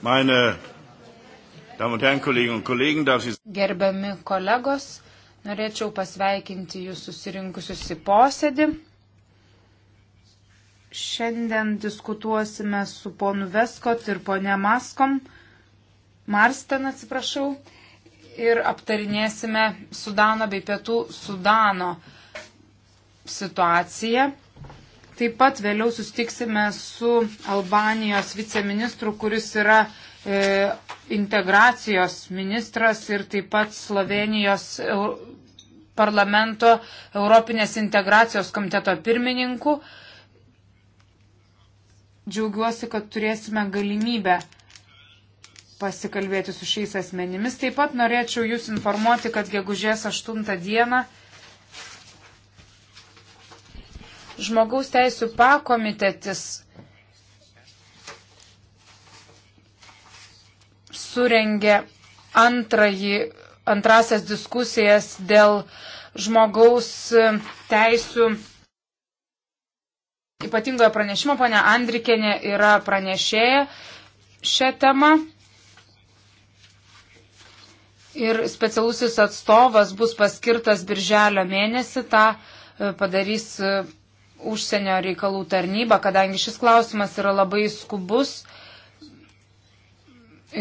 Meine Damen und Herren, Kolleginnen und Kollegen, darf ich... Gerbiami kolegos, norėčiau pasveikinti jūs susirinkusius į posėdį. Šiandien diskutuosime su ponu Veskot ir ponė Maskom, Marsten atsiprašau, ir aptarinėsime Sudano bei Pietų Sudano situaciją. Taip pat vėliau sustiksime su Albanijos viceministru, kuris yra e, integracijos ministras ir taip pat Slovenijos parlamento Europinės integracijos komiteto pirmininku. Džiaugiuosi, kad turėsime galimybę pasikalbėti su šiais asmenimis. Taip pat norėčiau Jūs informuoti, kad gegužės 8 dieną žmogaus teisų pakomitetis surengė antrąjį, antrasias diskusijas dėl žmogaus teisų. Ypatingoje pranešimo ponia Andrikenė yra pranešėja šią temą. Ir specialusis atstovas bus paskirtas birželio mėnesį, tą e, padarys e, užsienio reikalų tarnybą, kadangi šis klausimas yra labai skubus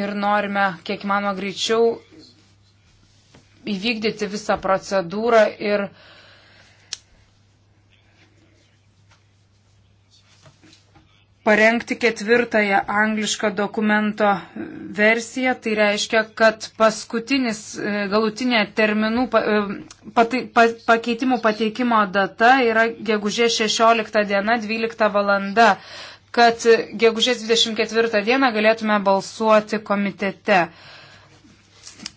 ir norime, kiek manoma, greičiau įvykdyti visą procedūrą ir uh, parengti ketvirtąją anglišką dokumento versiją. Tai reiškia, kad paskutinis e, galutinė terminų e, pati, pa, pakeitimų pateikimo data yra gegužė 16 diena 12 valanda, kad gegužės 24 dieną galėtume balsuoti komitete.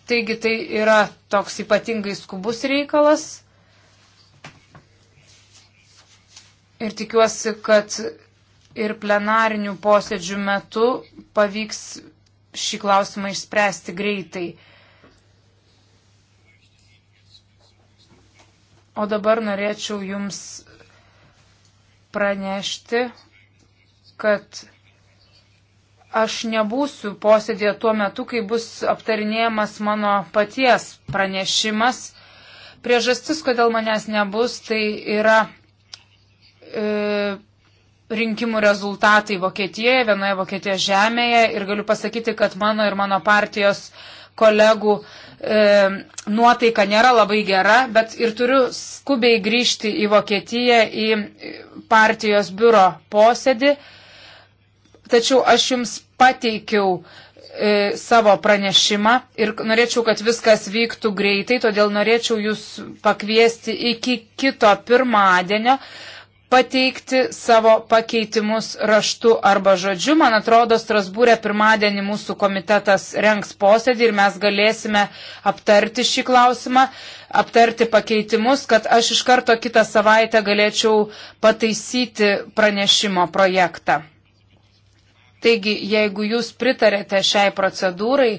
Taigi tai yra toks ypatingai skubus reikalas. Ir tikiuosi, kad ir plenarinių posėdžių metu pavyks šį klausimą išspręsti greitai. O dabar norėčiau Jums pranešti, kad aš nebūsiu posėdėje tuo metu, kai bus aptarinėjamas mano paties pranešimas. Priežastis, kodėl manęs nebus, tai yra. E, rinkimų rezultatai Vokietijoje, vienoje Vokietijos žemėje ir galiu pasakyti, kad mano ir mano partijos kolegų e, nuotaika nėra labai gera, bet ir turiu skubiai grįžti į Vokietiją, į partijos biuro posėdį. Tačiau aš jums pateikiau e, savo pranešimą ir norėčiau, kad viskas vyktų greitai, todėl norėčiau jūs pakviesti iki kito pirmadienio. E, pateikti savo pakeitimus raštu arba žodžiu. Man atrodo, Strasbūrė pirmadienį mūsų komitetas renks posėdį ir mes galėsime aptarti šį klausimą, aptarti pakeitimus, kad aš iš karto kitą savaitę galėčiau pataisyti pranešimo projektą. Taigi, jeigu jūs pritarėte šiai procedūrai,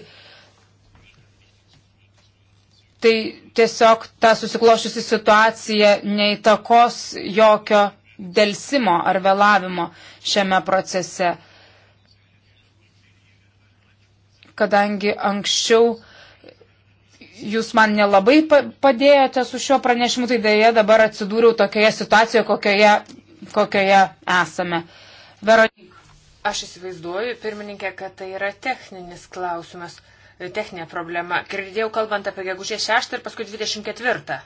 tai tiesiog ta susiklošusi situacija neįtakos jokio dėlsimo ar vėlavimo šiame procese. Kadangi anksčiau jūs man nelabai padėjote su šiuo pranešimu, tai dėja dabar atsidūriau tokioje situacijoje, kokioje, kokioje esame. Veronika. Aš įsivaizduoju, pirmininkė, kad tai yra techninis klausimas, techninė problema. Girdėjau kalbant apie gegužės 6 ir paskui 24.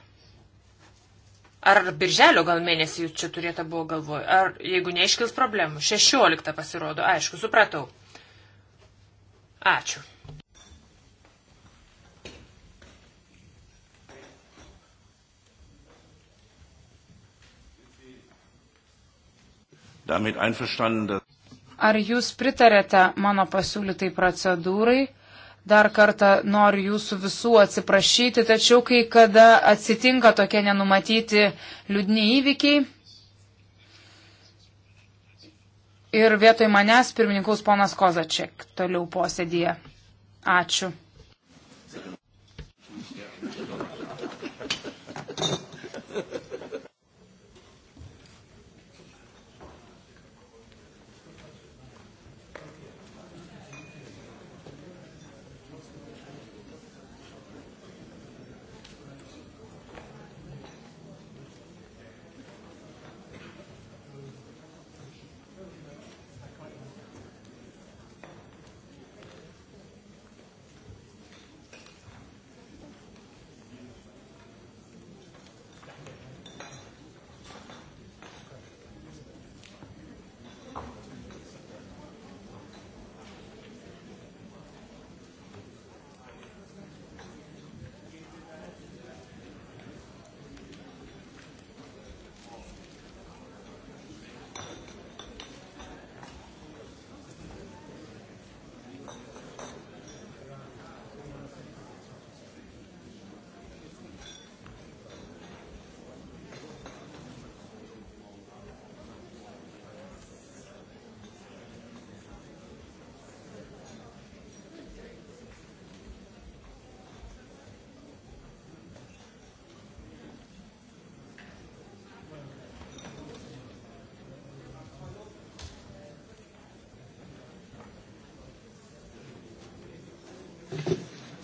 Ar birželio gal mėnesį čia turėta buvo galvoj, ar jeigu neiškils problemų. 16 pasirodo, aišku, supratau. Ačiū. Ar jūs pritarėte mano pasiūlytai procedūrai? Dar kartą noriu jūsų visų atsiprašyti, tačiau kai kada atsitinka tokie nenumatyti liūdni įvykiai. Ir vietoj manęs pirmininkaus ponas Kozačiek toliau posėdėje. Ačiū.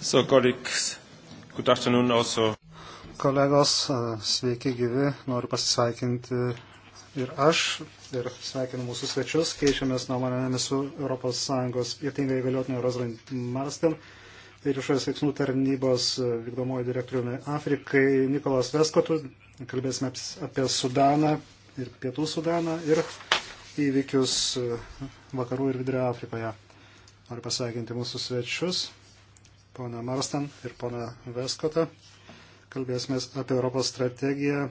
So, colleagues, good afternoon also. Kolegos, sveiki gyvi, noriu pasisveikinti ir aš, ir sveikinu mūsų svečius, keičiamės nuomonėmis su ES ypatingai galiotinio Rosalind Marston ir išorės veiksmų tarnybos vykdomojo direktoriumi Afrikai Nikolas Veskotu. Kalbėsime apie Sudaną ir Pietų Sudaną ir įvykius vakarų ir vidurio Afrikoje. Noriu pasveikinti mūsų svečius poną Marstan ir poną Veskotą. Kalbėsime apie Europos strategiją,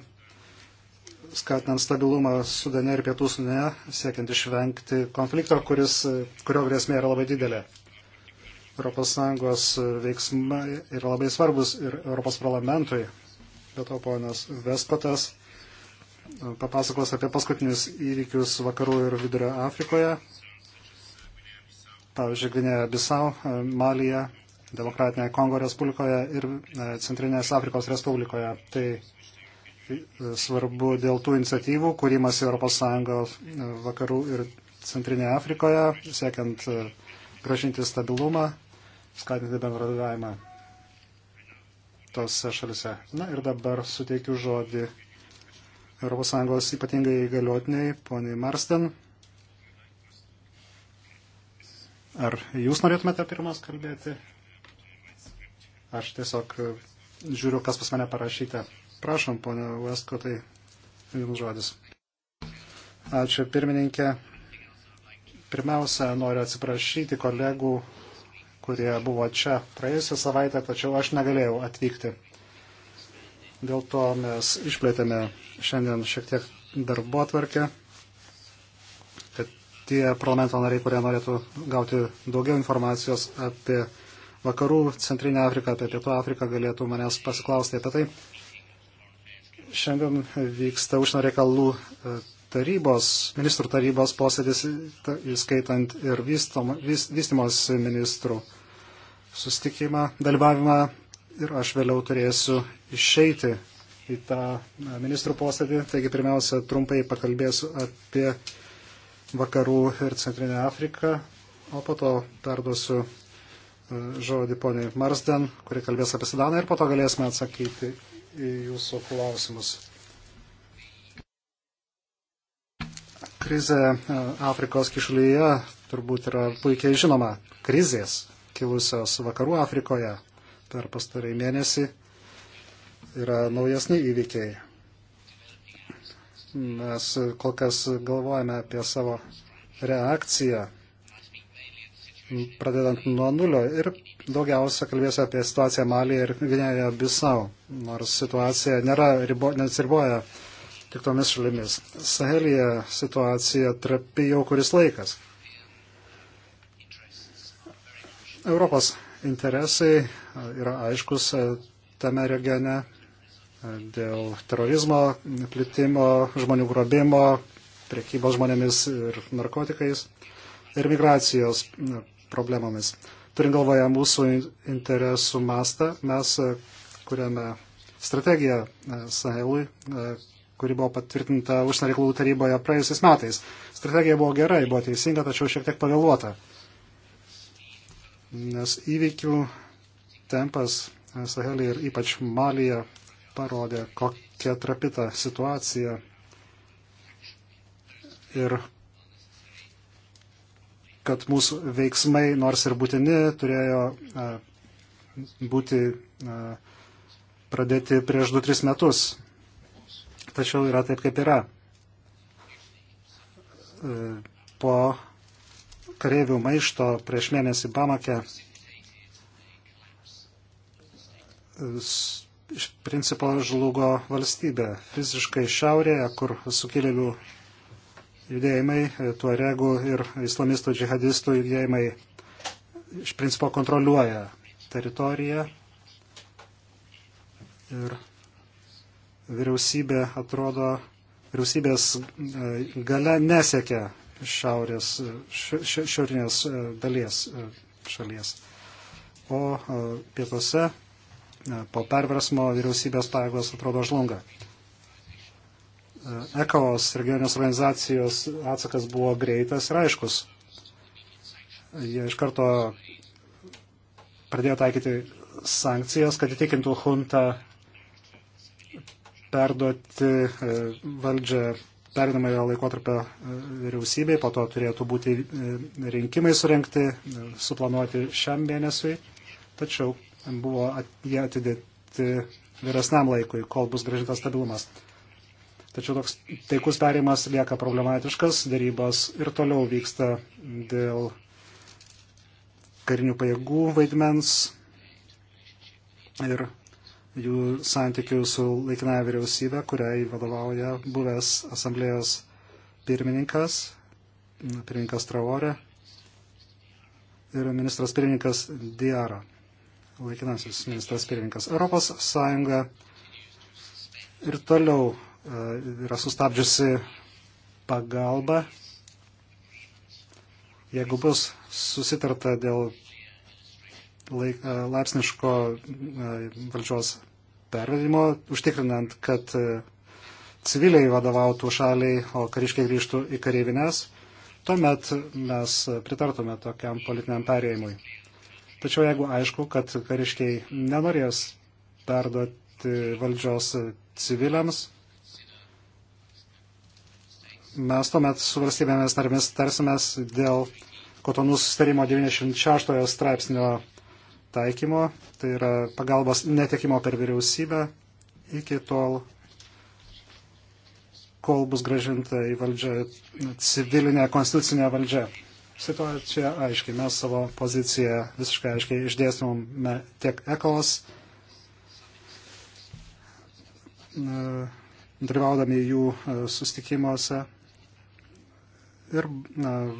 skatinant stabilumą Sudane ir Pietų Sudane, siekiant išvengti konflikto, kuris, kurio grėsmė yra labai didelė. ES veiksmai yra labai svarbus ir Europos parlamentui. Be to, ponas Veskotas e, papasakos apie paskutinius įvykius vakarų ir vidurio Afrikoje, pavyzdžiui, Gvinėje Bisau, e, Malija Demokratinėje Kongo Respublikoje ir e, Centrinės Afrikos Respublikoje. Tai e, svarbu dėl tų iniciatyvų, kūrimas ES e, vakarų ir Centrinėje Afrikoje, siekiant gražinti stabilumą, skatinti bendradarbiavimą tose šalise. Na ir dabar suteikiu žodį ES ypatingai įgaliotiniai, poniai Marsten. Ar jūs norėtumėte pirmas kalbėti? Aš tiesiog e, žiūriu, kas pas mane parašyta. Prašom, ponia Vesko, tai jums žodis. Ačiū, pirmininkė. Pirmiausia, noriu atsiprašyti kolegų, kurie buvo čia praėjusią savaitę, tačiau aš negalėjau atvykti. Dėl to mes išplėtėme šiandien šiek tiek darbo atvarkę, kad tie parlamento nariai, kurie norėtų gauti daugiau informacijos apie vakarų Centrinę Afriką, apie Pietų Afriką galėtų manęs pasiklausti apie tai. Šiandien vyksta užsienio reikalų e, tarybos, ministrų tarybos posėdis, įskaitant ir vystom, vys, vystimos ministrų sustikimą, dalyvavimą ir aš vėliau turėsiu išeiti į tą ministrų posėdį. Taigi pirmiausia, trumpai pakalbėsiu apie vakarų ir centrinę Afriką, o po to perduosiu žodį poniai Marsden, kuri kalbės apie Sudaną ir po to galėsime atsakyti į jūsų klausimus. Krize Afrikos kišulyje turbūt yra puikiai žinoma. Krizės kilusios vakarų Afrikoje per pastarai mėnesį yra naujesni įvykiai. Mes kol kas galvojame apie savo reakciją pradedant nuo nulio. Ir daugiausia kalbėsiu apie situaciją Malyje ir Gvinėje Bisau, nors situacija nėra ribo, nesiriboja tik tomis šalimis. Sahelėje situacija trapi jau kuris laikas. Europos interesai yra aiškus e, tame regione e, dėl terorizmo, plitimo, žmonių grobimo, priekybos žmonėmis ir narkotikais ir migracijos problemomis. Turint galvoje mūsų interesų mastą, mes e, kuriame strategiją e, Sahelui, e, kuri buvo patvirtinta užsienio reikalų taryboje praėjusiais metais. Strategija buvo gerai, buvo teisinga, tačiau šiek tiek pavėluota, nes įvykių tempas Sahelį ir ypač Malyje parodė, kokia trapita situacija ir kad mūsų veiksmai, nors ir būtini, turėjo būti pradėti prieš 2-3 metus. Tačiau yra taip, kaip yra. E, po kareivių maišto prieš mėnesį Bamake e, iš principo žlugo valstybė. Fiziškai šiaurėje, kur sukilėlių judėjimai, e, tuaregų ir islamistų džihadistų judėjimai iš principo kontroliuoja teritoriją ir vyriausybė atrodo, vyriausybės e, gale nesiekia šiaurės, šiaurinės e, dalies šalies. O pietuose po perversmo vyriausybės pajėgos atrodo žlunga. E, ECOS regioninės organizacijos atsakas buvo greitas ir aiškus. Jie iš karto pradėjo taikyti sankcijas, kad įtikintų huntą perduoti e, valdžią perinamąją laikotarpio e, vyriausybei, po to turėtų būti rinkimai surenkti, suplanuoti šiam mėnesiui, tačiau buvo at, jie atidėti vyresniam laikui, kol bus gražintas stabilumas. Tačiau toks taikus perimas lieka problematiškas, darybos ir toliau vyksta dėl karinių pajėgų vaidmens ir jų santykių su laikinaja vyriausybė, kuriai vadovauja buvęs asamblėjos pirmininkas, pirmininkas Traorė ir ministras pirmininkas Diara, laikinasis ministras pirmininkas. Europos Sąjunga ir toliau E, yra sustabdžiusi pagalbą. Jeigu bus susitarta dėl laik, e, laipsniško e, valdžios pervedimo, užtikrinant, kad civiliai vadovautų šaliai, o kariškiai grįžtų į kareivinės, tuomet mes pritartume tokiam politiniam perėjimui. Tačiau jeigu aišku, kad kariškiai nenorės perduoti valdžios civiliams, mes tuomet su valstybėmis narėmis tarsimės dėl kotonų sustarimo 96 straipsnio taikymo, tai yra pagalbos netekimo per vyriausybę iki tol, kol bus gražinta į valdžią civilinė konstitucinė valdžia. Situacija aiškiai, mes savo poziciją visiškai aiškiai išdėstymome tiek ECOS, e, dalyvaudami jų e, sustikimuose ir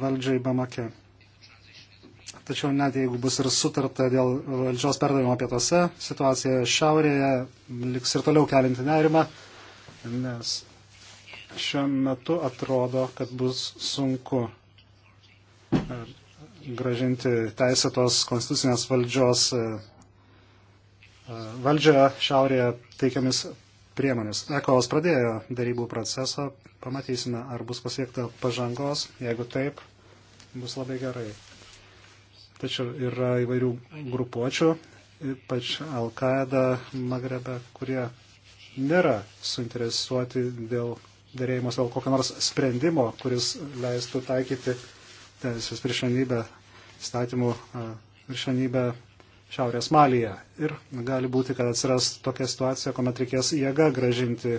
valdžiai Bamake. Tačiau net jeigu bus ir sutarta dėl valdžios perdavimo pietose, situacija šiaurėje liks ir toliau kelinti nerimą, nes šiuo metu atrodo, kad bus sunku gražinti teisėtos konstitucinės valdžios e, e, valdžią šiaurėje teikiamis priemonės. ECOS pradėjo darybų procesą, pamatysime, ar bus pasiekta pažangos, jeigu taip, bus labai gerai. Tačiau yra įvairių grupuočių, ypač Al-Qaeda Magrebe, kurie nėra suinteresuoti dėl dėrėjimus dėl kokio nors sprendimo, kuris leistų taikyti teisės viršanybę, statymų viršanybę Šiaurės Malyje. Ir gali būti, kad atsiras tokia situacija, kuomet reikės jėga gražinti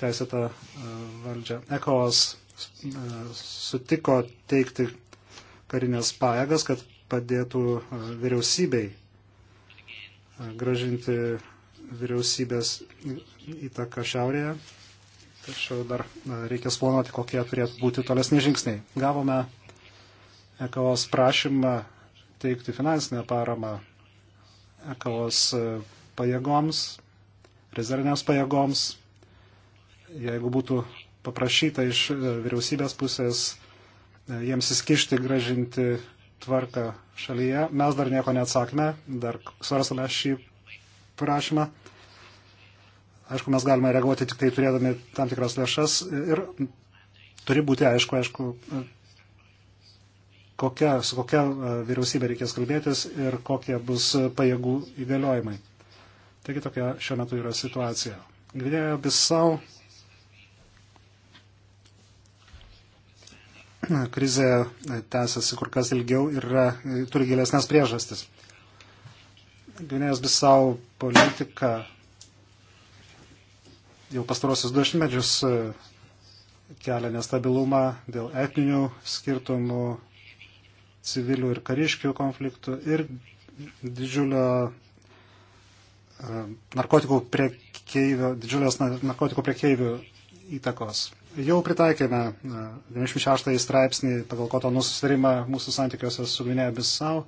teisėtą e, valdžią. ECOS e, sutiko teikti karinės pajėgas, kad padėtų e, vyriausybei gražinti vyriausybės įtaką šiaurėje. Tačiau dar reikia suplanuoti, kokie turėtų būti tolesni žingsniai. Gavome ECOS prašymą teikti finansinę paramą ekavos e, pajėgoms, rezervinėms pajėgoms. Jeigu būtų paprašyta iš e, vyriausybės pusės e, jiems įskišti, gražinti tvarką šalyje, mes dar nieko neatsakome, dar svarstame šį prašymą. Aišku, mes galime reaguoti tik tai turėdami tam tikras lėšas ir turi būti aišku, aišku, kokia, su kokia e, vyriausybė reikės kalbėtis ir kokie bus pajėgų įgaliojimai. Taigi tokia šiuo metu yra situacija. Gvinėja Bisau krizė e, tęsiasi kur kas ilgiau ir yra, e, turi gilesnės priežastis. Gvinėjas Bisau politika jau pastarosius dušimtmečius kelia nestabilumą dėl etninių skirtumų, civilių ir kariškių konfliktų ir didžiulio e, narkotikų priekeivio, didžiulės narkotikų priekeivių įtakos. Jau pritaikėme 96 e, straipsnį pagal kotonų susitarimą mūsų santykiuose su Gvinėja Bisau,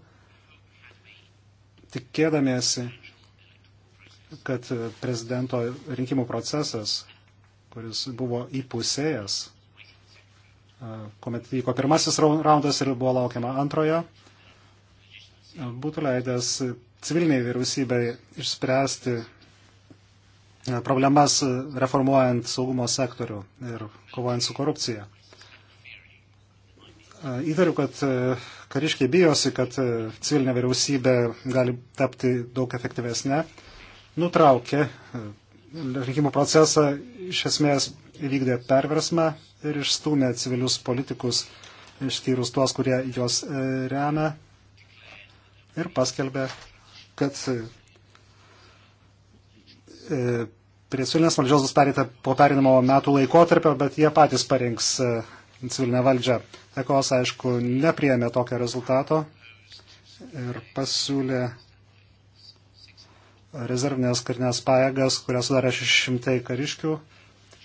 tikėdamiesi, kad prezidento rinkimų procesas, kuris buvo įpusėjęs, kuomet vyko pirmasis raundas ir buvo laukiama antrojo, būtų leidęs civiliniai vyriausybei išspręsti problemas reformuojant saugumo sektorių ir kovojant su korupcija. Įtariu, kad kariškiai bijosi, kad civilinė vyriausybė gali tapti daug efektyvesnė, nutraukė rinkimų procesą iš esmės įvykdė perversmą ir išstūmė civilius politikus, išskyrus tuos, kurie juos e, remia ir paskelbė, kad e, prie civilinės valdžios bus perėta po perinamo metų laikotarpio, bet jie patys parinks e, civilinę valdžią. Ekos, aišku, nepriemė tokio rezultato ir pasiūlė rezervinės karinės pajėgas, kurias sudarė 600 kariškių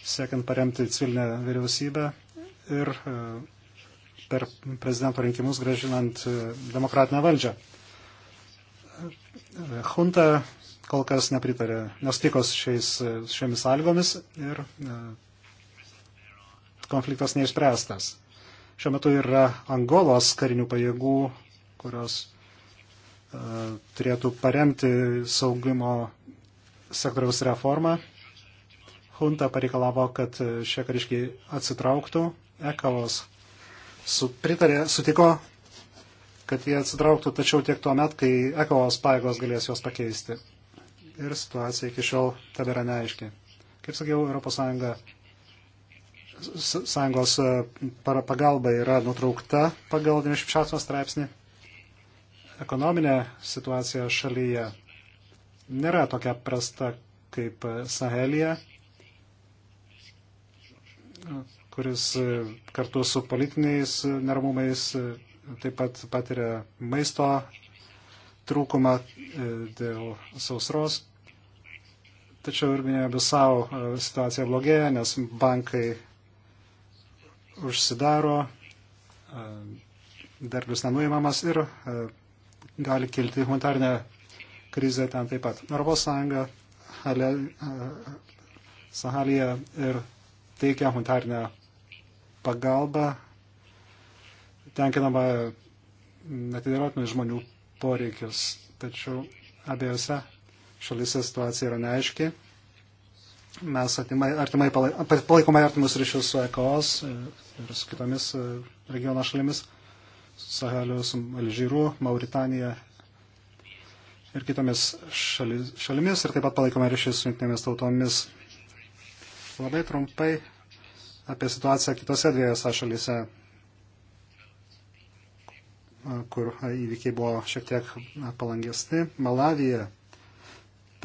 siekiant paremti civilinę vyriausybę ir e, per prezidento rinkimus gražinant e, demokratinę valdžią. Hunta e, kol kas nepritarė, nesutiko šiais, šiomis sąlygomis ir konfliktas neišspręstas. Šiuo metu yra Angolos karinių pajėgų, kurios turėtų paremti saugimo sektoriaus reformą Hunta pareikalavo, kad šie kariškiai atsitrauktų. Ekavos su, pritarė, sutiko, kad jie atsitrauktų, tačiau tiek tuo met, kai Ekavos paėgos galės juos pakeisti. Ir situacija iki šiol tebėra neaiški. Kaip sakiau, ES sąjungos e, pagalba yra nutraukta pagal 96 straipsnį. Ekonominė situacija šalyje nėra tokia prasta kaip Sahelija kuris e, kartu su politiniais e, neramumais e, taip pat patiria maisto trūkumą dėl sausros. Tačiau ir minėjo Bisau situacija blogėja, nes bankai užsidaro, derlius nenuimamas ir gali kilti humanitarinė krizė ten taip pat. Europos Sąjunga Sahalija ir teikia humanitarnę pagalbą, tenkinama netidėliotinai žmonių poreikius. Tačiau abiejose šalise situacija yra neaiški. Mes atimai, artimai palaikome artimus ryšius su ECOS ir su kitomis e, regiono šalimis, su Saheliu, su Alžyru, Mauritanija ir kitomis šali, šalimis ir taip pat palaikome ryšius su jungtinėmis tautomis Labai trumpai apie situaciją kitose dviejose šalyse, kur įvykiai buvo šiek tiek palangesni. Malavija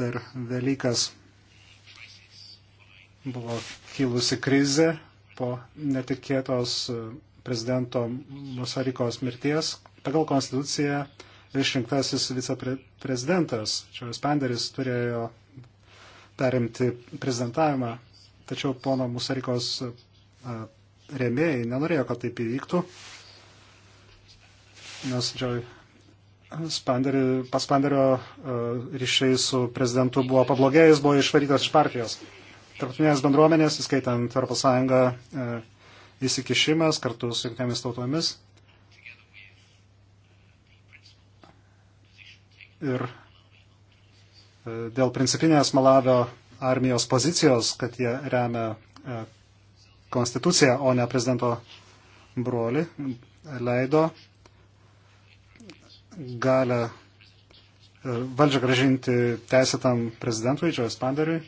per Velykas buvo kilusi krizė po netikėtos prezidento Musarikos mirties. Pagal konstituciją išrinktasis viceprezidentas Čiaus Penderis turėjo perimti prezidentavimą Tačiau pono Musarikos e, remėjai nenorėjo, kad taip įvyktų, nes džioj Paspanderio e, ryšiai su prezidentu buvo pablogėjęs, buvo išvarytas iš partijos. Tarptautinės bendruomenės, įskaitant Europos Sąjungą, e, įsikišimas kartu su jungtinėmis tautomis ir dėl principinės Malavio armijos pozicijos, kad jie remia e, konstituciją, o ne prezidento broli, leido galę e, valdžią gražinti teisėtam prezidentui, Džojas Panderiui.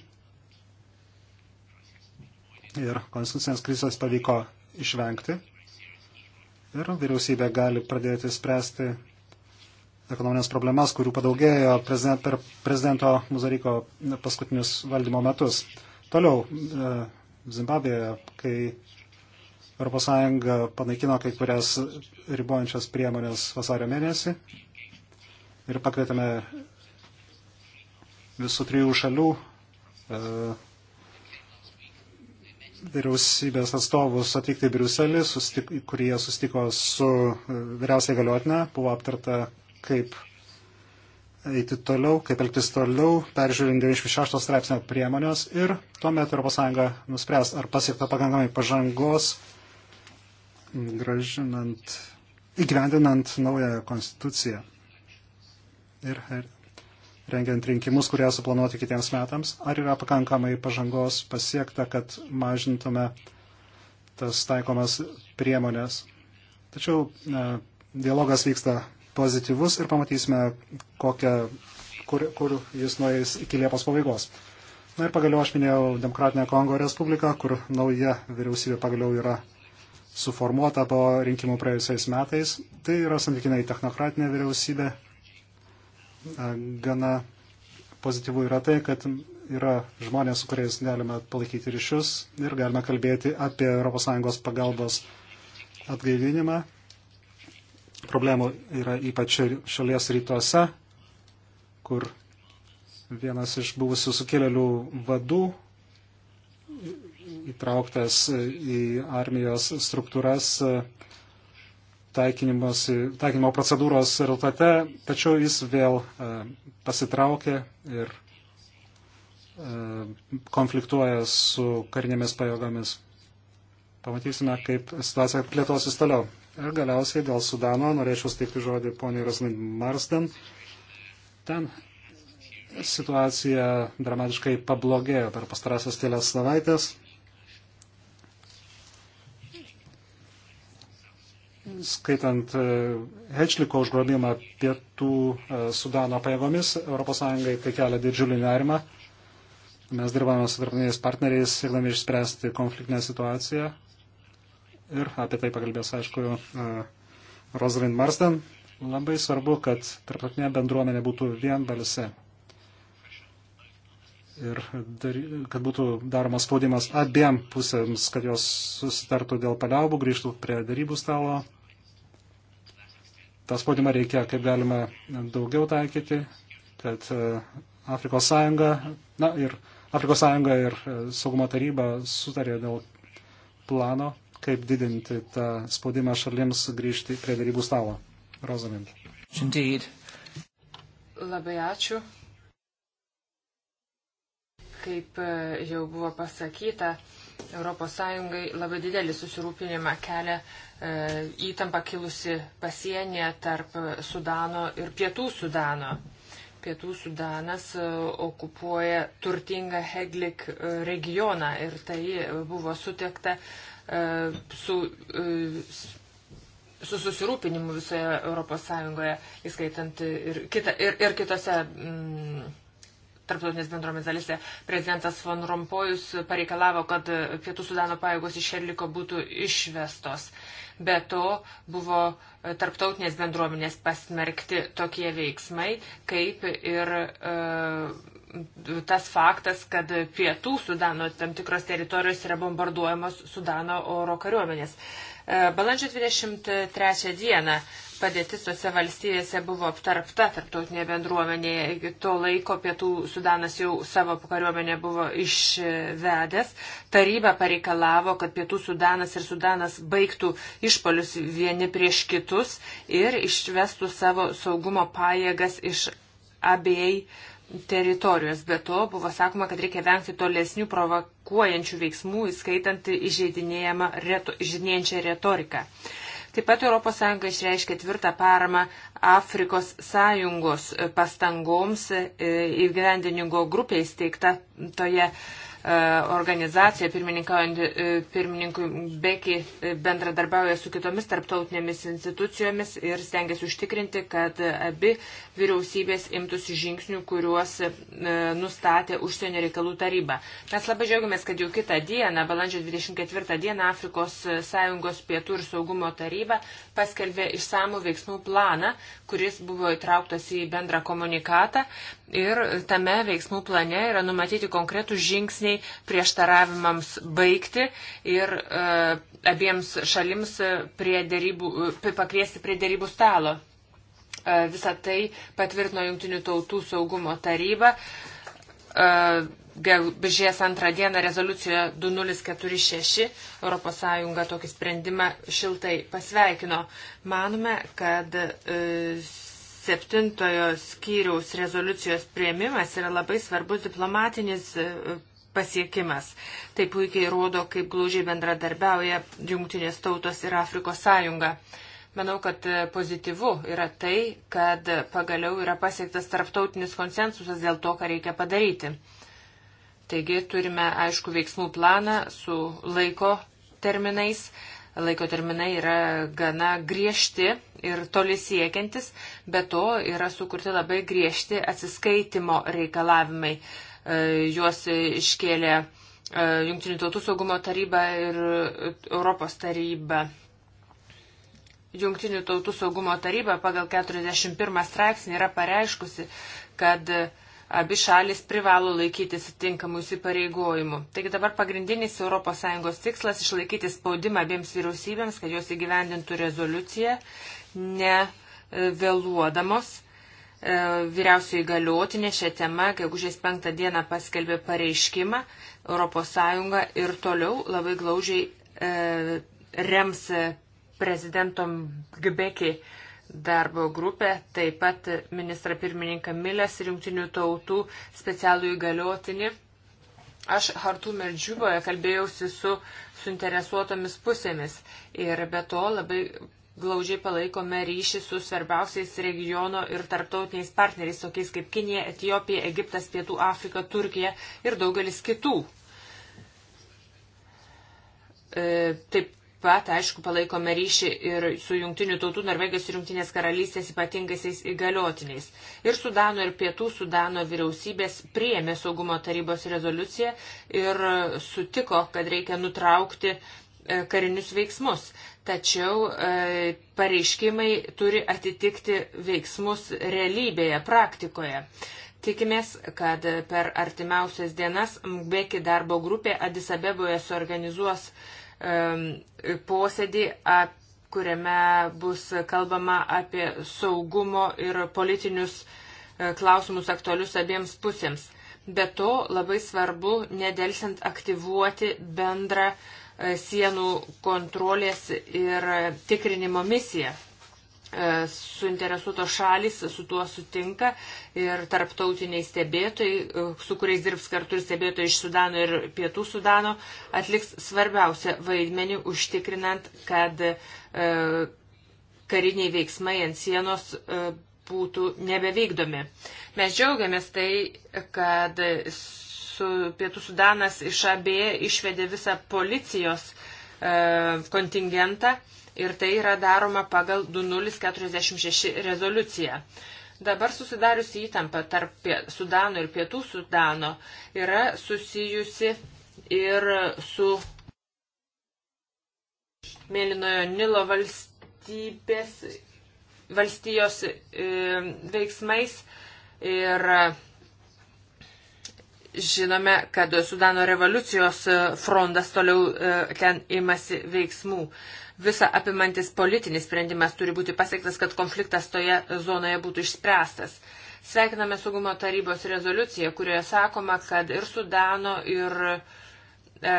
Ir konstitucinės krizės pavyko išvengti. Ir vyriausybė gali pradėti spręsti ekonominės problemas, kurių padaugėjo prezident, per prezidento Muzariko paskutinius valdymo metus. Toliau, e, Zimbabvėje, kai ES panaikino kai kurias ribojančias priemonės vasario mėnesį ir pakvietėme visų trijų šalių e, vyriausybės atstovus atvykti į Briuselį, kurie sustiko su e, vyriausiai galiotinę, buvo aptarta kaip eiti toliau, kaip elgtis toliau, peržiūrint 96 straipsnio priemonės ir tuomet ES nuspręs, ar pasiekta pakankamai pažangos, gražinant, įgyvendinant naują konstituciją ir, ir rengiant rinkimus, kurie suplanuoti kitiems metams, ar yra pakankamai pažangos pasiekta, kad mažintume tas taikomas priemonės. Tačiau e, dialogas vyksta pozityvus ir pamatysime, kokią, kur, kur jis nueis iki Liepos pabaigos. Na ir pagaliau aš minėjau Demokratinę Kongo Respubliką, kur nauja vyriausybė pagaliau yra suformuota po rinkimų praėjusiais metais. Tai yra santykinai technokratinė vyriausybė. Gana pozityvų yra tai, kad yra žmonės, su kuriais galime palaikyti ryšius ir galime kalbėti apie ES pagalbos atgaivinimą Problemų yra ypač šalies rytuose, kur vienas iš buvusių sukėlėlių vadų įtrauktas į armijos struktūras taikinimo procedūros rezultate, tačiau jis vėl e, pasitraukė ir e, konfliktuoja su karinėmis pajėgomis. Pamatysime, kaip situacija plėtosis toliau. Ir galiausiai dėl Sudano norėčiau steikti žodį poniai Rosalind Marsden. Ten situacija dramatiškai pablogėjo per pastarąsias kelias savaitės. skaitant e, Hečliko užgrobimą pietų e, Sudano pajėgomis, ES tai kelia didžiulį nerimą. Mes dirbame su tarptautiniais partneriais, siekdami išspręsti konfliktinę situaciją ir apie tai pakalbės, aišku, e, Rosalind Marsden. Labai svarbu, kad tarptautinė bendruomenė būtų vienbalise ir dar, kad būtų daromas spaudimas abiem pusėms, kad jos susitartų dėl paliaubų, grįžtų prie darybų stalo. Ta spaudimą reikia kaip galima daugiau taikyti, kad e, Afrikos sąjunga, na ir Afrikos sąjunga ir e, saugumo taryba sutarė dėl plano kaip didinti tą spaudimą šalims grįžti prie darybų stalo. Rosalind. Indeed. Labai ačiū. Kaip e, jau buvo pasakyta, ES labai didelį susirūpinimą kelia e, įtampa kilusi pasienyje tarp Sudano ir Pietų Sudano. Pietų Sudanas e, okupuoja turtingą Heglik e, regioną ir tai buvo sutekta E, su, e, su susirūpinimu visoje Europos Sąjungoje, įskaitant ir, kita, ir, ir kitose. Mm, tarptautinės bendromis dalyse. Prezidentas von Rompojus pareikalavo, kad Pietų Sudano pajėgos iš Šerliko būtų išvestos. Be to buvo tarptautinės bendruomenės pasmerkti tokie veiksmai, kaip ir e, tas faktas, kad pietų Sudano tam tikros teritorijos yra bombarduojamos Sudano oro kariuomenės. E, balandžio 23 dieną padėtis tose valstybėse buvo aptarpta tarptautinė bendruomenė. Iki to laiko pietų Sudanas jau savo kariuomenę buvo išvedęs. Taryba pareikalavo, kad pietų Sudanas ir Sudanas baigtų išpolius vieni prieš kitus ir išvestų savo saugumo pajėgas iš abiejai teritorijos. Be to buvo sakoma, kad reikia vengti tolesnių provokuojančių veiksmų, įskaitant reto, išžydinėjančią retoriką. Taip pat ES išreiškė tvirtą paramą Afrikos sąjungos pastangoms e, įgyvendinigo grupė įsteigta toje E, organizacija e, pirmininkui Beki e, bendradarbiauja su kitomis tarptautinėmis institucijomis ir stengiasi užtikrinti, kad abi vyriausybės imtųsi žingsnių, kuriuos nustatė užsienio reikalų taryba. Mes labai džiaugiamės, kad jau kitą dieną, balandžio 24 dieną, Afrikos Sąjungos pietų ir saugumo taryba paskelbė išsamų veiksmų planą, kuris buvo įtrauktas į bendrą komunikatą ir tame veiksmų plane yra numatyti konkretų žingsnį palaipsniui prieštaravimams baigti ir e, abiems šalims prie dėrybų, e, pakviesti prie dėrybų stalo. E, Visą tai patvirtino Junktinių tautų saugumo taryba. E, Gegužės antrą dieną rezoliucijoje 2046 ES tokį sprendimą šiltai pasveikino. Manome, kad e, septintojo skyriaus rezoliucijos prieimimas yra labai svarbus diplomatinis e, pasiekimas. Tai puikiai rodo, kaip glūžiai bendradarbiauja Junktinės tautos ir Afrikos sąjunga. Manau, kad e, pozityvu yra tai, kad pagaliau yra pasiektas tarptautinis konsensusas dėl to, ką reikia padaryti. Taigi turime aišku veiksmų planą su laiko terminais. Laiko terminai yra gana griežti ir toli siekiantis, bet to yra sukurti labai griežti atsiskaitimo reikalavimai. E, juos iškėlė e, Junktinių tautų saugumo taryba ir Europos taryba. Junktinių tautų saugumo taryba pagal 41 straipsnį yra pareiškusi, kad abi šalis privalo laikytis tinkamų įsipareigojimų. Taigi dabar pagrindinis ES tikslas išlaikyti spaudimą abiems vyriausybėms, kad jos įgyvendintų rezoliuciją, ne e, vėluodamos E, vyriausioji galiotinė šią temą, gegužės penktą dieną paskelbė pareiškimą, ES ir toliau labai glaužiai e, rems prezidento Gbeki darbo grupę, taip pat ministra pirmininką Milės ir jungtinių tautų specialų įgaliotinį. Aš Hartum ir Džiuboje kalbėjausi su suinteresuotomis pusėmis ir be to labai Glaužiai palaikome ryšį su svarbiausiais regiono ir tarptautiniais partneriais, tokiais kaip Kinija, Etijopija, Egiptas, Pietų Afrika, Turkija ir daugelis kitų. E, taip pat, aišku, palaikome ryšį ir su jungtinių tautų Norvegijos ir jungtinės karalystės ypatingaisiais įgaliotiniais. Ir Sudano ir Pietų Sudano vyriausybės priėmė saugumo tarybos rezoliuciją ir sutiko, kad reikia nutraukti e, karinius veiksmus tačiau e, pareiškimai turi atitikti veiksmus realybėje, praktikoje. Tikimės, kad per artimiausias dienas Mbeki darbo grupė Adisabeboje suorganizuos e, posėdį, ap, kuriame bus kalbama apie saugumo ir politinius e, klausimus aktualius abiems pusėms. Be to labai svarbu nedelsiant aktyvuoti bendrą e, sienų kontrolės ir tikrinimo misiją. E, suinteresuotos šalis su tuo sutinka ir tarptautiniai stebėtojai, e, su kuriais dirbs kartu ir stebėtojai iš Sudano ir Pietų Sudano, atliks svarbiausią vaidmenį užtikrinant, kad e, kariniai veiksmai ant sienos būtų nebeveikdomi. Mes džiaugiamės tai, kad su Pietų Sudanas iš AB išvedė visą policijos e, kontingentą ir tai yra daroma pagal 2046 rezoliuciją. Dabar susidariusi įtampa tarp Sudano ir Pietų Sudano yra susijusi ir su Mėlynojo Nilo valstybės, valstijos e, veiksmais ir e, Žinome, kad Sudano revoliucijos e, frontas toliau e, ten imasi veiksmų. Visa apimantis politinis sprendimas turi būti pasiektas, kad konfliktas toje zonoje būtų išspręstas. Sveikiname saugumo tarybos rezoliuciją, kurioje sakoma, kad ir Sudano, ir e,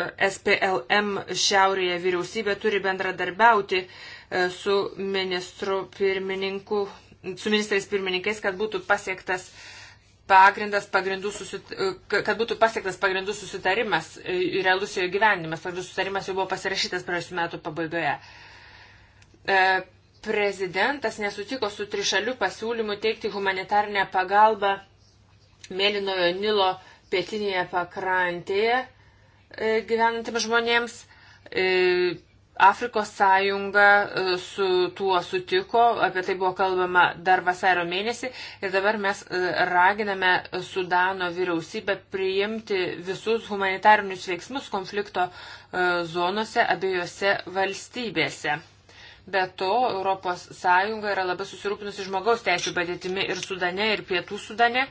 e SPLM šiaurėje vyriausybė turi bendradarbiauti su ministru pirmininku, su ministrais pirmininkais, kad būtų pasiektas e, pagrindas pagrindų susit... E, kad būtų pasiektas pagrindų susitarimas e, ir realus jo gyvenimas. Pagrindų susitarimas jau buvo pasirašytas praėjusiu metu pabaigoje. E, prezidentas nesutiko su trišaliu pasiūlymu teikti humanitarinę pagalbą Mėlynojo Nilo pietinėje pakrantėje gyvenantiems žmonėms Afrikos sąjunga e, su tuo sutiko, apie tai buvo kalbama dar vasario mėnesį ir dabar mes e, raginame Sudano vyriausybę priimti visus humanitarinius veiksmus konflikto e, zonose abiejose valstybėse. Be to, ES yra labai susirūpinusi žmogaus teisų padėtimi ir Sudane, ir Pietų Sudane.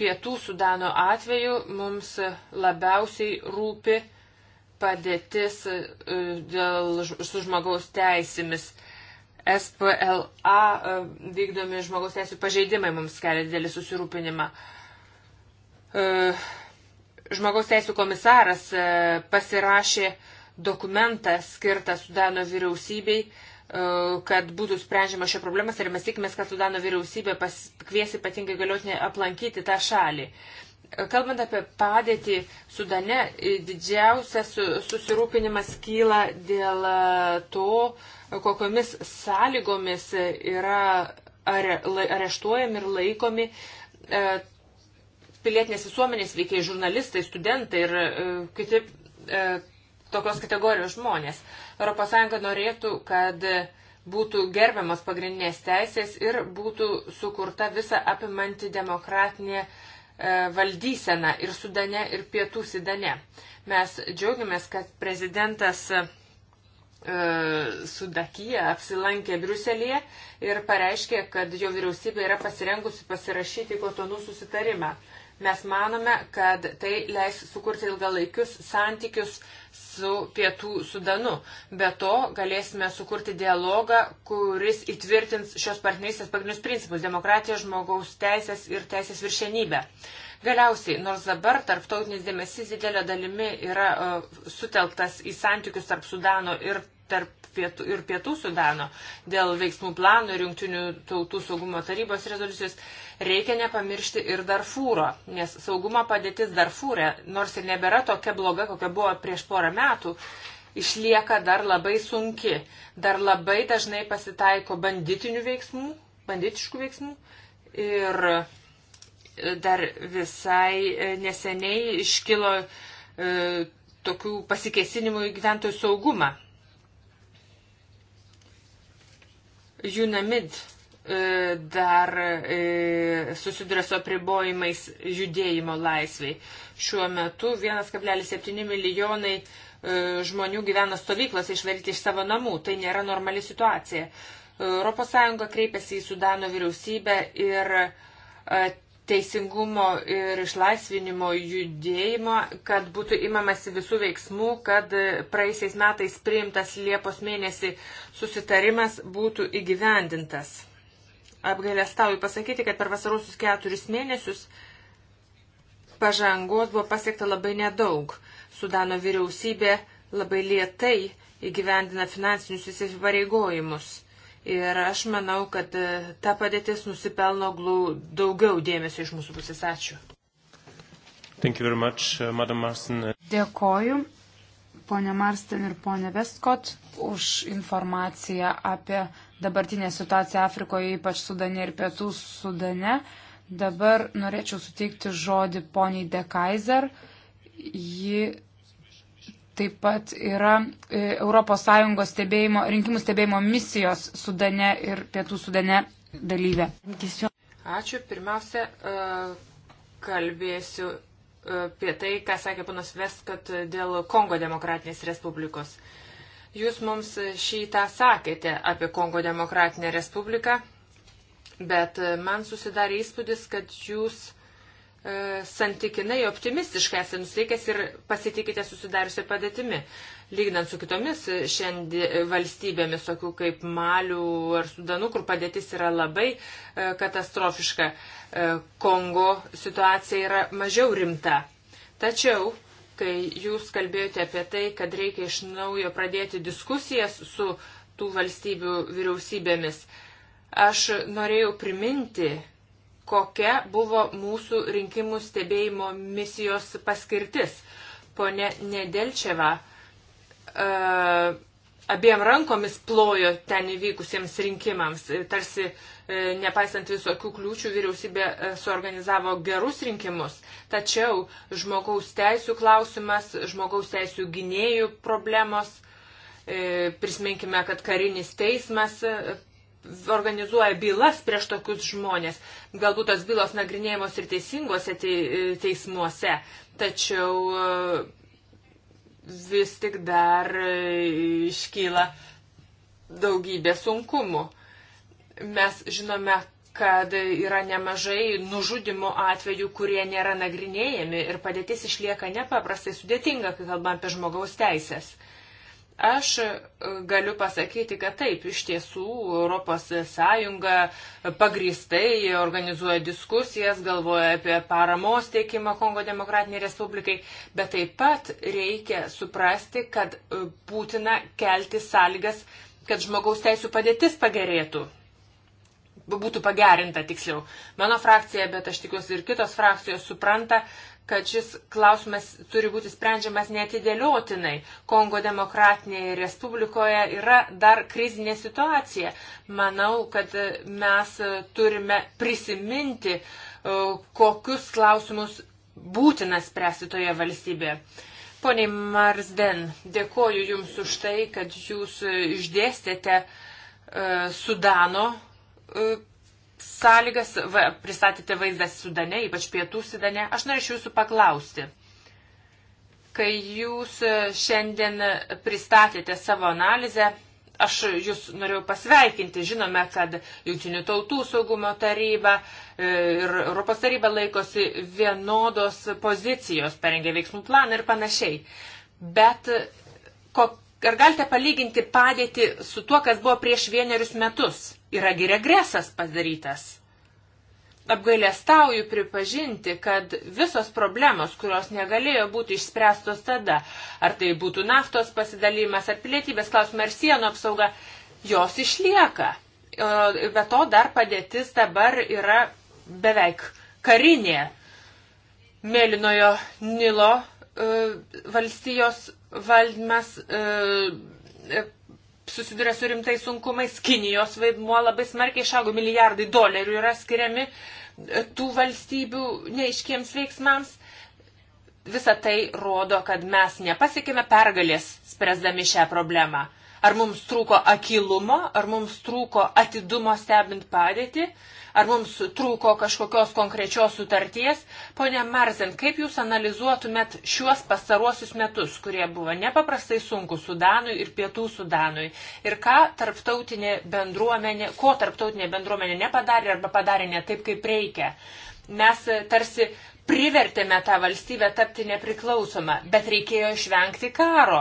Pietų Sudano atveju mums labiausiai rūpi padėtis e, dėl, su žmogaus teisėmis. SPLA e, vykdomi žmogaus teisų pažeidimai mums kelia didelį susirūpinimą. E, žmogaus teisų komisaras pasirašė dokumentą skirtą Sudano vyriausybei, kad būtų sprendžiama šio problemas ir mes tikimės, kad Sudano vyriausybė kvies ypatingai galiotinį aplankyti tą šalį. Kalbant apie padėtį Sudane, didžiausias susirūpinimas kyla dėl e, to, kokiomis sąlygomis yra areštuojami ir laikomi e, pilietinės visuomenės veikiai žurnalistai, studentai ir e, kiti tokios kategorijos žmonės. ES norėtų, kad būtų gerbiamas pagrindinės teisės ir būtų sukurta visa apimanti demokratinė uh, E, valdyseną ir Sudane, ir Pietų Sudane. Mes džiaugiamės, kad prezidentas e, Sudakyje apsilankė Briuselėje ir pareiškė, kad jo vyriausybė yra pasirengusi pasirašyti kotonų susitarimą. Mes manome, kad tai leis sukurti ilgalaikius santykius su Pietų Sudanu. Be to galėsime sukurti dialogą, kuris įtvirtins šios partnerystės pagrindinius principus - demokratiją, žmogaus teisės ir teisės viršenybę. Galiausiai, nors dabar tarptautinis dėmesys didelė dalimi yra uh, sutelktas į santykius tarp Sudano ir tarp pietų ir pietų Sudano dėl veiksmų plano ir jungtinių tautų saugumo tarybos rezoliucijos, reikia nepamiršti ir Darfūro, nes saugumo padėtis Darfūre, nors ir nebėra tokia bloga, kokia buvo prieš porą metų, išlieka dar labai sunki. Dar labai dažnai pasitaiko banditinių veiksmų, banditiškų veiksmų ir dar visai e, neseniai iškilo e, tokių pasikesinimų į gyventojų saugumą Junamid e, dar e, susiduria su apribojimais judėjimo laisviai. Šiuo metu 1,7 milijonai e, žmonių gyvena stovyklose išvaryti iš savo namų. Tai nėra normali situacija. ES kreipėsi į Sudano vyriausybę ir teisingumo ir išlaisvinimo judėjimo, kad būtų imamasi visų veiksmų, kad praeisiais metais priimtas Liepos mėnesį susitarimas būtų įgyvendintas. Apgailestauju pasakyti, kad per vasarusius keturis mėnesius pažangos buvo pasiekta labai nedaug. Sudano vyriausybė labai lietai įgyvendina finansinius įsipareigojimus Ir aš manau, kad e, ta padėtis nusipelno daugiau dėmesio iš mūsų pusės. Ačiū. Much, uh, Dėkoju, ponė Marstin ir ponė Vestkot, už informaciją apie dabartinę situaciją Afrikoje, ypač Sudane ir Pietų Sudane. Dabar norėčiau suteikti žodį poniai De Kaiser. Ji taip pat yra ES stebėjimo, rinkimų stebėjimo misijos Sudane ir Pietų Sudane dalyvė. Ačiū. Pirmiausia, e, kalbėsiu e, apie tai, ką sakė panas Ves, kad dėl Kongo demokratinės respublikos. Jūs mums šitą sakėte apie Kongo demokratinę respubliką, bet e, man susidarė įspūdis, kad jūs E, santykinai optimistiškai esate nusteikęs ir pasitikite susidariusią padėtimi. Lyginant su kitomis šiandien e, valstybėmis, tokių kaip Malių ar Sudanų, kur padėtis yra labai e, katastrofiška, e, Kongo situacija yra mažiau rimta. Tačiau, kai jūs kalbėjote apie tai, kad reikia iš naujo pradėti diskusijas su tų valstybių vyriausybėmis, aš norėjau priminti kokia buvo mūsų rinkimų stebėjimo misijos paskirtis. Pone Nedelčeva uh, e, abiem rankomis plojo ten įvykusiems rinkimams. Tarsi, e, nepaisant visokių kliūčių, vyriausybė e, suorganizavo gerus rinkimus. Tačiau žmogaus teisų klausimas, žmogaus teisų gynėjų problemos, prisiminkime, kad karinis teismas organizuoja bylas prieš tokius žmonės. Galbūt tos bylos nagrinėjamos ir teisinguose e, teismuose, tačiau e, vis tik dar e, iškyla daugybė sunkumų. Mes žinome, kad yra nemažai nužudimo atvejų, kurie nėra nagrinėjami ir padėtis išlieka nepaprastai sudėtinga, kai kalbam apie žmogaus teisės. Aš e, galiu pasakyti, kad taip, iš tiesų ES pagristai organizuoja diskusijas, galvoja apie paramos teikimą Kongo Demokratiniai Respublikai, bet taip pat reikia suprasti, kad e, būtina kelti sąlygas, kad žmogaus teisų padėtis pagerėtų. Būtų pagerinta tiksliau. Mano frakcija, bet aš tikiuosi ir kitos frakcijos supranta, kad šis klausimas turi būti sprendžiamas netidėliotinai. Kongo demokratinėje respublikoje yra dar krizinė situacija. Manau, kad mes turime prisiminti, e, kokius klausimus būtina spręsti toje valstybėje. Pone Marsden, dėkoju Jums už tai, kad Jūs išdėstėte e, Sudano e, sąlygas, va, pristatėte vaizdą Sudane, ypač pietų Sudane. Aš norėčiau jūsų paklausti, kai jūs e, šiandien pristatėte savo analizę, aš jūs norėjau pasveikinti. Žinome, kad Junktinių tautų saugumo taryba e, ir Europos taryba laikosi vienodos pozicijos, parengė veiksmų planą ir panašiai. Bet kok, Ar galite palyginti padėtį su tuo, kas buvo prieš vienerius metus? Yragi regresas padarytas. Apgailestauju pripažinti, kad visos problemos, kurios negalėjo būti išspręstos tada, ar tai būtų naftos pasidalymas, ar pilietybės klausimai, ar sienų apsauga, jos išlieka. Be to dar padėtis dabar yra beveik karinė. Mėlynojo Nilo e, valstijos valdymas e, e, susiduria su rimtais sunkumais, Kinijos vaidmuo labai smarkiai išaugo, milijardai dolerių yra skiriami e, tų valstybių neiškiems veiksmams. Visa tai rodo, kad mes nepasiekime pergalės spręsdami šią problemą. Ar mums trūko akilumo, ar mums trūko atidumo stebint padėtį, uh, Ar mums trūko kažkokios konkrečios sutarties? Pone Marzen, kaip jūs analizuotumėt šiuos pastaruosius metus, kurie buvo nepaprastai sunku Sudanui ir Pietų Sudanui? Ir ką tarptautinė bendruomenė, ko tarptautinė bendruomenė nepadarė arba padarė ne taip, kaip reikia? Mes e, tarsi privertėme tą valstybę tapti nepriklausomą, bet reikėjo išvengti karo.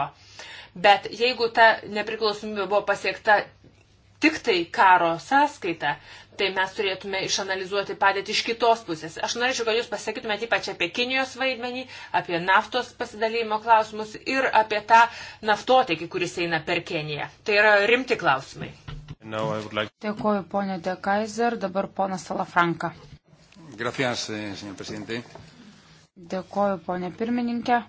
Bet jeigu ta nepriklausomybė buvo pasiekta tik tai karo sąskaita, tai mes turėtume išanalizuoti padėtį iš kitos pusės. Aš norėčiau, kad jūs pasakytumėte ypač apie Kinijos vaidmenį, apie naftos pasidalymo klausimus ir apie tą naftotekį, kuris eina per Keniją. Tai yra rimti klausimai. No, like... Dėkuoju, ponė De Kaiser, dabar ponas Salafranka. Gracias, eh, senor presidente. Dėkuoju, ponė pirmininkė.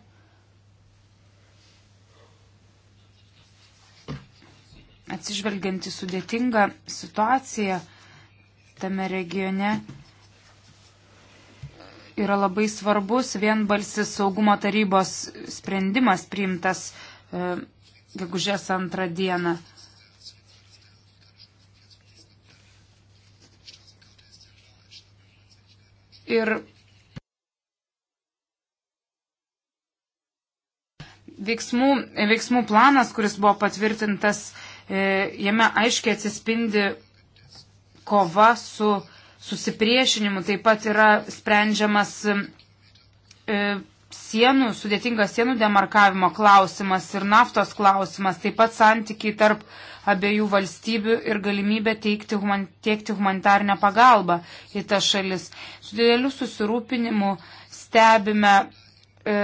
atsižvelgianti sudėtingą situaciją tame regione, yra labai svarbus vienbalsis saugumo tarybos sprendimas priimtas e, gegužės antrą dieną. Ir veiksmų, veiksmų planas, kuris buvo patvirtintas E, jame aiškiai atsispindi kova su susipriešinimu, taip pat yra sprendžiamas e, sienų, sudėtingas sienų demarkavimo klausimas ir naftos klausimas, taip pat santykiai tarp abiejų valstybių ir galimybė teikti human, tiekti humanitarnę pagalbą į tas šalis. Su dideliu susirūpinimu stebime e,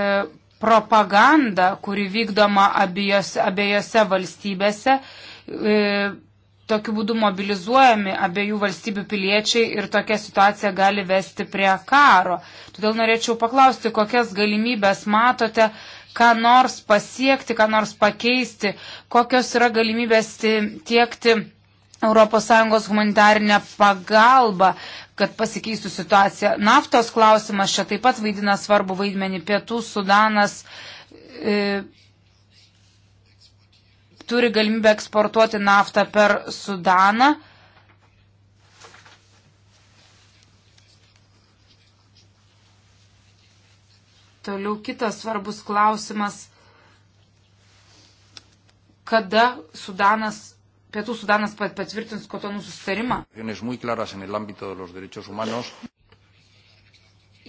propagandą, kuri vykdoma abiejose, abiejose valstybėse E, tokiu būdu mobilizuojami abiejų valstybių piliečiai ir tokia situacija gali vesti prie karo. Todėl norėčiau paklausti, kokias galimybės matote, ką nors pasiekti, ką nors pakeisti, kokios yra galimybės tiekti ES humanitarinę pagalbą, kad pasikeistų situacija. Naftos klausimas čia taip pat vaidina svarbu vaidmenį. Pietų Sudanas. E, turi galimybę eksportuoti naftą per Sudaną. Toliau kitas svarbus klausimas, kada Sudanas Pietų Sudanas patvirtins kotonų susitarimą.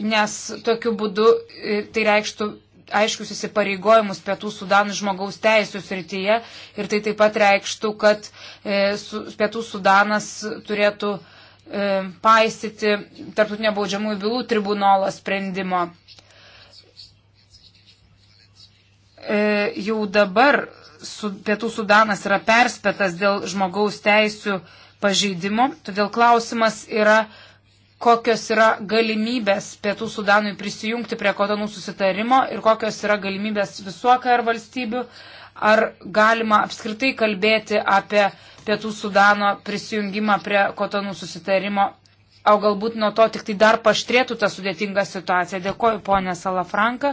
Nes tokiu būdu e, tai reikštų aiškius įsipareigojimus pietų Sudanų žmogaus teisų srityje ir tai taip pat reikštų, kad e, su, pietų Sudanas turėtų e, paisyti tarptautinio baudžiamųjų bylų tribunolo sprendimo. E, jau dabar su, pietų Sudanas yra perspėtas dėl žmogaus teisų pažeidimo, todėl klausimas yra, kokios yra galimybės Pietų Sudanui prisijungti prie kotonų susitarimo ir kokios yra galimybės visuokai ar valstybių, ar galima apskritai kalbėti apie Pietų Sudano prisijungimą prie kotonų susitarimo, o galbūt nuo to tik tai dar paštrėtų ta sudėtinga situacija. Dėkoju, ponė Salafranka.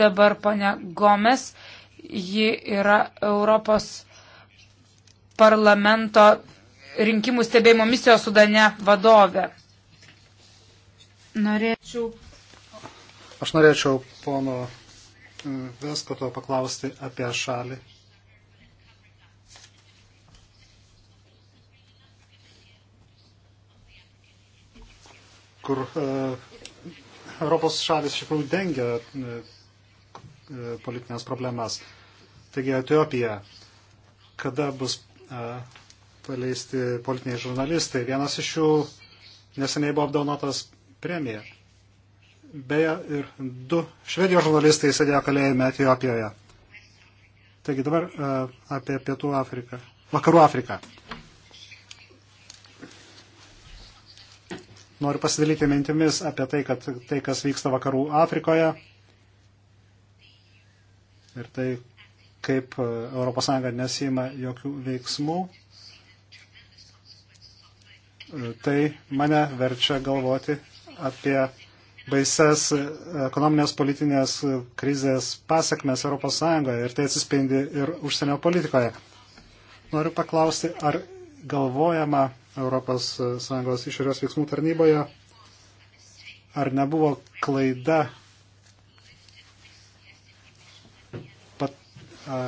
Dabar ponė Gomes, ji yra Europos parlamento rinkimų stebėjimo misijos Sudane vadovė. Norėčiau. Aš norėčiau pono mm, Veskoto paklausti apie šalį. kur uh, Europos šalis iš tikrųjų dengia uh, politinės problemas. Taigi Etiopija, kada bus uh, paleisti politiniai žurnalistai. Vienas iš jų neseniai buvo apdaunotas premiją. Beje, ir du švedijos žurnalistai sėdėjo kalėjime Etijopijoje. Taigi dabar uh, apie Pietų Afriką, Vakarų Afriką. Noriu pasidalyti mintimis apie tai, kad tai, kas vyksta Vakarų Afrikoje ir tai, kaip ES nesima jokių veiksmų, e, tai mane verčia galvoti apie baises ekonominės politinės krizės pasiekmes ES ir tai atsispindi ir užsienio politikoje. Noriu paklausti, ar galvojama ES išorės veiksmų tarnyboje, ar nebuvo klaida pat, a,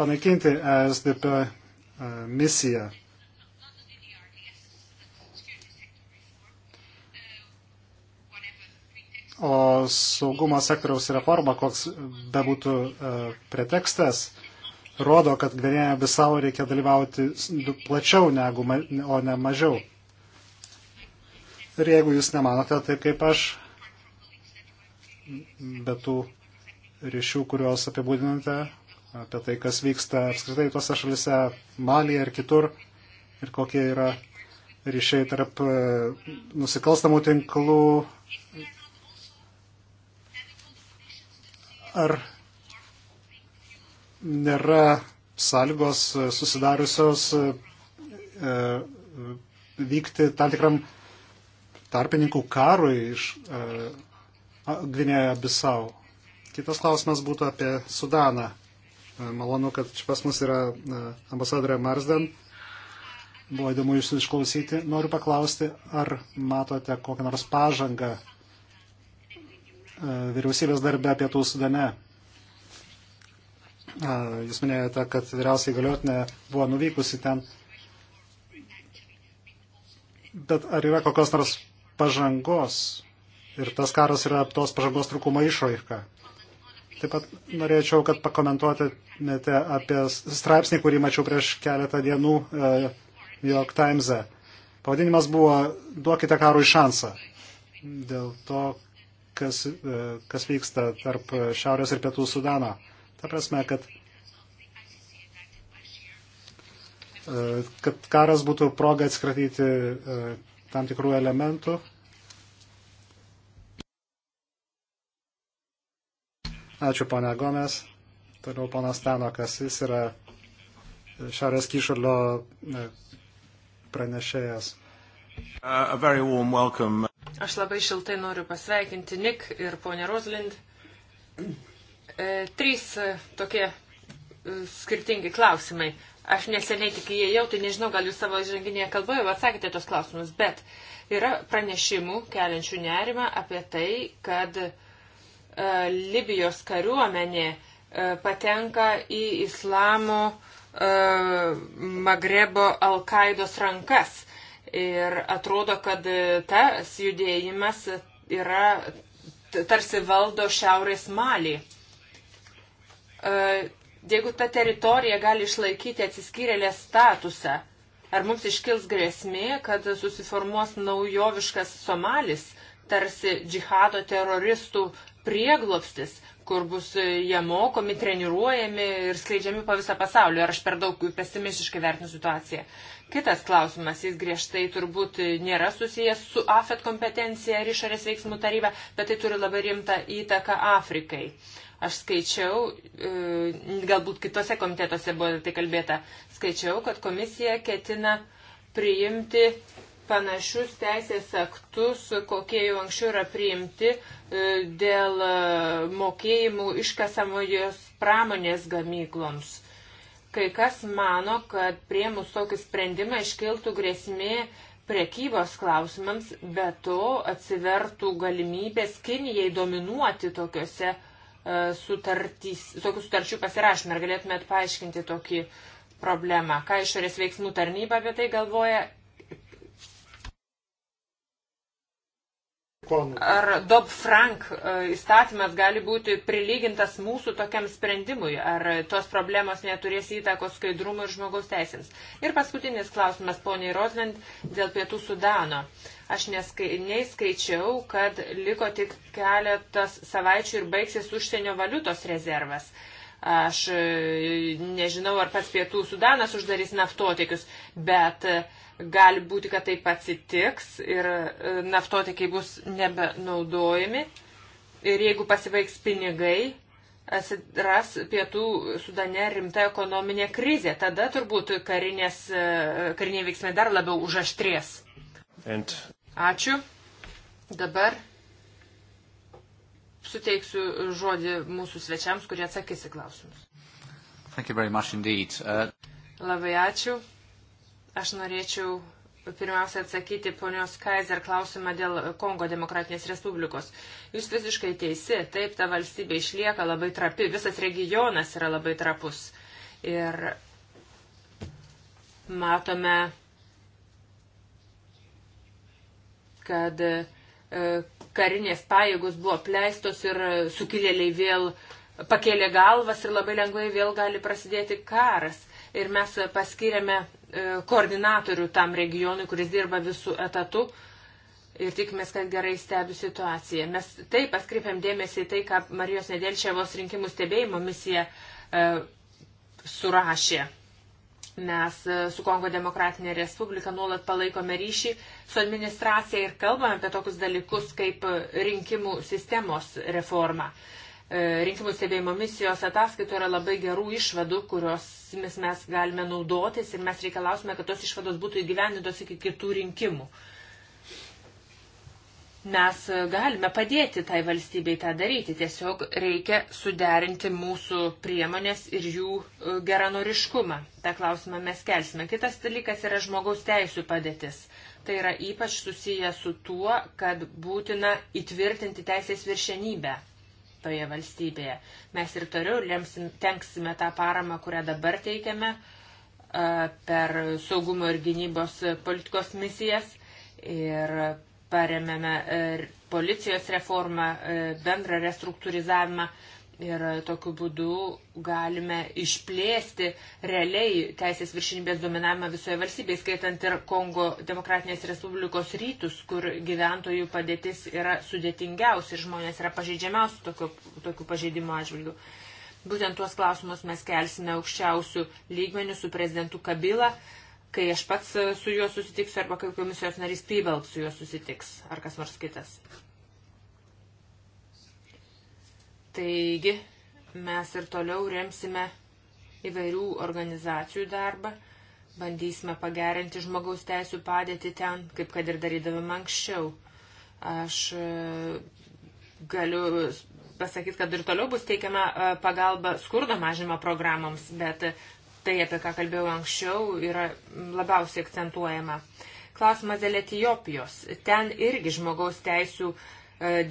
panaikinti ESDP a, misiją O saugumo sektoriaus reforma, koks bebūtų e, pretekstas, rodo, kad Gvinėje Bisau reikia dalyvauti plačiau, negu, o ne mažiau. Ir jeigu jūs nemanote taip kaip aš, be tų ryšių, kuriuos apibūdinate, apie tai, kas vyksta apskritai tuose šalise, Malija ir kitur, ir kokie yra ryšiai tarp e, nusikalstamų tinklų, ar nėra sąlygos susidariusios e, vykti tam tikram tarpininkų karui iš e, Gvinėje Bisau. Kitas klausimas būtų apie Sudaną. E, malonu, kad čia pas mus yra ambasadorė Marsden. Buvo įdomu jūsų išklausyti. Noriu paklausti, ar matote kokią nors pažangą E, vyriausybės darbę pietų sudane. E, jūs minėjote, kad vyriausiai galiotinė buvo nuvykusi ten. Bet ar yra kokios nors pažangos? Ir tas karas yra tos pažangos trūkumo išraiška. Taip pat norėčiau, kad pakomentuotumėte apie straipsnį, kurį mačiau prieš keletą dienų e, New York Times'e. Pavadinimas buvo Duokite karui šansą. Dėl to, kas, e, kas vyksta tarp Šiaurės ir Pietų Sudano. Ta prasme, kad, e, kad karas būtų proga atskratyti e, tam tikrų elementų. Ačiū, ponia Gomes. Toliau ponas Tenokas, jis yra Šiaurės kyšulio pranešėjas. Uh, Aš labai šiltai noriu pasveikinti Nik ir ponę Roslind. E, trys e, tokie e, skirtingi klausimai. Aš neseniai tik įėjau, tai nežinau, gal jūs savo žanginėje kalboje atsakėte tos klausimus, bet yra pranešimų keliančių nerimą apie tai, kad e, Libijos kariuomenė e, patenka į islamo e, Magrebo Al-Qaidos rankas Ir atrodo, kad tas judėjimas yra tarsi valdo šiaurės malį. E, jeigu ta teritorija gali išlaikyti atsiskyrėlės statusą, ar mums iškils grėsmė, kad susiformuos naujoviškas Somalis, tarsi džihado teroristų prieglopstis, kur bus e, jie mokomi, treniruojami ir skleidžiami po visą pasaulį. Ar aš per daug pesimistiškai vertinu situaciją? Kitas klausimas, jis griežtai turbūt nėra susijęs su AFET kompetencija ar išorės veiksmų taryba, bet tai turi labai rimtą įtaką Afrikai. Aš skaičiau, e, galbūt kitose komitetuose buvo tai kalbėta, skaičiau, kad komisija ketina priimti panašius teisės aktus, kokie jau anksčiau yra priimti e, dėl e, mokėjimų iškasamojos pramonės gamykloms. Kai kas mano, kad priemus tokį sprendimą iškiltų grėsmė prekybos klausimams, bet to atsivertų galimybės Kinijai dominuoti tokiuose e, sutartys, tokių sutarčių pasirašymą. Ar galėtumėt paaiškinti tokį problemą? Ką išorės veiksmų tarnyba apie tai galvoja Ar Dob Frank e, įstatymas gali būti prilygintas mūsų tokiam sprendimui, ar tos problemos neturės įtakos skaidrumui ir žmogaus teisėms. Ir paskutinis klausimas, poniai Rosland, dėl pietų Sudano. Aš neskai, neįskaičiau, kad liko tik keletas savaičių ir baigsis užsienio valiutos rezervas. Aš e, nežinau, ar pats pietų Sudanas uždarys naftotiekius, bet uh, Gali būti, kad taip atsitiks ir e, naftotikiai bus nebenaudojami. Ir jeigu pasibaigs pinigai, atsiras pietų sudane rimta ekonominė krizė. Tada turbūt karinės, e, kariniai veiksmai dar labiau užaštrės. And... Ačiū. Dabar suteiksiu žodį mūsų svečiams, kurie atsakys į klausimus. Uh... Labai ačiū. Aš norėčiau pirmiausia atsakyti ponios Kaiser klausimą dėl Kongo demokratinės respublikos. Jūs visiškai teisi, taip ta valstybė išlieka labai trapi, visas regionas yra labai trapus. Ir matome, kad e, karinės pajėgos buvo pleistos ir e, sukilėliai vėl pakėlė galvas ir labai lengvai vėl gali prasidėti karas. Ir mes paskiriame E, koordinatorių tam regionui, kuris dirba visų etatų ir tikimės, kad gerai stebi situaciją. Mes taip atkreipiam dėmesį į tai, ką Marijos Nedelčiavos rinkimų stebėjimo misija e, surašė. Mes e, su Kongo Demokratinė Respublika nuolat palaikome ryšį su administracija ir kalbame apie tokius dalykus kaip e, rinkimų sistemos reforma. E, E, rinkimų stebėjimo misijos ataskaitoje yra labai gerų išvadų, kurios mes, mes galime naudotis ir mes reikalausime, kad tos išvados būtų įgyvendintos iki kitų rinkimų. Mes e, galime padėti tai valstybei tą daryti, tiesiog reikia suderinti mūsų priemonės ir jų e, geranoriškumą. Ta klausimą mes kelsime. Kitas dalykas yra žmogaus teisų padėtis. Tai yra ypač susiję su tuo, kad būtina įtvirtinti teisės viršenybę toje valstybėje. Mes ir toliau lemsim, tenksime tą paramą, kurią dabar teikiame e, per saugumo ir gynybos politikos misijas ir paremėme e, policijos reformą, e, bendrą restruktūrizavimą. Ir tokiu būdu galime išplėsti realiai teisės viršinybės dominavimą visoje valstybėje, skaitant ir Kongo Demokratinės Respublikos rytus, kur gyventojų padėtis yra sudėtingiausia ir žmonės yra pažeidžiamiausi tokiu, tokiu pažeidimu atžvilgiu. Būtent tuos klausimus mes kelsime aukščiausių lygmenių su prezidentu Kabila, kai aš pats su juo susitiksiu arba kai komisijos narys Pybelk su juo susitiks ar kas nors kitas. Taigi mes ir toliau remsime įvairių organizacijų darbą, bandysime pagerinti žmogaus teisų padėtį ten, kaip kad ir darydavome anksčiau. Aš e, galiu pasakyti, kad ir toliau bus teikiama e, pagalba skurdo mažinimo programoms, bet tai, apie ką kalbėjau anksčiau, yra labiausiai akcentuojama. Klausimas dėl Etijopijos. Ten irgi žmogaus teisų e,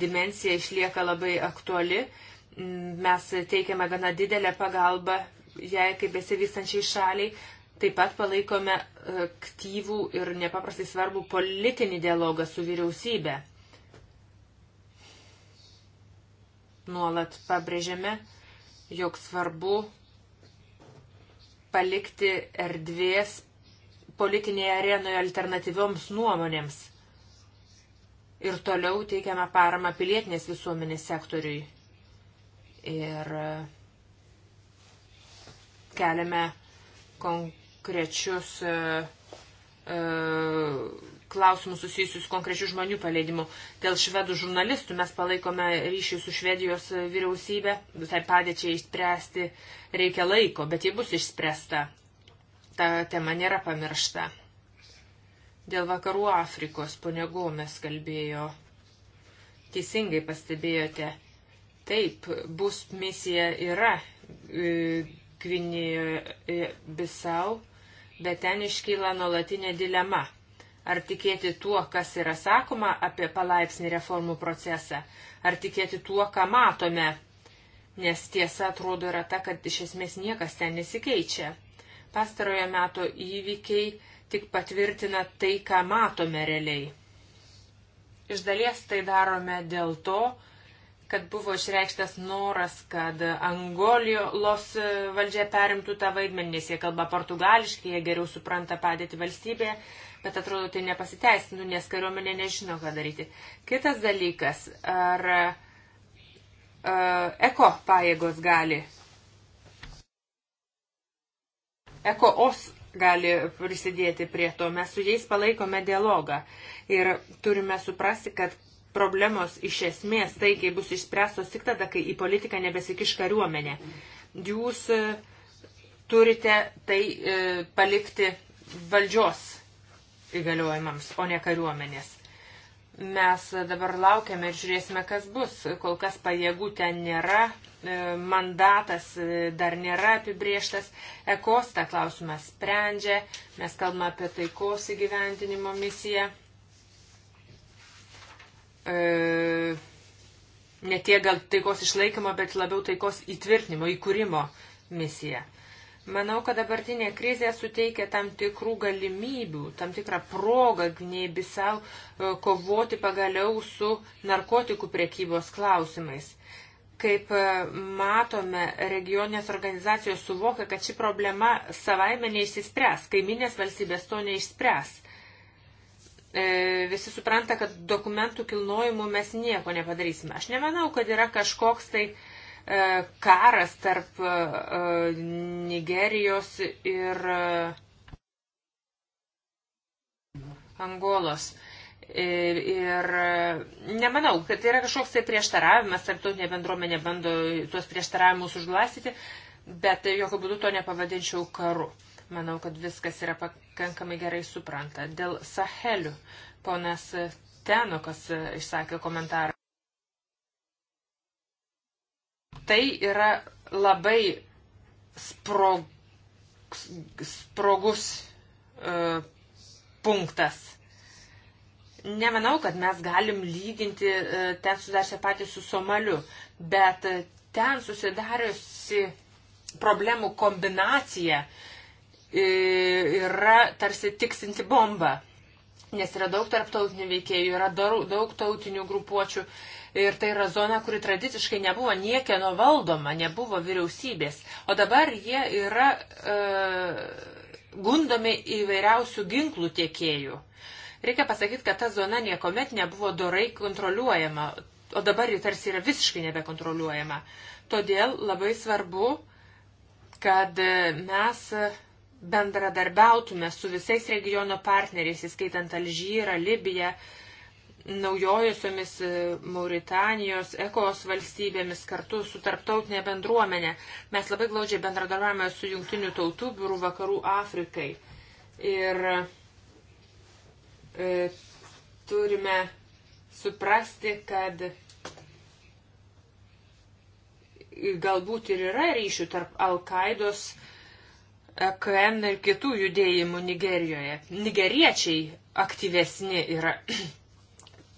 dimensija išlieka labai aktuali Mes teikiame gana didelę pagalbą jai kaip besivystančiai šaliai. Taip pat palaikome e, aktyvų ir nepaprastai svarbų politinį dialogą su vyriausybė. Nuolat pabrėžiame, jog svarbu palikti erdvės politinėje arenoje alternatyvioms nuomonėms. Ir toliau teikiame paramą pilietinės visuomenės sektoriui ir keliame konkrečius e, e, klausimus susijusius konkrečių žmonių paleidimu. Dėl švedų žurnalistų mes palaikome ryšį su Švedijos vyriausybė. Visai padėčiai išspręsti reikia laiko, bet ji bus išspręsta. Ta tema nėra pamiršta. Dėl vakarų Afrikos ponegomės kalbėjo. Teisingai pastebėjote Taip, bus misija yra e, Gvinijoje e, Bisau, bet ten iškyla nuolatinė dilema. Ar tikėti tuo, kas yra sakoma apie palaipsnį reformų procesą, ar tikėti tuo, ką matome, nes tiesa atrodo yra ta, kad iš esmės niekas ten nesikeičia. Pastarojo meto įvykiai tik patvirtina tai, ką matome realiai. Iš dalies tai darome dėl to, kad buvo išreikštas noras, kad Angolijos valdžia perimtų tą vaidmenį, nes jie kalba portugališkai, jie geriau supranta padėti valstybėje, bet atrodo tai nepasiteisinu, nes kariuomenė nežino, ką daryti. Kitas dalykas, ar uh, eko pajėgos gali, eko os gali prisidėti prie to. Mes su jais palaikome dialogą ir turime suprasti, kad problemos iš esmės taikiai bus išspręstos tik tada, kai į politiką nebesikiš kariuomenė. Jūs e, turite tai e, palikti valdžios įgaliojimams, o ne kariuomenės. Mes dabar laukiame ir žiūrėsime, kas bus. Kol kas pajėgų ten nėra, e, mandatas e, dar nėra apibrieštas, ekos tą klausimą sprendžia, mes kalbame apie taikos įgyvendinimo misiją e, ne tiek gal taikos išlaikymo, bet labiau taikos įtvirtinimo, įkūrimo misiją. Manau, kad dabartinė krizė suteikia tam tikrų galimybių, tam tikrą progą gynėbi savo e, kovoti pagaliau su narkotikų priekybos klausimais. Kaip e, matome, regioninės organizacijos suvokia, kad ši problema savaime neišsispręs, kaiminės valstybės to neišspręs. E, visi supranta, kad dokumentų kilnojimu mes nieko nepadarysime. Aš nemanau, kad yra kažkoks tai e, karas tarp e, Nigerijos ir Angolos. Ir, ir nemanau, kad tai yra kažkoks tai prieštaravimas, tarptautinė bendruomenė bando tuos prieštaravimus užglasyti, bet jokių būdų to nepavadinčiau karu. Uh, Manau, kad viskas yra pakankamai gerai supranta. Dėl Sahelių ponas Tenokas išsakė komentarą. Tai yra labai sprog, sprogus e, punktas. Nemanau, kad mes galim lyginti e, ten sudarsią patį su Somaliu, bet ten susidariusi problemų kombinacija e, yra tarsi tiksinti bomba, nes yra daug tarptautinių veikėjų, yra daug tautinių grupuočių ir tai yra zona, kuri tradiciškai nebuvo niekieno valdoma, nebuvo vyriausybės, o dabar jie yra e, gundomi įvairiausių ginklų tiekėjų. Reikia pasakyti, kad ta zona niekuomet nebuvo dorai kontroliuojama, o dabar ji tarsi yra visiškai nebekontroliuojama. Todėl labai svarbu, kad mes bendradarbiautume su visais regiono partneriais, įskaitant Alžyrą, Libiją, naujojusiomis e, Mauritanijos, Ekos valstybėmis kartu su tarptautinė bendruomenė. Mes labai glaudžiai bendradarbiavame su Junktinių tautų biurų vakarų Afrikai. Ir e, turime suprasti, kad galbūt ir yra ryšių tarp Al-Qaidos e, EKN ir kitų judėjimų Nigerijoje. Nigeriečiai aktyvesni yra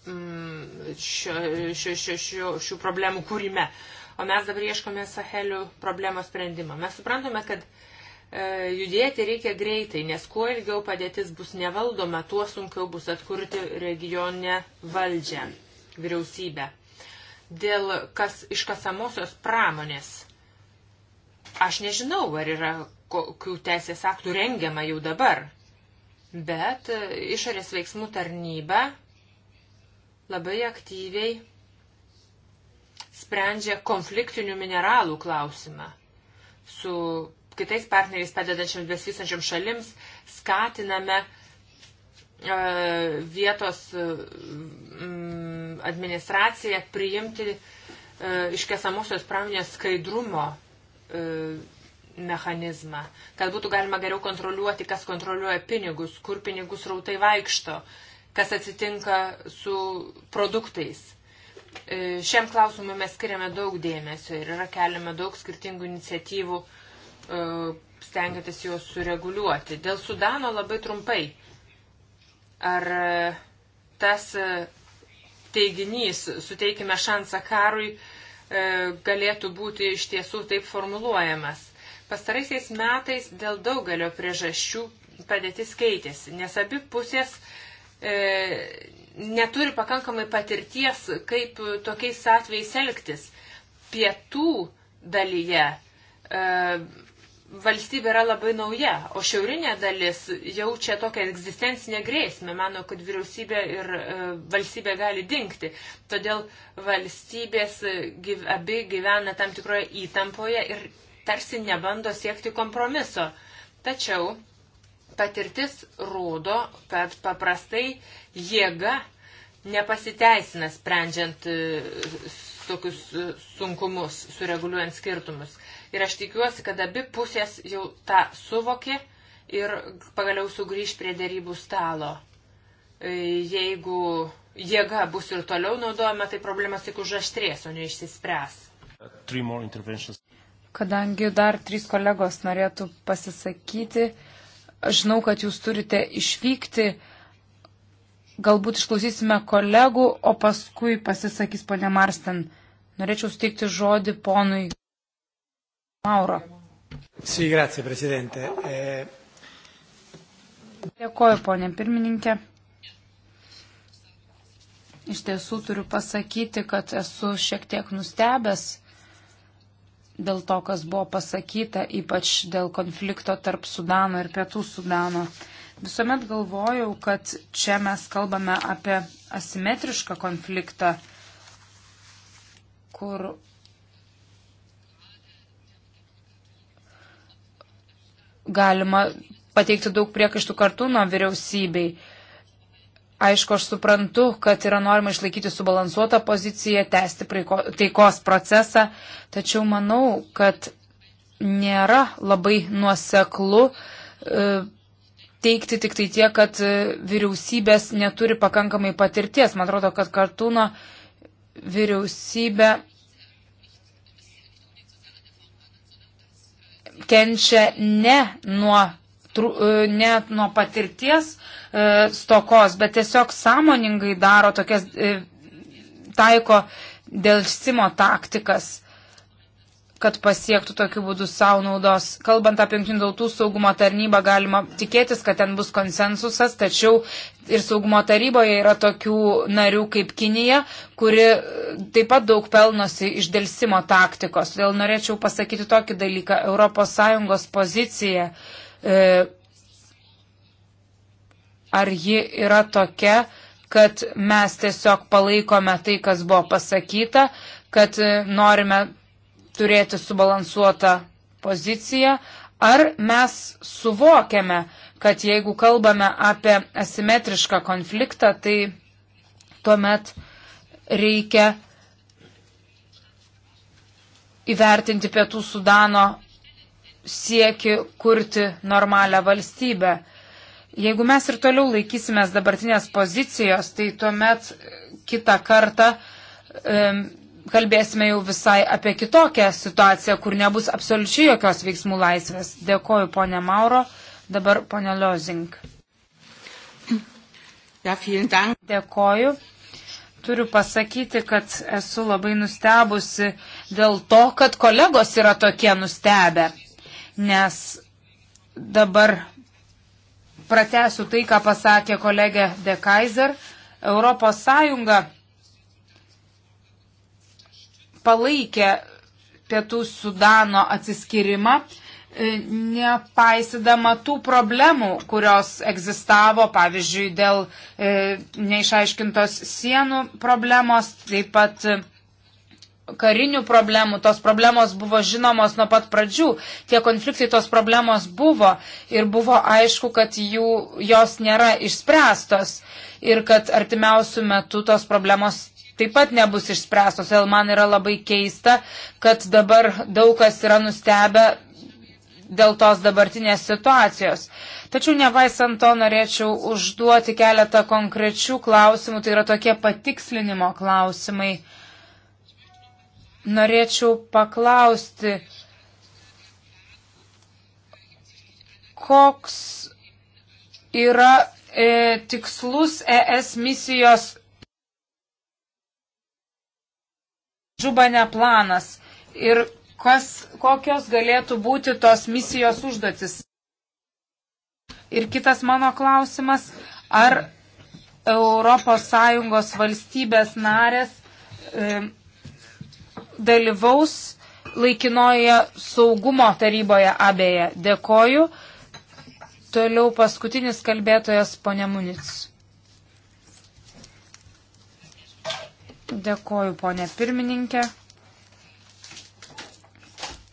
mm, šio, šio, šio, šio, šių problemų kūrime. O mes dabar ieškome Sahelių problemos sprendimo. Mes suprantame, kad e, judėti reikia greitai, nes kuo ilgiau padėtis bus nevaldoma, tuo sunkiau bus atkurti regionę valdžią, vyriausybę. Dėl kas iškasamosios pramonės. Aš nežinau, ar yra kokių teisės aktų rengiama jau dabar. Bet e, išorės veiksmų tarnyba labai aktyviai sprendžia konfliktinių mineralų klausimą. Su kitais partneriais padedančiams besisančiam šalims skatiname e, vietos mm, administraciją priimti e, iškesamosios pramonės skaidrumo e, mechanizmą, kad būtų galima geriau kontroliuoti, kas kontroliuoja pinigus, kur pinigus rautai vaikšto, kas atsitinka su produktais. E, Šiam klausimui mes skiriame daug dėmesio ir yra keliama daug skirtingų iniciatyvų, e, stengiantis juos sureguliuoti. Dėl Sudano labai trumpai. Ar e, tas teiginys suteikime šansą karui galėtų būti iš tiesų taip formuluojamas? Pastaraisiais metais dėl daugelio priežasčių padėtis keitėsi, nes abi pusės e, neturi pakankamai patirties, kaip tokiais atvejais elgtis. Pietų dalyje e, valstybė yra labai nauja, o šiaurinė dalis jaučia tokią egzistencinę grėsmę, mano, kad vyriausybė ir e, valstybė gali dinkti. Todėl valstybės gyv, abi gyvena tam tikroje įtampoje ir tarsi nebando siekti kompromiso. Tačiau patirtis rodo, kad paprastai jėga nepasiteisina sprendžiant e, tokius e, sunkumus, sureguliuojant skirtumus. Ir aš tikiuosi, kad abi pusės jau tą suvokė ir pagaliau sugrįž prie dėrybų stalo. E, jeigu jėga bus ir toliau naudojama, tai problemas tik užaštrės, o ne išsispręs. Kadangi dar trys kolegos norėtų pasisakyti, aš žinau, kad jūs turite išvykti, galbūt išklausysime kolegų, o paskui pasisakys ponė Marsten. Norėčiau suteikti žodį ponui Mauro. Sì, grazie, Presidente. E... Dėkoju, ponė pirmininkė. Iš tiesų turiu pasakyti, kad esu šiek tiek nustebęs dėl to, kas buvo pasakyta, ypač dėl konflikto tarp Sudano ir Pietų Sudano. Visuomet galvojau, kad čia mes kalbame apie asimetrišką konfliktą, kur galima pateikti daug priekaištų kartu nuo vyriausybei. Aišku, aš suprantu, kad yra norima išlaikyti subalansuotą poziciją, tęsti taikos procesą, tačiau manau, kad nėra labai nuoseklu e, teikti tik tai tie, kad e, vyriausybės neturi pakankamai patirties. Man atrodo, kad kartūno vyriausybė kenčia ne nuo tru, e, ne nuo patirties e, stokos, bet tiesiog sąmoningai daro tokias, e, taiko dėl simo taktikas kad pasiektų tokiu būdu savo naudos. Kalbant apie Junktinių tautų saugumo tarnybą, galima tikėtis, kad ten bus konsensusas, tačiau ir saugumo taryboje yra tokių narių kaip Kinija, kuri e, taip pat daug pelnosi iš dėlsimo taktikos. Todėl norėčiau pasakyti tokį dalyką. ES pozicija E, ar ji yra tokia, kad mes tiesiog palaikome tai, kas buvo pasakyta, kad e, norime turėti subalansuotą poziciją, ar mes suvokiame, kad jeigu kalbame apie asimetrišką konfliktą, tai tuomet reikia įvertinti Pietų Sudano sieki kurti normalią valstybę. Jeigu mes ir toliau laikysimės dabartinės pozicijos, tai tuomet kitą kartą um, kalbėsime jau visai apie kitokią situaciją, kur nebus absoliučiai jokios veiksmų laisvės. Dėkoju, ponė Mauro. Dabar ponė Liozink. Dėkoju. Turiu pasakyti, kad esu labai nustebusi dėl to, kad kolegos yra tokie nustebę nes dabar pratęsiu tai, ką pasakė kolegė De Kaiser. Europos Sąjunga palaikė pietų Sudano atsiskyrimą, e, nepaisydama tų problemų, kurios egzistavo, pavyzdžiui, dėl e, neišaiškintos sienų problemos, taip pat karinių problemų, tos problemos buvo žinomos nuo pat pradžių, tie konfliktai tos problemos buvo ir buvo aišku, kad jų, jos nėra išspręstos ir kad artimiausių metų tos problemos taip pat nebus išspręstos. Ir man yra labai keista, kad dabar daug kas yra nustebę dėl tos dabartinės situacijos. Tačiau nevaisant to norėčiau užduoti keletą konkrečių klausimų, tai yra tokie patikslinimo klausimai norėčiau paklausti, koks yra e, tikslus ES misijos žubane planas ir kas, kokios galėtų būti tos misijos užduotis. Ir kitas mano klausimas, ar ES valstybės narės e, dalyvaus laikinoje saugumo taryboje abėje. Dėkoju. Toliau paskutinis kalbėtojas ponė Munic. Dėkoju ponė pirmininkė,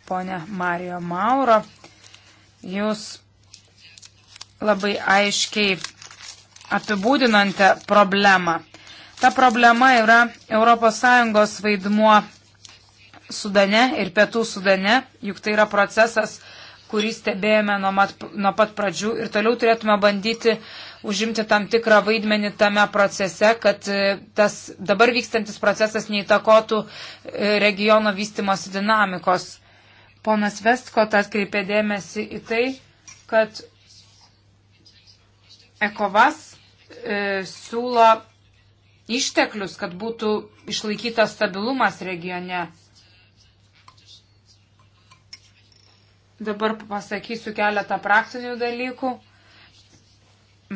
ponė Marijo Mauro. Jūs labai aiškiai apibūdinate problemą. Ta problema yra ES vaidmuo Sudane ir Pietų Sudane, juk tai yra procesas, kurį stebėjome nuo, mat, nuo pat pradžių ir toliau turėtume bandyti užimti tam tikrą vaidmenį tame procese, kad e, tas dabar vykstantis procesas neįtakotų e, regiono vystimosi dinamikos. Ponas Vestkot atkreipė dėmesį į tai, kad Ekovas e, siūlo išteklius, kad būtų išlaikytas stabilumas regione. Dabar pasakysiu keletą praktinių dalykų.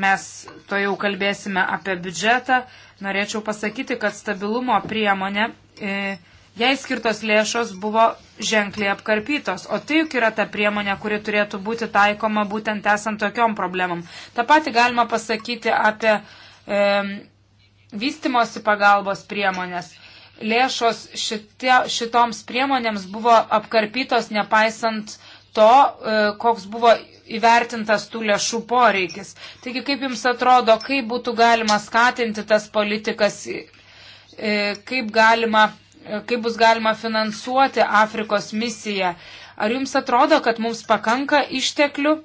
Mes to jau kalbėsime apie biudžetą. Norėčiau pasakyti, kad stabilumo priemonė, e, jai skirtos lėšos buvo ženkliai apkarpytos, o tai juk yra ta priemonė, kuri turėtų būti taikoma būtent esant tokiom problemam. Ta pati galima pasakyti apie e, vystimosi pagalbos priemonės lėšos šitie, šitoms priemonėms buvo apkarpytos nepaisant to, e, koks buvo įvertintas tų lėšų poreikis. Taigi, kaip Jums atrodo, kaip būtų galima skatinti tas politikas, e, kaip, galima, e, kaip bus galima finansuoti Afrikos misiją? Ar Jums atrodo, kad mums pakanka išteklių?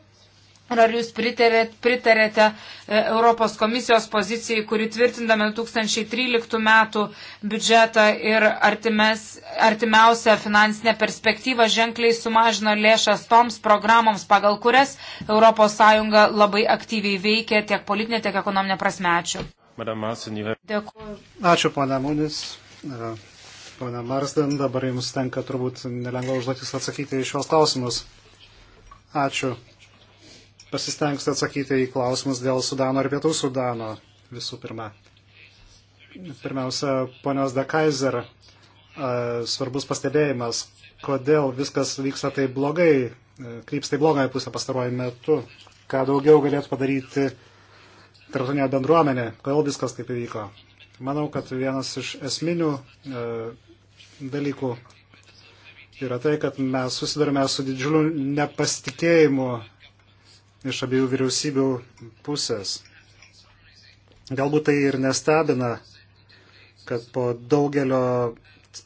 Ir ar jūs pritarėt, pritarėte e, Europos komisijos pozicijai, kuri tvirtindami 2013 metų biudžetą ir artimes, artimiausią finansinę perspektyvą ženkliai sumažino lėšas toms programoms, pagal kurias ES labai aktyviai veikia tiek politinė, tiek ekonominė prasme. Ačiū. Dėkuoju. Ačiū, pana Munis. E, pana Marsden, dabar jums tenka turbūt nelengva užduotis atsakyti į šios klausimus. Ačiū pasistengsiu atsakyti į klausimus dėl Sudano ir Pietų Sudano visų pirma. Pirmiausia, ponios De Kaiser, svarbus pastebėjimas, kodėl viskas vyksta taip blogai, krypsta į blogąją pusę pastaruoju metu, ką daugiau galėtų padaryti tarptautinė bendruomenė, kodėl viskas taip įvyko. Manau, kad vienas iš esminių e, dalykų yra tai, kad mes susidurime su didžiuliu nepasitikėjimu iš abiejų vyriausybių pusės. Galbūt tai ir nestebina, kad po daugelio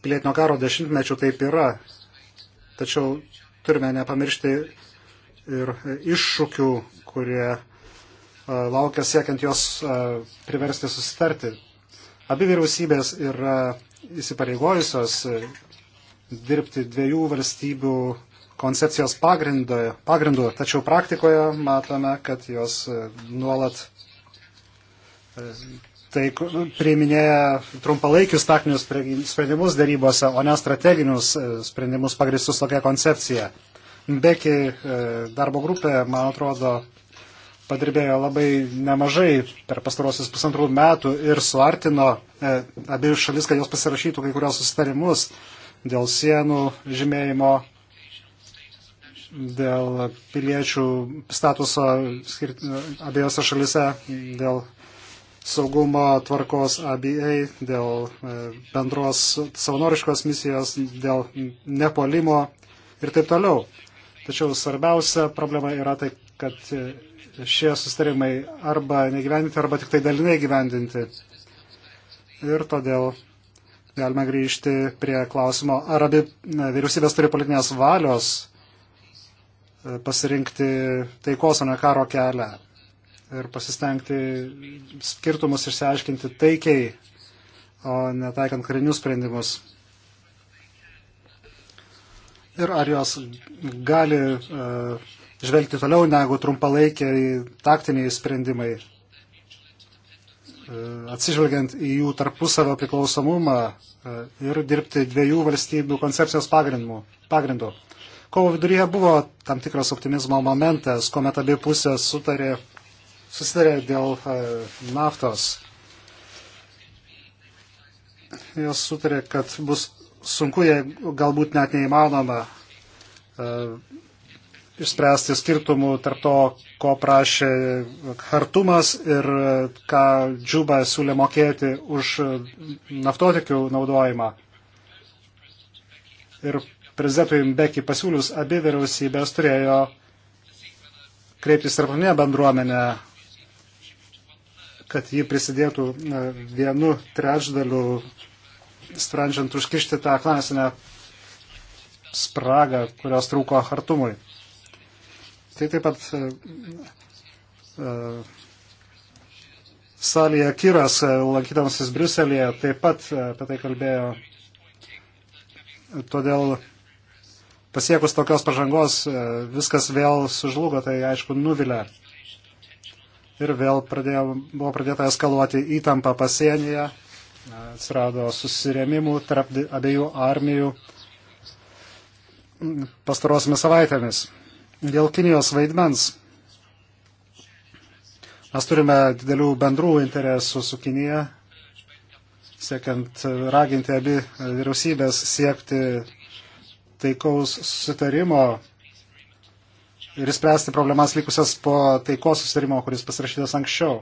pilietinio karo dešimtmečių taip yra. Tačiau turime nepamiršti ir iššūkių, kurie laukia siekiant jos priversti susitarti. Abi vyriausybės yra įsipareigojusios dirbti dviejų valstybių koncepcijos pagrindu, tačiau praktikoje matome, kad jos e, nuolat e, tai priiminėja trumpalaikius taktinius sprendimus darybose, o ne strateginius e, sprendimus pagristus tokia koncepcija. Beki darbo grupė, man atrodo, padirbėjo labai nemažai per pastarosius pusantrų metų ir suartino e, abi šalis, kad jos pasirašytų kai kurios susitarimus dėl sienų žymėjimo dėl piliečių statuso abiejose šalise, dėl saugumo tvarkos ABA, dėl e, bendros savanoriškos misijos, dėl nepolimo ir taip toliau. Tačiau svarbiausia problema yra tai, kad e, šie sustarimai arba negyvendinti, arba tik tai dalinai gyvendinti. Ir todėl galime grįžti prie klausimo, ar abi e, vyriausybės turi politinės valios E, pasirinkti taikos, o ne karo kelią ir pasistengti skirtumus išsiaiškinti taikiai, o netaikant karinius sprendimus. Ir ar jos gali uh, žvelgti toliau negu trumpalaikiai taktiniai sprendimai, uh, atsižvelgiant į jų tarpusavio priklausomumą uh, ir dirbti dviejų valstybių koncepcijos pagrindu. pagrindu. Kovo viduryje buvo tam tikras optimizmo momentas, kuomet abi pusės sutarė, susitarė dėl e, naftos. Jos sutarė, kad bus sunku, jei galbūt net neįmanoma e, išspręsti skirtumų tarp to, ko prašė Hartumas ir e, ką Džuba siūlė mokėti už naftotikių naudojimą. Ir prezidentui Mbeki pasiūlius, abi vyriausybės turėjo kreiptis tarptautinę bendruomenę, kad ji prisidėtų vienu trečdaliu, sprendžiant užkišti tą klasinę spragą, kurios trūko hartumui. Tai taip pat uh, salėje Kiras, e, lankydamasis Briuselėje, taip pat apie tai kalbėjo. Todėl pasiekus tokios pažangos e, viskas vėl sužlugo, tai aišku nuvilia. Ir vėl pradėjo, buvo pradėta eskaluoti įtampa pasienyje, e, atsirado susirėmimų tarp abiejų armijų pastarosiamis savaitėmis. Dėl Kinijos vaidmens mes turime didelių bendrų interesų su Kinija, siekiant raginti abi vyriausybės siekti taikaus susitarimo ir spręsti problemas likusias po taikos susitarimo, kuris pasirašytas anksčiau.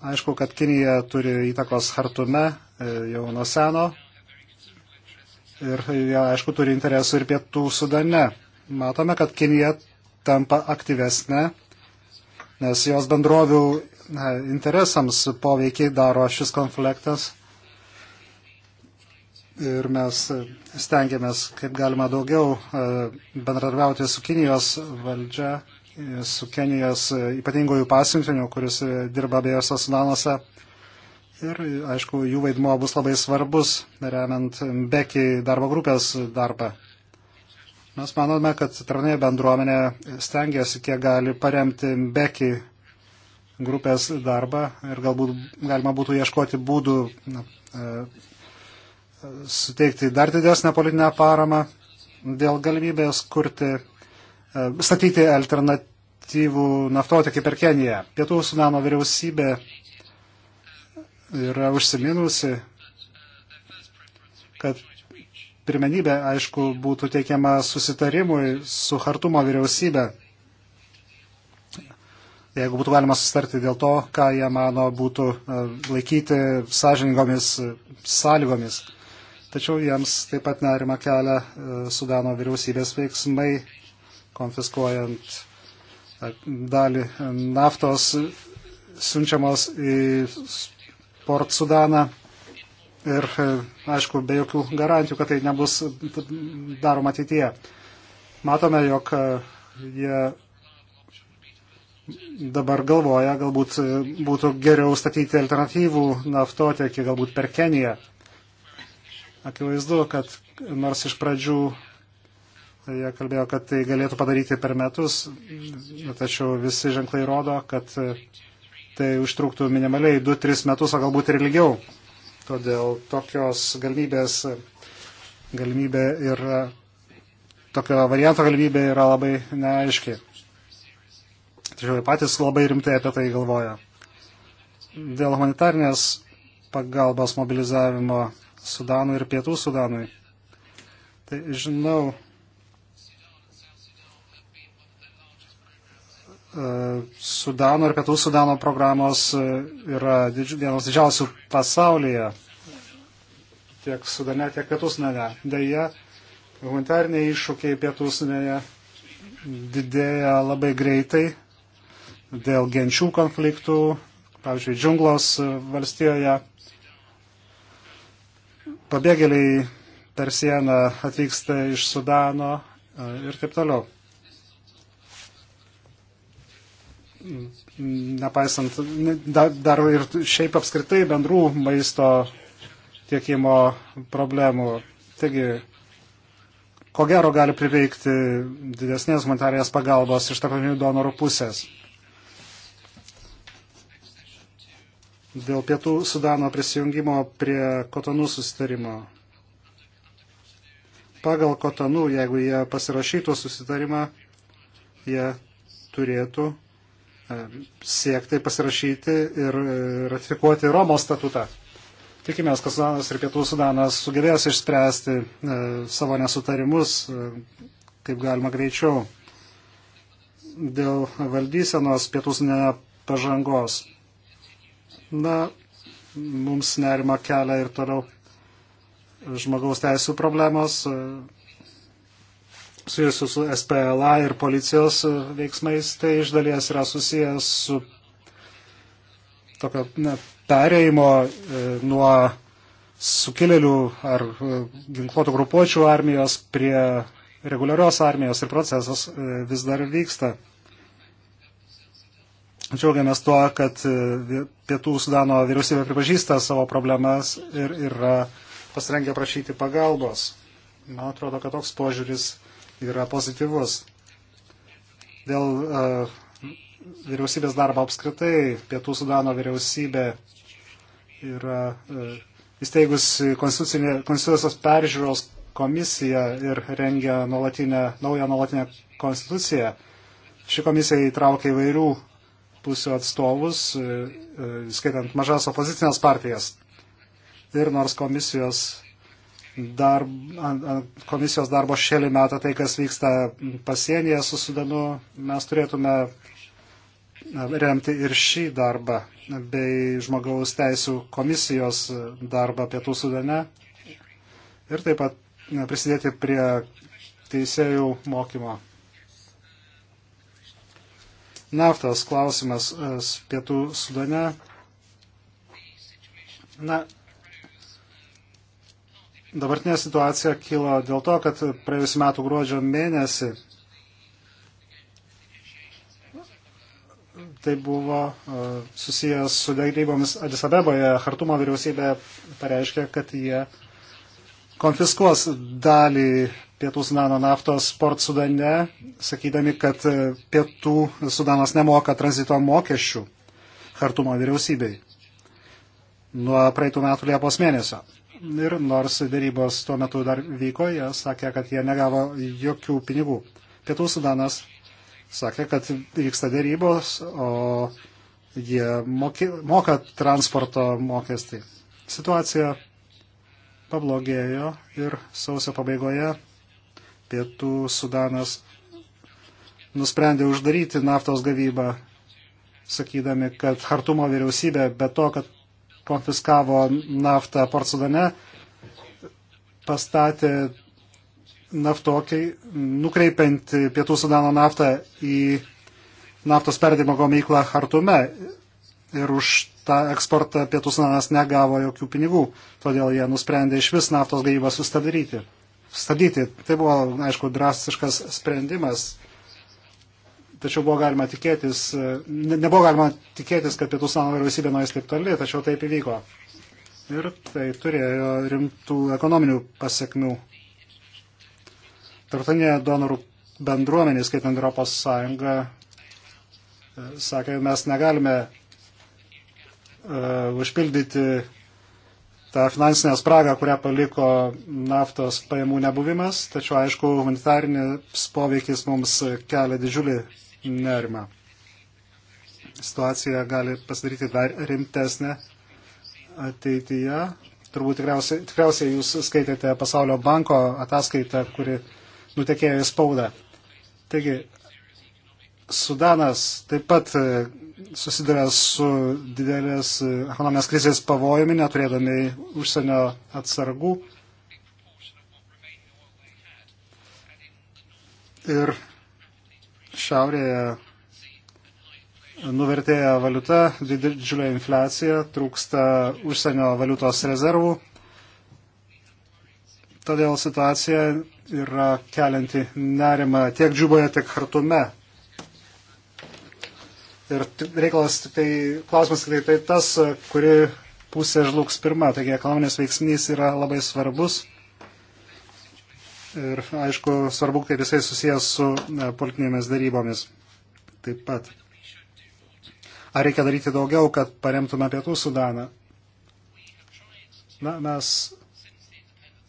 Aišku, kad Kinija turi įtakos hartume e, jau nuo seno ir e, jie, aišku, turi interesų ir pietų sudane. Matome, kad Kinija tampa aktyvesnė, nes jos bendrovių e, interesams poveikiai daro šis konfliktas ir mes stengiamės kaip galima daugiau e, bendradarbiauti su Kinijos valdžia, su Kenijos e, ypatingojų pasiuntiniu, kuris e, dirba abiejose sudanuose. Ir, aišku, jų vaidmuo bus labai svarbus, remiant Beki darbo grupės darbą. Mes manome, kad tarnai bendruomenė stengiasi, kiek gali paremti Beki grupės darbą ir galbūt galima būtų ieškoti būdų suteikti dar didesnę politinę paramą dėl galimybės kurti, e, statyti alternatyvų naftotikį per Keniją. Pietų Sudano vyriausybė yra užsiminusi, kad pirmenybė, aišku, būtų teikiama susitarimui su Hartumo vyriausybė. Jeigu būtų galima sustarti dėl to, ką jie mano būtų e, laikyti sąžiningomis e, sąlygomis. Tačiau jiems taip pat nerima kelia e, Sudano vyriausybės veiksmai, konfiskuojant e, dalį e, naftos siunčiamos į Port Sudaną. Ir, aišku, be jokių garantijų, kad tai nebus daroma ateityje. Matome, jog jie dabar galvoja, galbūt būtų geriau statyti alternatyvų naftotiekį, galbūt per Keniją. Akivaizdu, kad nors iš pradžių jie kalbėjo, kad tai galėtų padaryti per metus, tačiau visi ženklai rodo, kad tai užtruktų minimaliai 2-3 metus, o galbūt ir ilgiau. Todėl tokios galimybės galimybė ir tokio varianto galimybė yra labai neaiški. Tačiau patys labai rimtai apie tai galvoja. Dėl humanitarnės pagalbos mobilizavimo Sudanui ir Pietų Sudanui. Tai žinau, e, Sudano ir Pietų Sudano programos e, yra vienos didžiausių pasaulyje, tiek Sudane, tiek Pietų Sudane. Deja, humanitariniai iššūkiai Pietų Sudane didėja labai greitai dėl genčių konfliktų, pavyzdžiui, džiunglos valstijoje pabėgėliai per sieną atvyksta iš Sudano e, ir taip toliau. Nepaisant, dar ir šiaip apskritai bendrų maisto tiekimo problemų. Taigi, ko gero gali prireikti didesnės humanitarinės pagalbos iš tarptautinių donorų pusės. dėl pietų Sudano prisijungimo prie kotonų susitarimo. Pagal kotonų, jeigu jie pasirašytų susitarimą, jie turėtų e, siekti pasirašyti ir e, ratifikuoti Romos statutą. Tikimės, kad Sudanas ir Pietų Sudanas sugebės išspręsti e, savo nesutarimus e, kaip galima greičiau dėl valdysenos Pietų Sudane pažangos. Na, mums nerima kelia ir toliau žmogaus teisų problemos e, susijusių su SPLA ir policijos e, veiksmais, tai iš dalies yra susijęs su tokio ne, perėjimo e, nuo sukilėlių ar e, ginkluotų grupuočių armijos prie reguliarios armijos ir procesas e, vis dar vyksta. Džiaugiamės tuo, kad e, Pietų Sudano vyriausybė pripažįsta savo problemas ir yra pasirengę prašyti pagalbos. Man atrodo, kad toks požiūris yra pozityvus. Dėl uh, vyriausybės darbo apskritai Pietų Sudano vyriausybė yra uh, įsteigusi konstitucijos peržiūros komisiją ir rengia nuolatinę, naują nuolatinę konstituciją. Ši komisija įtraukia įvairių pusių atstovus, e, e, skaitant mažas opozicinės partijas. Ir nors komisijos, darb, komisijos darbo šėlį metą tai, kas vyksta pasienyje su Sudanu, mes turėtume remti ir šį darbą, bei žmogaus teisų komisijos darbą Pietų Sudane. Ir taip pat prisidėti prie teisėjų mokymo. Naftos klausimas e, pietų sudane. Na, dabartinė situacija kilo dėl to, kad praėjusiu metu gruodžio mėnesį tai buvo e, susijęs su dėrybomis Adisabeboje. Hartumo vyriausybė pareiškė, kad jie konfiskuos dalį Pietų Sudano naftos port Sudane, sakydami, kad e, Pietų Sudanas nemoka tranzito mokesčių Hartumo vyriausybei nuo praeitų metų Liepos mėnesio. Ir nors dėrybos tuo metu dar vyko, jie sakė, kad jie negavo jokių pinigų. Pietų Sudanas sakė, kad vyksta dėrybos, o jie moki, moka transporto mokestį. Situacija pablogėjo ir sausio pabaigoje Pietų Sudanas nusprendė uždaryti naftos gavybą, sakydami, kad Hartumo vyriausybė be to, kad konfiskavo naftą Port Sudane, pastatė naftokiai, nukreipiant Pietų Sudano naftą į naftos perdimo gamyklą Hartume. Ir už tą eksportą Pietų Sudanas negavo jokių pinigų, todėl jie nusprendė iš vis naftos gavybą sustabdyti stabdyti. Tai buvo, aišku, drastiškas sprendimas, tačiau buvo galima tikėtis, ne, nebuvo galima tikėtis, kad pietų sąjunga vyriausybė nuės taip toli, tačiau taip įvyko. Ir tai turėjo rimtų ekonominių pasiekmių. Tarptautinė donorų bendruomenė, skaitant Europos Sąjungą, e, sakė, mes negalime uh, užpildyti tą finansinę spragą, kurią paliko naftos pajamų nebuvimas, tačiau aišku, humanitarinis poveikis mums kelia didžiulį nerimą. Situacija gali pasidaryti dar rimtesnė ateityje. Turbūt tikriausiai, tikriausiai jūs skaitėte Pasaulio banko ataskaitą, kuri nutekėjo į spaudą. Taigi, Sudanas taip pat e, susiduria su didelės e, ekonomijos krizės pavojumi, neturėdami užsienio atsargų. Ir šiaurėje nuvertėja valiuta, didžiulė infliacija, trūksta užsienio valiutos rezervų. Todėl situacija yra kelianti nerima tiek džiuboje, tiek hartume. Ir reikalas tik tai, klausimas tik tai tas, kuri pusė žlugs pirma. Taigi ekonominis veiksnys yra labai svarbus. Ir aišku, svarbu, kaip jisai susijęs su e, politinėmis darybomis. Taip pat. Ar reikia daryti daugiau, kad paremtume pietų Sudaną? Na, mes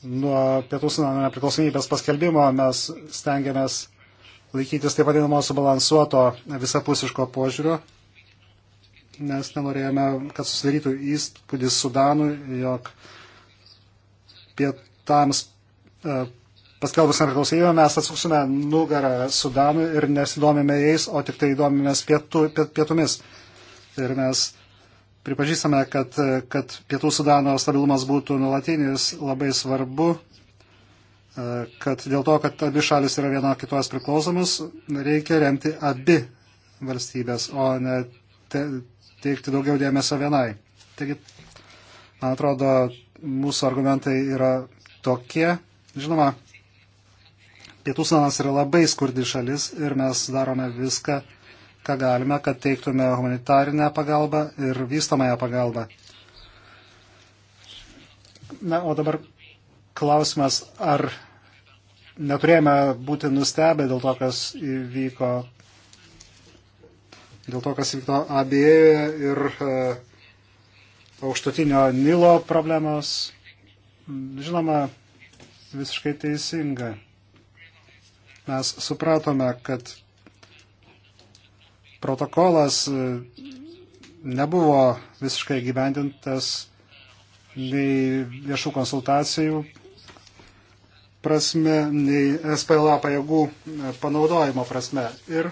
nuo pietų Sudano nepriklausomybės paskelbimo mes stengiamės laikytis taip vadinamo subalansuoto visapusiško požiūrio, nes nenorėjome, kad susidarytų įspūdis Sudanui, jog pietams e, paskelbus nepriklausomybę mes atsuksime nugarą Sudanui ir nesidomime jais, o tik tai domimės pietu, piet, pietumis. Ir mes pripažįstame, kad, kad pietų Sudano stabilumas būtų nulatinis, labai svarbu E, kad dėl to, kad abi šalis yra viena kitos priklausomus, reikia remti abi valstybės, o ne te, teikti daugiau dėmesio vienai. Taigi, man atrodo, mūsų argumentai yra tokie. Žinoma, Pietų Sudanas yra labai skurdi šalis ir mes darome viską, ką galime, kad teiktume humanitarinę pagalbą ir vystamąją pagalbą. Na, o dabar klausimas, ar neturėjome būti nustebę dėl to, kas įvyko, dėl to, kas įvyko abiejoje ir e, aukštutinio Nilo problemos. Žinoma, visiškai teisinga. Mes supratome, kad protokolas e, nebuvo visiškai gyvendintas nei viešų konsultacijų prasme, nei SPLA pajėgų e, panaudojimo prasme. Ir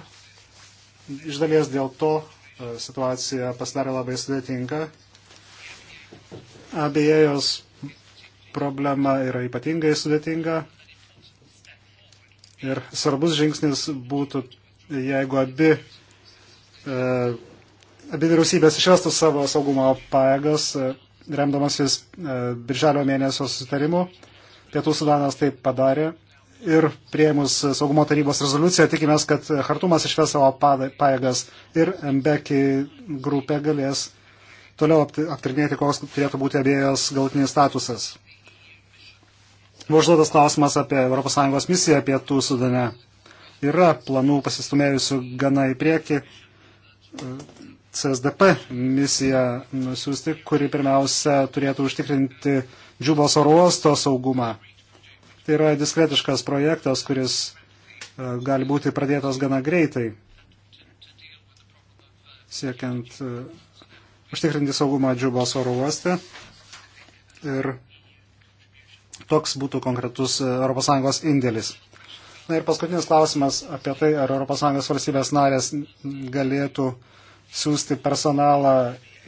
iš dalies dėl to e, situacija pasidarė labai sudėtinga. Abiejos problema yra ypatingai sudėtinga. Ir svarbus žingsnis būtų, jeigu abi, e, abi vyriausybės išvestų savo saugumo pajėgas, e, remdamasis e, birželio mėnesio susitarimu. E, Pietų Sudanas tai padarė ir prieimus saugumo tarybos rezoliuciją tikimės, kad Hartumas išves savo pajėgas ir Mbeki grupė galės toliau aptarinėti, koks turėtų būti abiejos galutinis statusas. Buvo užduotas klausimas apie ES misiją pietų Sudane. Yra planų pasistumėjusių gana į priekį e, CSDP misiją nusiųsti, kuri pirmiausia turėtų užtikrinti Džubos oro uosto saugumą. Tai yra diskretiškas projektas, kuris e, gali būti pradėtas gana greitai, siekiant e, užtikrinti saugumą Džubos oro uoste. Ir toks būtų konkretus e, ES indėlis. Na ir paskutinis klausimas apie tai, ar ES valstybės narės galėtų siūsti personalą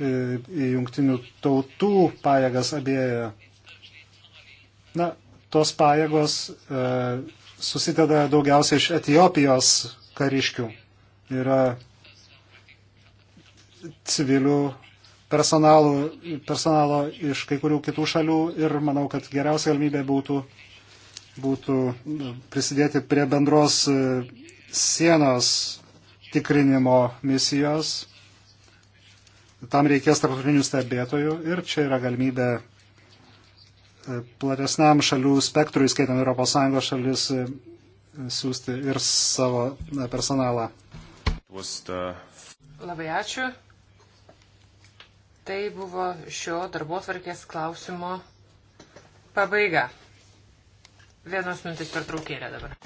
į jungtinių tautų pajėgas abiejoje Na, tos pajėgos e, susideda daugiausiai iš Etijopijos kariškių. Yra civilių personalų, personalo iš kai kurių kitų šalių ir manau, kad geriausia galimybė būtų, būtų nu, prisidėti prie bendros e, sienos tikrinimo misijos. Tam reikės tarptautinių stebėtojų ir čia yra galimybė platesniam šalių spektrui, skaitant ES šalis, e, siūsti ir savo e, personalą. Labai ačiū. Tai buvo šio darbo tvarkės klausimo pabaiga. Vienos mintis per traukėlę dabar.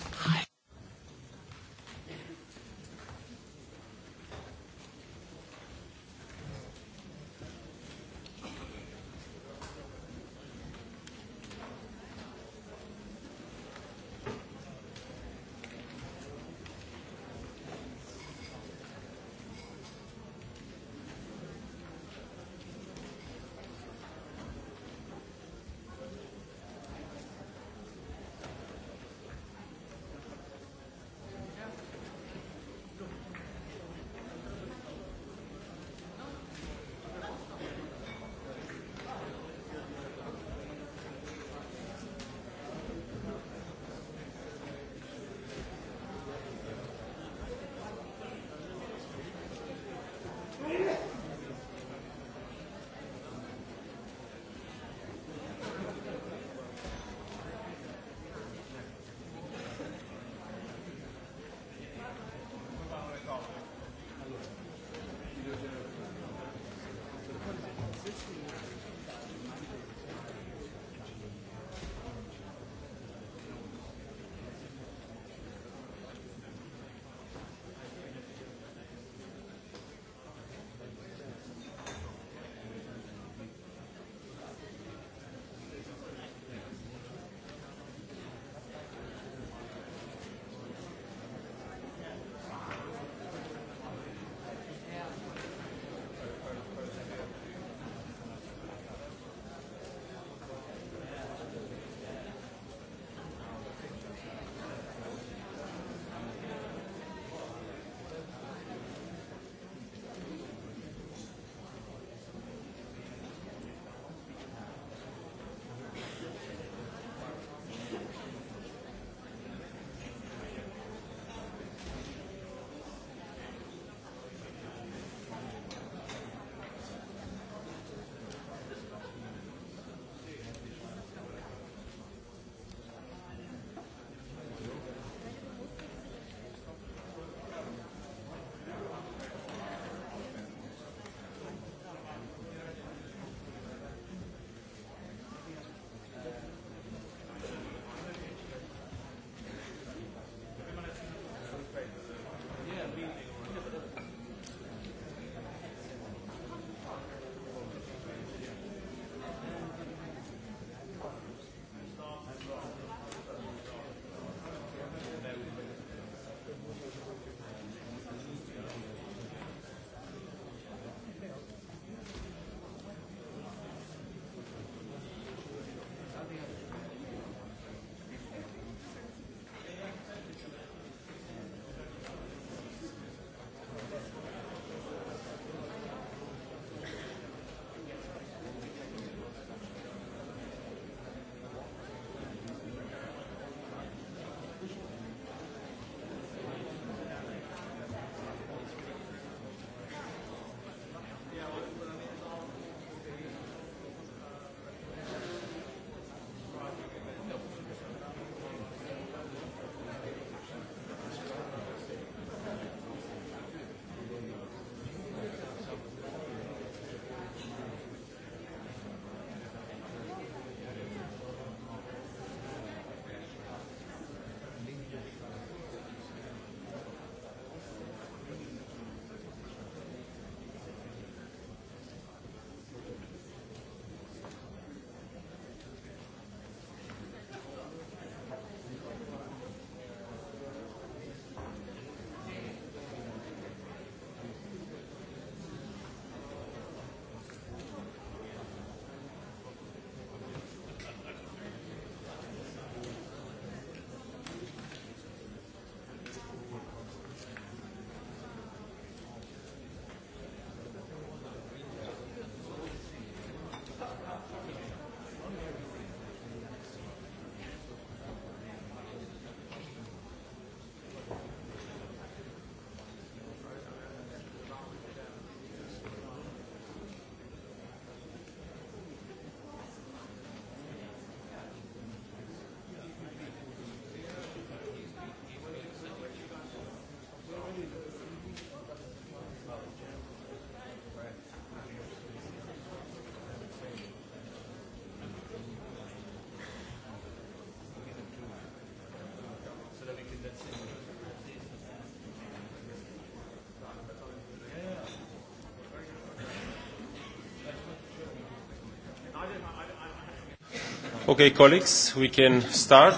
Okay, colleagues, we can start.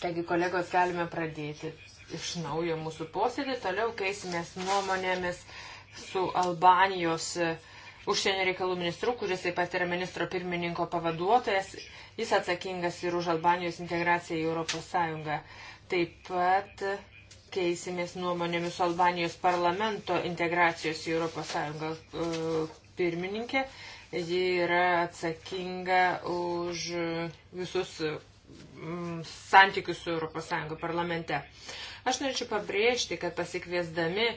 Taigi, kolegos, galime pradėti iš naujo mūsų posėdį. Toliau keisimės nuomonėmis su Albanijos e, užsienio reikalų ministru, kuris taip pat yra ministro pirmininko pavaduotojas. Jis atsakingas ir už Albanijos integraciją į Europos Sąjungą. Taip pat keisimės nuomonėmis su Albanijos parlamento integracijos į Europos Sąjungą e, pirmininkė. Uh, Ji yra atsakinga už visus mm, santykius su ES parlamente. Aš norėčiau pabrėžti, kad pasikviesdami e,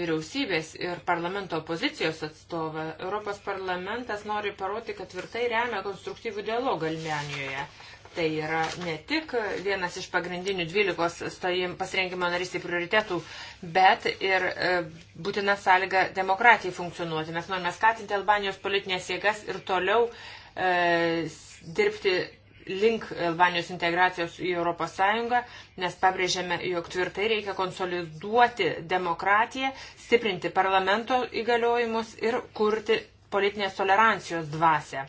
vyriausybės ir parlamento opozicijos atstovą, Europos parlamentas nori parodyti, kad tvirtai remia konstruktyvų dialogą Almenijoje. Tai yra ne tik vienas iš pagrindinių 12 pasirinkimo narystė prioritetų, bet ir e, būtina sąlyga demokratijai funkcionuoti. Mes norime skatinti Albanijos politinės jėgas ir toliau e, dirbti link Albanijos integracijos į ES, nes pabrėžėme, jog tvirtai reikia konsoliduoti demokratiją, stiprinti parlamento įgaliojimus ir kurti politinės tolerancijos dvasę.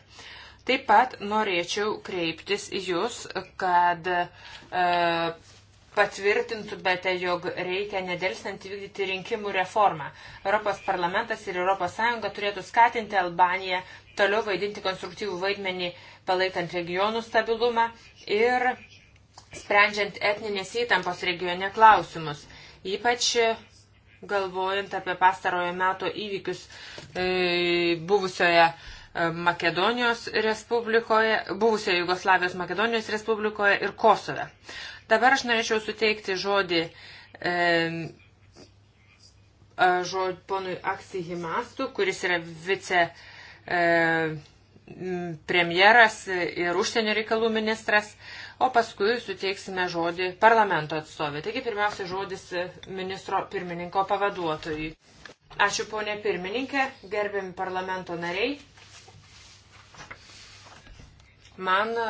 Taip pat norėčiau kreiptis jūs, kad e, patvirtintumėte, jog reikia nedelsant įvykdyti rinkimų reformą. Europos parlamentas ir ES turėtų skatinti Albaniją toliau vaidinti konstruktyvų vaidmenį, palaikant regionų stabilumą ir sprendžiant etninės įtampos regione klausimus. Ypač galvojant apie pastarojo meto įvykius e, buvusioje Makedonijos Respublikoje, buvusioje Jugoslavijos Makedonijos Respublikoje ir Kosove. Dabar aš norėčiau suteikti žodį e, žodį ponui Aksi Himastu, kuris yra vice e, premjeras ir užsienio reikalų ministras, o paskui suteiksime žodį parlamento atstovė. Taigi pirmiausia žodis ministro pirmininko pavaduotojui. Ačiū ponė pirmininkė, gerbiami parlamento nariai. Man e,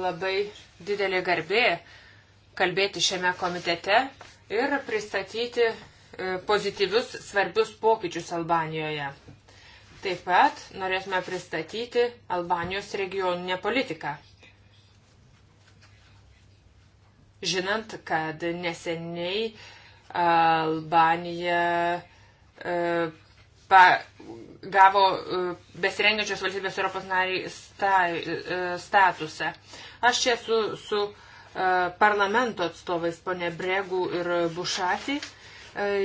labai didelė garbė kalbėti šiame komitete ir pristatyti e, pozityvius svarbius pokyčius Albanijoje. Taip pat norėtume pristatyti Albanijos regioninę politiką. Žinant, kad neseniai Albanija e, pa, gavo e, besirengiančios valstybės Europos nariai e, statusą. Aš čia esu su e, parlamento atstovais, ponė Bregu ir Bušatį.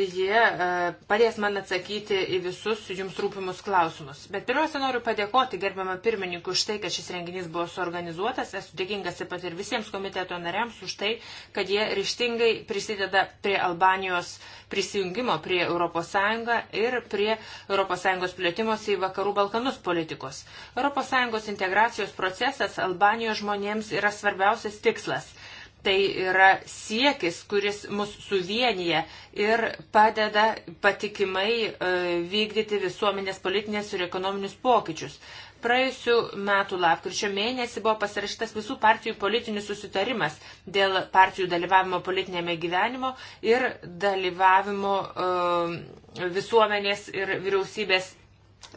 Jie e, padės man atsakyti į visus jums rūpimus klausimus. Bet pirmiausia, noriu padėkoti gerbiamą pirmininkų už tai, kad šis renginys buvo suorganizuotas. Esu dėkingas taip pat ir visiems komiteto nariams už tai, kad jie ryštingai prisideda prie Albanijos prisijungimo prie ES ir prie ES plėtimos į Vakarų Balkanus politikos. ES integracijos procesas Albanijos žmonėms yra svarbiausias tikslas tai yra siekis, kuris mus suvienyje ir padeda patikimai e, vykdyti visuomenės politinės ir ekonominius pokyčius. Praėjusiu metu lapkričio mėnesį buvo pasirašytas visų partijų politinis susitarimas dėl partijų dalyvavimo politinėme gyvenimo ir dalyvavimo e, visuomenės ir vyriausybės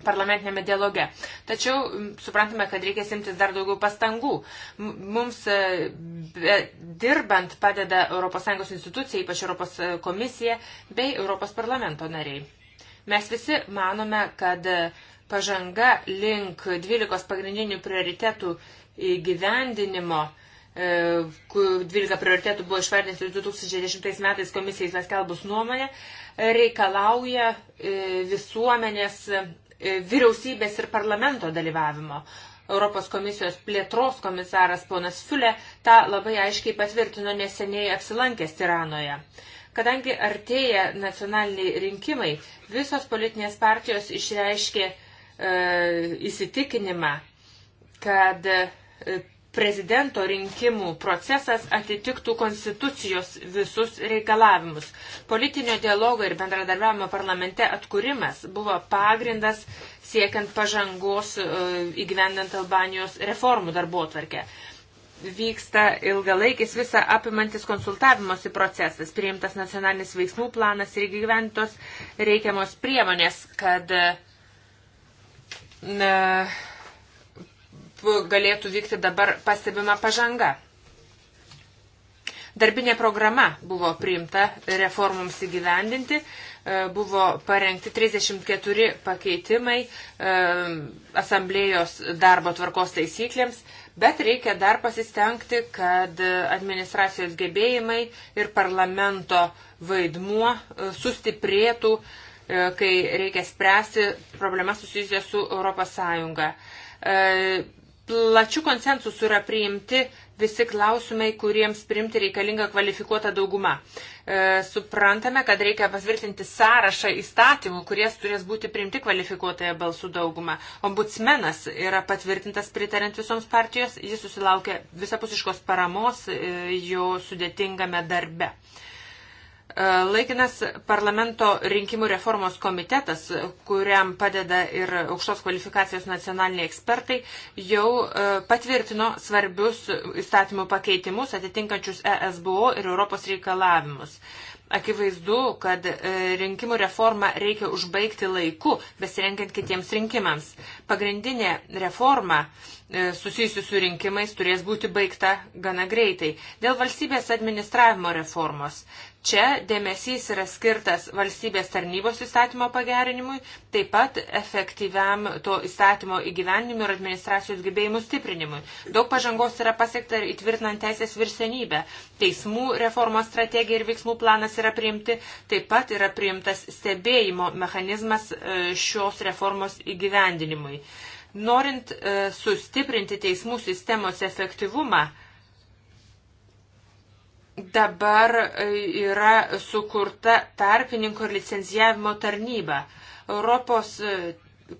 parlamentinėme dialoge. Tačiau suprantame, kad reikia simtis dar daugiau pastangų. Mums e, dirbant padeda ES institucija, ypač ES e, komisija bei ES parlamento nariai. Mes visi manome, kad e, pažanga link 12 pagrindinių prioritetų įgyvendinimo 12 prioritetų buvo išvardinti 2010 metais komisijai paskelbus nuomonę, reikalauja visuomenės E, vyriausybės ir parlamento dalyvavimo. Europos komisijos plėtros komisaras ponas Fiulė tą labai aiškiai patvirtino neseniai apsilankęs Tiranoje. Kadangi artėja nacionaliniai rinkimai, visos politinės partijos išreiškė e, įsitikinimą, kad e, prezidento rinkimų procesas atitiktų konstitucijos visus reikalavimus. Politinio dialogo ir bendradarbiavimo parlamente atkūrimas buvo pagrindas siekiant pažangos e, įgyvendant Albanijos reformų darbo atvarkę. Vyksta ilgalaikis visą apimantis konsultavimosi procesas, priimtas nacionalinis veiksmų planas ir gyventos reikiamos priemonės, kad na, e, galėtų vykti dabar pastebima pažanga. Darbinė programa buvo priimta reformoms įgyvendinti, e, buvo parengti 34 pakeitimai e, asamblėjos darbo tvarkos taisyklėms, bet reikia dar pasistengti, kad administracijos gebėjimai ir parlamento vaidmuo e, sustiprėtų, kai reikia spręsti problemas susijusias su ES plačių konsensusų yra priimti visi klausimai, kuriems priimti reikalinga kvalifikuota dauguma. E, suprantame, kad reikia patvirtinti sąrašą įstatymų, kurie turės būti priimti kvalifikuotąją balsų daugumą. Ombudsmenas yra patvirtintas pritariant visoms partijos, jis susilaukė visapusiškos paramos e, jo sudėtingame darbe. E, Laikinas parlamento rinkimų reformos komitetas, kuriam padeda ir aukštos kvalifikacijos nacionaliniai ekspertai, jau e, patvirtino svarbius įstatymų pakeitimus atitinkančius ESBO ir Europos reikalavimus. Akivaizdu, kad e, rinkimų reformą reikia užbaigti laiku, besirenkiant kitiems rinkimams. Pagrindinė reforma e, susijusi su rinkimais turės būti baigta gana greitai. Dėl valstybės administravimo reformos Čia dėmesys yra skirtas valstybės tarnybos įstatymo pagerinimui, taip pat efektyviam to įstatymo įgyvendimui ir administracijos gebėjimų stiprinimui. Daug pažangos yra pasiekta ir įtvirtinant teisės virsenybę. Teismų reformos strategija ir veiksmų planas yra priimti, taip pat yra priimtas stebėjimo mechanizmas e, šios reformos įgyvendinimui. Norint e, sustiprinti teismų sistemos efektyvumą, dabar e, yra sukurta tarpininko ir licenzijavimo tarnyba. Europos e,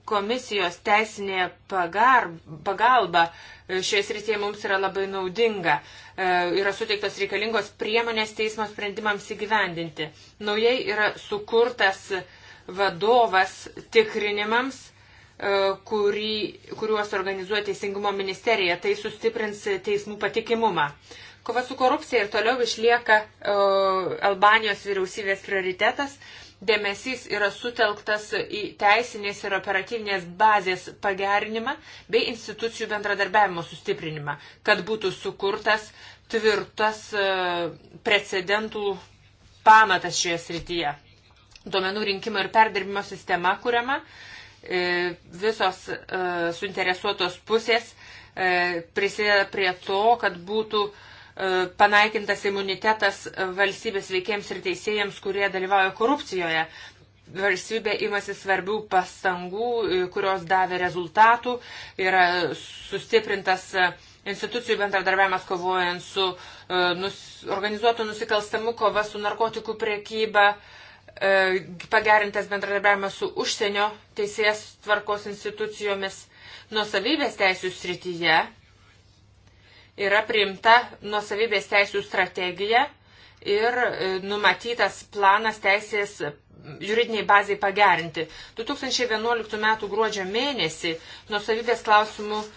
komisijos teisinė pagar, pagalba e, šioje srityje mums yra labai naudinga. E, yra suteiktos reikalingos priemonės teismo sprendimams įgyvendinti. Naujai yra sukurtas vadovas tikrinimams, e, kurį, kuriuos organizuoja Teisingumo ministerija. Tai sustiprins teismų patikimumą. E, Kova su korupcija ir toliau išlieka e, Albanijos vyriausybės prioritetas. Dėmesys yra sutelktas į teisinės ir operatyvinės bazės pagerinimą bei institucijų bendradarbiavimo sustiprinimą, kad būtų sukurtas tvirtas e, precedentų pamatas šioje srityje. Duomenų rinkimo ir perdirbimo sistema kuriama, e, visos suinteresuotos pusės prisideda prie to, kad būtų uh, E, panaikintas imunitetas valstybės veikėjams ir teisėjams, kurie dalyvauja korupcijoje. Valstybė imasi svarbių pastangų, e, kurios davė rezultatų, yra sustiprintas institucijų bendradarbiavimas kovojant su e, nus, organizuotu nusikalstamu, kova su narkotikų priekyba, pagerintas bendradarbiavimas su užsienio teisės tvarkos institucijomis, nuosavybės teisų srityje yra priimta nuosavybės teisų strategija ir e, numatytas planas teisės juridiniai bazai pagerinti. 2011 m. gruodžio mėnesį nuosavybės klausimų e,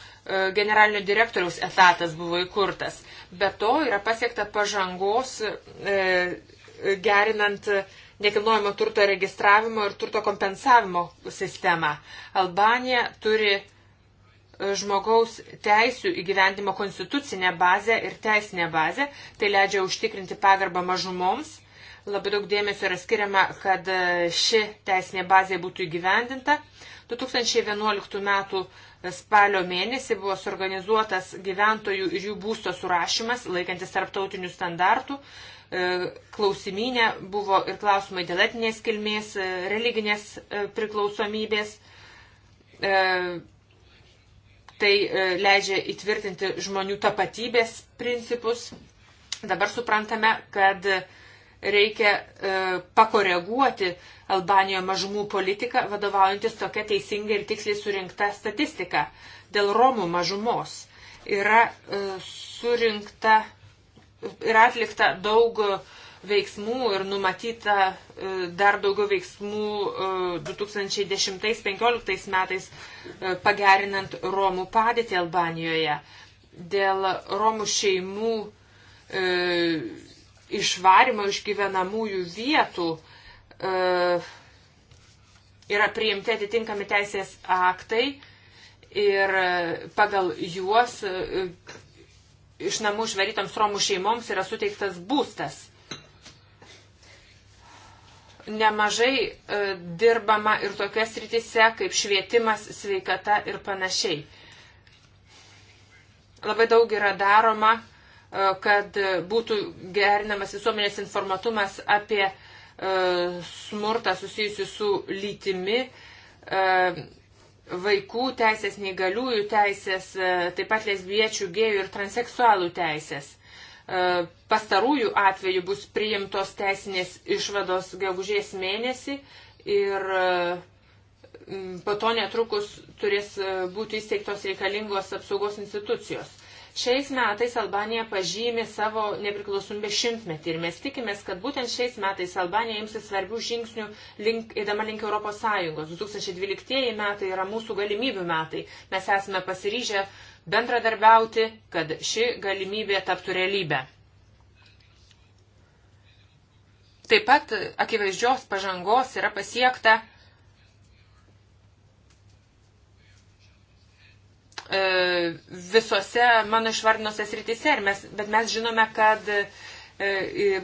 generalinio direktoriaus etatas buvo įkurtas. Be to yra pasiekta pažangos e, gerinant nekilnojamo turto registravimo ir turto kompensavimo sistemą. Albanija turi žmogaus teisų įgyvendimo konstitucinę bazę ir teisinę bazę. Tai leidžia užtikrinti pagarbą mažumoms. Labai daug dėmesio yra skiriama, kad e, ši teisinė bazė būtų įgyvendinta. 2011 m. spalio mėnesį buvo suorganizuotas gyventojų ir jų būsto surašymas, laikantis tarptautinių standartų. E, klausimynė buvo ir klausimai dėl etinės kilmės, e, religinės priklausomybės tai e, leidžia įtvirtinti žmonių tapatybės principus. Dabar suprantame, kad reikia e, pakoreguoti Albanijoje mažumų politiką, vadovaujantis tokia teisinga ir tiksliai surinkta statistika dėl Romų mažumos. Yra e, surinkta ir atlikta daug uh, veiksmų ir numatyta e, dar daugiau veiksmų 2010-2015 e, metais e, pagerinant Romų padėtį Albanijoje. Dėl Romų šeimų e, išvarimo iš gyvenamųjų vietų e, yra priimti atitinkami teisės aktai ir pagal juos iš namų išvarytoms Romų šeimoms yra suteiktas būstas nemažai e, dirbama ir tokias rytise kaip švietimas, sveikata ir panašiai. Labai daug yra daroma, e, kad būtų gerinamas visuomenės informatumas apie e, smurtą susijusiu su lytimi, vaikų teisės, neįgaliųjų teisės, taip pat lesbiečių, gėjų ir transeksualų teisės. E, pastarųjų atvejų bus priimtos teisinės išvados gegužės mėnesį ir e, po to netrukus turės e, būti įsteigtos reikalingos apsaugos institucijos. Šiais metais Albanija pažymė savo nepriklausomybės šimtmetį ir mes tikimės, kad būtent šiais metais Albanija imsis svarbių žingsnių link, eidama link Europos Sąjungos. 2012 metai yra mūsų galimybių metai. Mes esame pasiryžę uh, bendradarbiauti, kad ši galimybė taptų realybę. Taip pat akivaizdžios pažangos yra pasiekta e, visose mano išvardinose srityse, mes, bet mes žinome, kad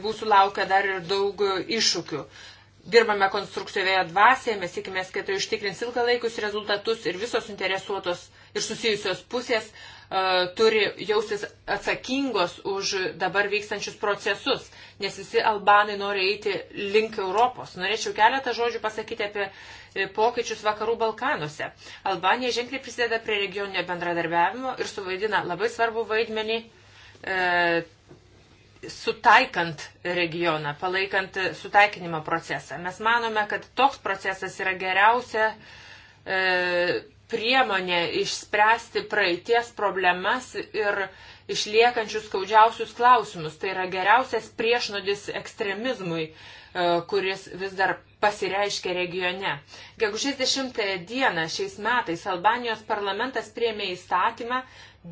mūsų e, laukia dar ir daug iššūkių. Dirbame konstruktyvėje dvasėje, mes tikimės, kad tai užtikrins ilgalaikius rezultatus ir visos interesuotos ir susijusios pusės e, turi jaustis atsakingos už dabar vykstančius procesus, nes visi albanai nori eiti link Europos. Norėčiau keletą žodžių pasakyti apie e, pokyčius Vakarų Balkanuose. Albanija ženkliai prisideda prie regioninio bendradarbiavimo ir suvaidina labai svarbu vaidmenį e, sutaikant regioną, palaikant sutaikinimo procesą. Mes manome, kad toks procesas yra geriausia e, priemonė išspręsti praeities problemas ir išliekančius skaudžiausius klausimus. Tai yra geriausias priešnodis ekstremizmui, e, kuris vis dar pasireiškia regione. Gegužės 10 dieną šiais metais Albanijos parlamentas priemė įstatymą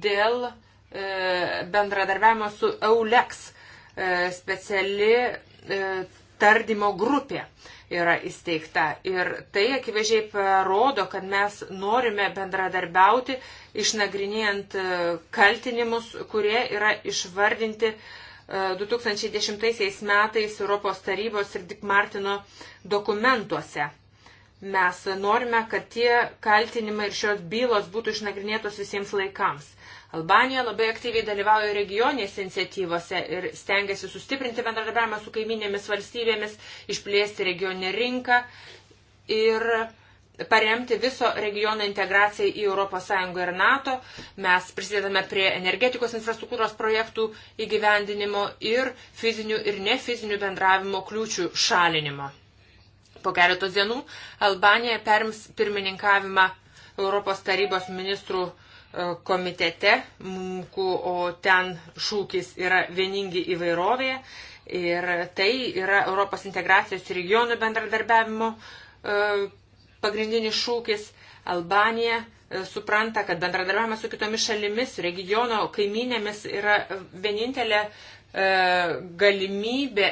dėl e, bendradarbiavimo su EULEX e, speciali tardymo grupė yra įsteigta. Ir tai akivaizdžiai parodo, kad mes norime bendradarbiauti, išnagrinėjant e, kaltinimus, kurie yra išvardinti 2010 e, metais Europos tarybos ir Dick Martino dokumentuose. Mes norime, kad tie kaltinimai ir šios bylos būtų išnagrinėtos visiems laikams. Albanija labai aktyviai dalyvauja regioninėse iniciatyvose ir stengiasi sustiprinti bendradarbiavimą su kaiminėmis valstybėmis, išplėsti regioninę rinką ir paremti viso regiono integraciją į ES ir NATO. Mes prisidedame prie energetikos infrastruktūros projektų įgyvendinimo ir fizinių ir nefizinių bendravimo kliūčių šalinimo. Po keletos dienų Albanija perims pirmininkavimą Europos tarybos ministrų komitete, o ten šūkis yra vieningi įvairovėje. Ir tai yra Europos integracijos ir regionų bendradarbiavimo e, pagrindinis šūkis. Albanija e, supranta, kad bendradarbiavimas su kitomis šalimis, regiono kaiminėmis yra vienintelė e, galimybė,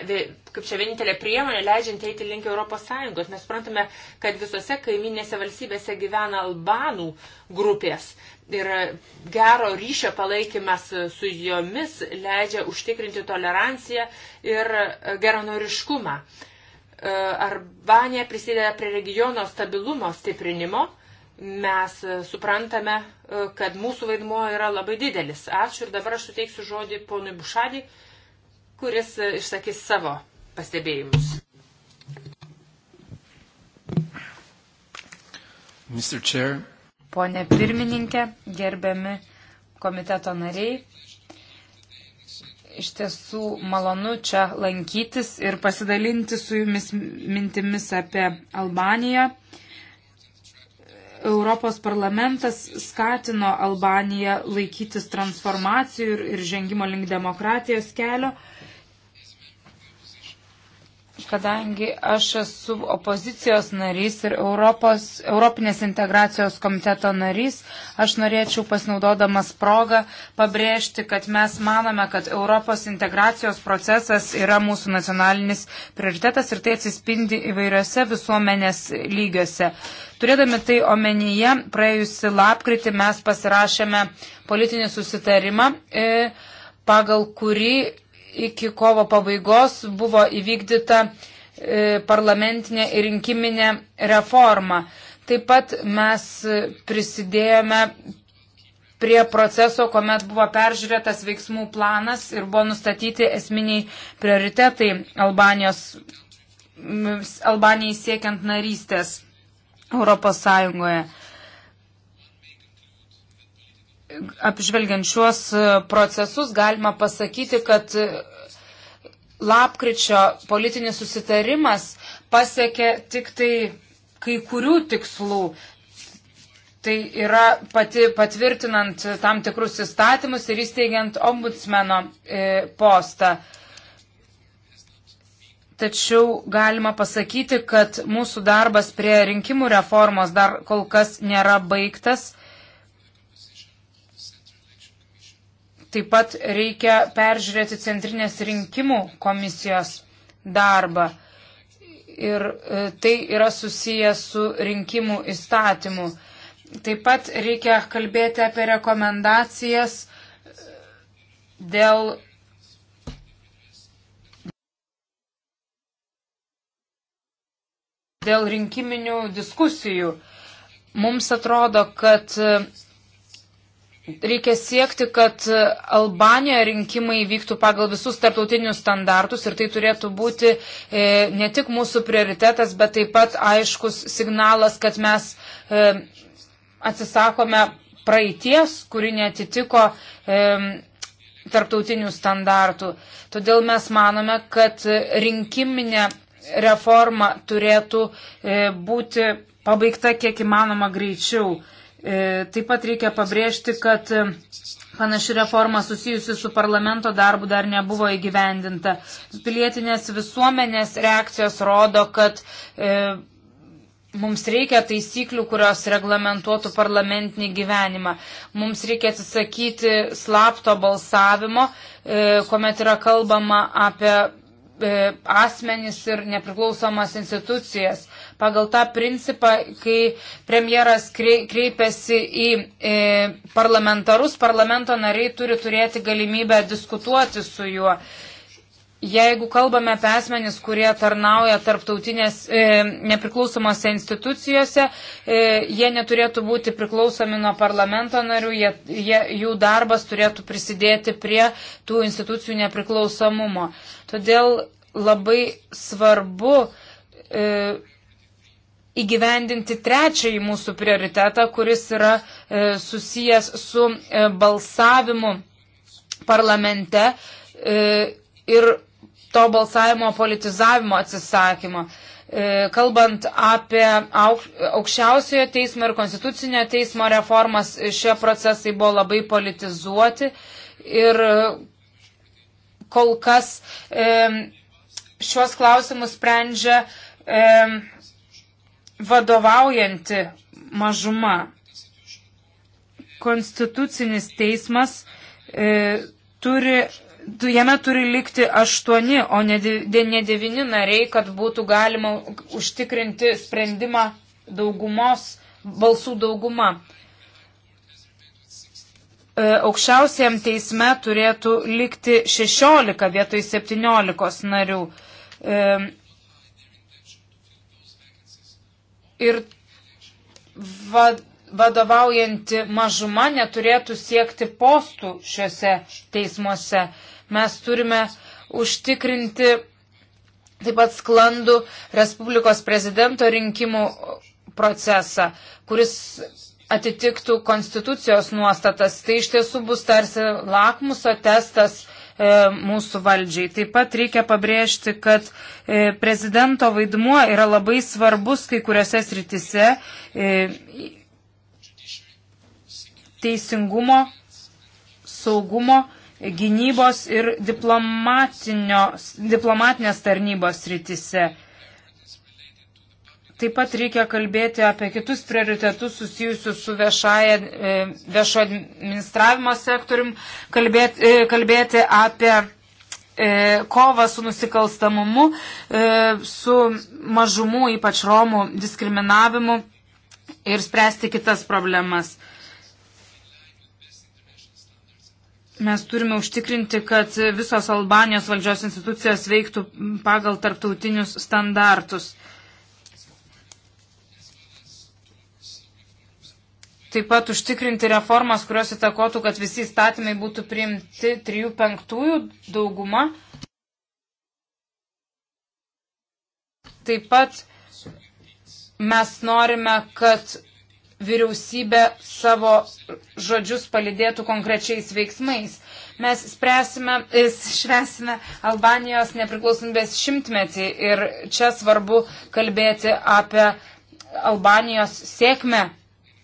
kaip čia vienintelė priemonė, leidžiant eiti link Europos Sąjungos. Mes suprantame, kad visose kaiminėse valstybėse gyvena albanų grupės ir gero ryšio palaikymas su jomis leidžia užtikrinti toleranciją ir e, geranoriškumą. E, Arbanija prisideda prie regiono stabilumo stiprinimo. Mes e, suprantame, kad mūsų vaidmuo yra labai didelis. Ačiū ir dabar aš suteiksiu žodį ponui Bušadį, kuris išsakys savo pastebėjimus. Mr. Chair, Pone pirmininkė, gerbiami komiteto nariai, iš tiesų malonu čia lankytis ir pasidalinti su jumis mintimis apie Albaniją. Europos parlamentas skatino Albaniją laikytis transformacijų ir, ir žengimo link demokratijos kelio kadangi aš esu opozicijos narys ir Europos, Europinės integracijos komiteto narys, aš norėčiau pasinaudodamas progą pabrėžti, kad mes manome, kad Europos integracijos procesas yra mūsų nacionalinis prioritetas ir tai atsispindi įvairiose visuomenės lygiuose. Turėdami tai omenyje, praėjusi lapkritį mes pasirašėme politinį susitarimą, e, pagal kurį iki kovo pabaigos buvo įvykdyta e, parlamentinė ir rinkiminė reforma. Taip pat mes prisidėjome prie proceso, kuomet buvo peržiūrėtas veiksmų planas ir buvo nustatyti esminiai prioritetai Albanijos, Albanijai siekiant narystės Europos Sąjungoje apžvelgiant šiuos e, procesus galima pasakyti, kad e, lapkričio politinis susitarimas pasiekė tik tai kai kurių tikslų. Tai yra pati, patvirtinant tam tikrus įstatymus ir įsteigiant ombudsmeno e, postą. Tačiau galima pasakyti, kad mūsų darbas prie rinkimų reformos dar kol kas nėra baigtas. Taip pat reikia peržiūrėti Centrinės rinkimų komisijos darbą. Ir e, tai yra susijęs su rinkimų įstatymu. Taip pat reikia kalbėti apie rekomendacijas e, dėl. Dėl rinkiminių diskusijų mums atrodo, kad e, Reikia siekti, kad Albanijoje rinkimai vyktų pagal visus tarptautinius standartus ir tai turėtų būti e, ne tik mūsų prioritetas, bet taip pat aiškus signalas, kad mes e, atsisakome praeities, kuri netitiko e, tarptautinių standartų. Todėl mes manome, kad rinkiminė reforma turėtų e, būti pabaigta kiek įmanoma greičiau. E, E, taip pat reikia pabrėžti, kad e, panaši reforma susijusi su parlamento darbu dar nebuvo įgyvendinta. Pilietinės visuomenės reakcijos rodo, kad e, mums reikia taisyklių, kurios reglamentuotų parlamentinį gyvenimą. Mums reikia atsisakyti slapto balsavimo, kuomet yra kalbama apie asmenis ir nepriklausomas institucijas pagal tą principą, kai premjeras kreipiasi į e, parlamentarus, parlamento nariai turi turėti galimybę diskutuoti su juo. Jeigu kalbame apie asmenis, kurie tarnauja tarptautinės e, nepriklausomose institucijose, e, jie neturėtų būti priklausomi nuo parlamento narių, jie, jie, jų darbas turėtų prisidėti prie tų institucijų nepriklausomumo. Todėl labai svarbu e, įgyvendinti trečiąjį mūsų prioritetą, kuris yra e, susijęs su e, balsavimu parlamente e, ir to balsavimo politizavimo atsisakymo. E, kalbant apie auk, aukščiausiojo teismo ir konstitucinio teismo reformas, šie procesai buvo labai politizuoti ir e, kol kas e, šios klausimus sprendžia e, vadovaujanti mažuma. Konstitucinis teismas e, turi, jame turi likti aštuoni, o ne, ne devini nariai, kad būtų galima užtikrinti sprendimą daugumos, balsų dauguma. E, aukščiausiam teisme turėtų likti 16 vietoj 17 narių. E, ir va, vadovaujanti mažuma neturėtų siekti postų šiuose teismuose. Mes turime užtikrinti taip pat sklandų Respublikos prezidento rinkimų procesą, kuris atitiktų konstitucijos nuostatas. Tai iš tiesų bus tarsi lakmuso testas E, mūsų valdžiai. Taip pat reikia pabrėžti, kad e, prezidento vaidmuo yra labai svarbus kai kuriuose sritise e, teisingumo, saugumo, gynybos ir diplomatinės tarnybos sritise. Taip pat reikia kalbėti apie kitus prioritetus susijusius su viešaja, e, viešo administravimo sektorium, kalbėti, e, kalbėti apie e, kovą su nusikalstamumu, su mažumų, ypač romų diskriminavimu ir spręsti kitas problemas. Mes turime užtikrinti, kad visos Albanijos valdžios institucijos veiktų pagal tarptautinius standartus. taip pat užtikrinti reformas, kurios įtakotų, kad visi įstatymai būtų priimti trijų penktųjų dauguma. Taip pat mes norime, kad vyriausybė savo žodžius palidėtų konkrečiais veiksmais. Mes spręsime, švesime Albanijos nepriklausomybės šimtmetį ir čia svarbu kalbėti apie Albanijos sėkmę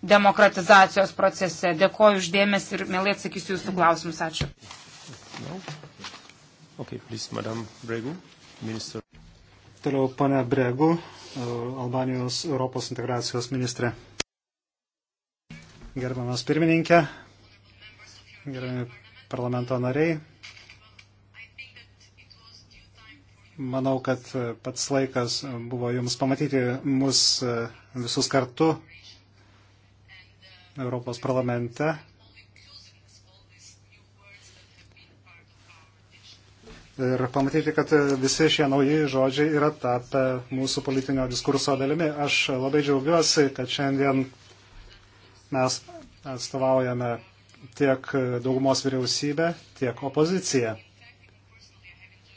demokratizacijos procese. Dėkoju uždėmės ir mielai atsakysiu jūsų klausimus. Ačiū. No. Okay, please, Madame Bregu, minister. Toliau pane Bregu, Albanijos Europos integracijos ministrė. Gerbiamas pirmininkė, gerbiami parlamento nariai, manau, kad pats laikas buvo jums pamatyti mus visus kartu Europos parlamente. Ir pamatyti, kad visi šie nauji žodžiai yra tapę mūsų politinio diskurso dalimi. Aš labai džiaugiuosi, kad šiandien mes atstovaujame tiek daugumos vyriausybę, tiek opoziciją.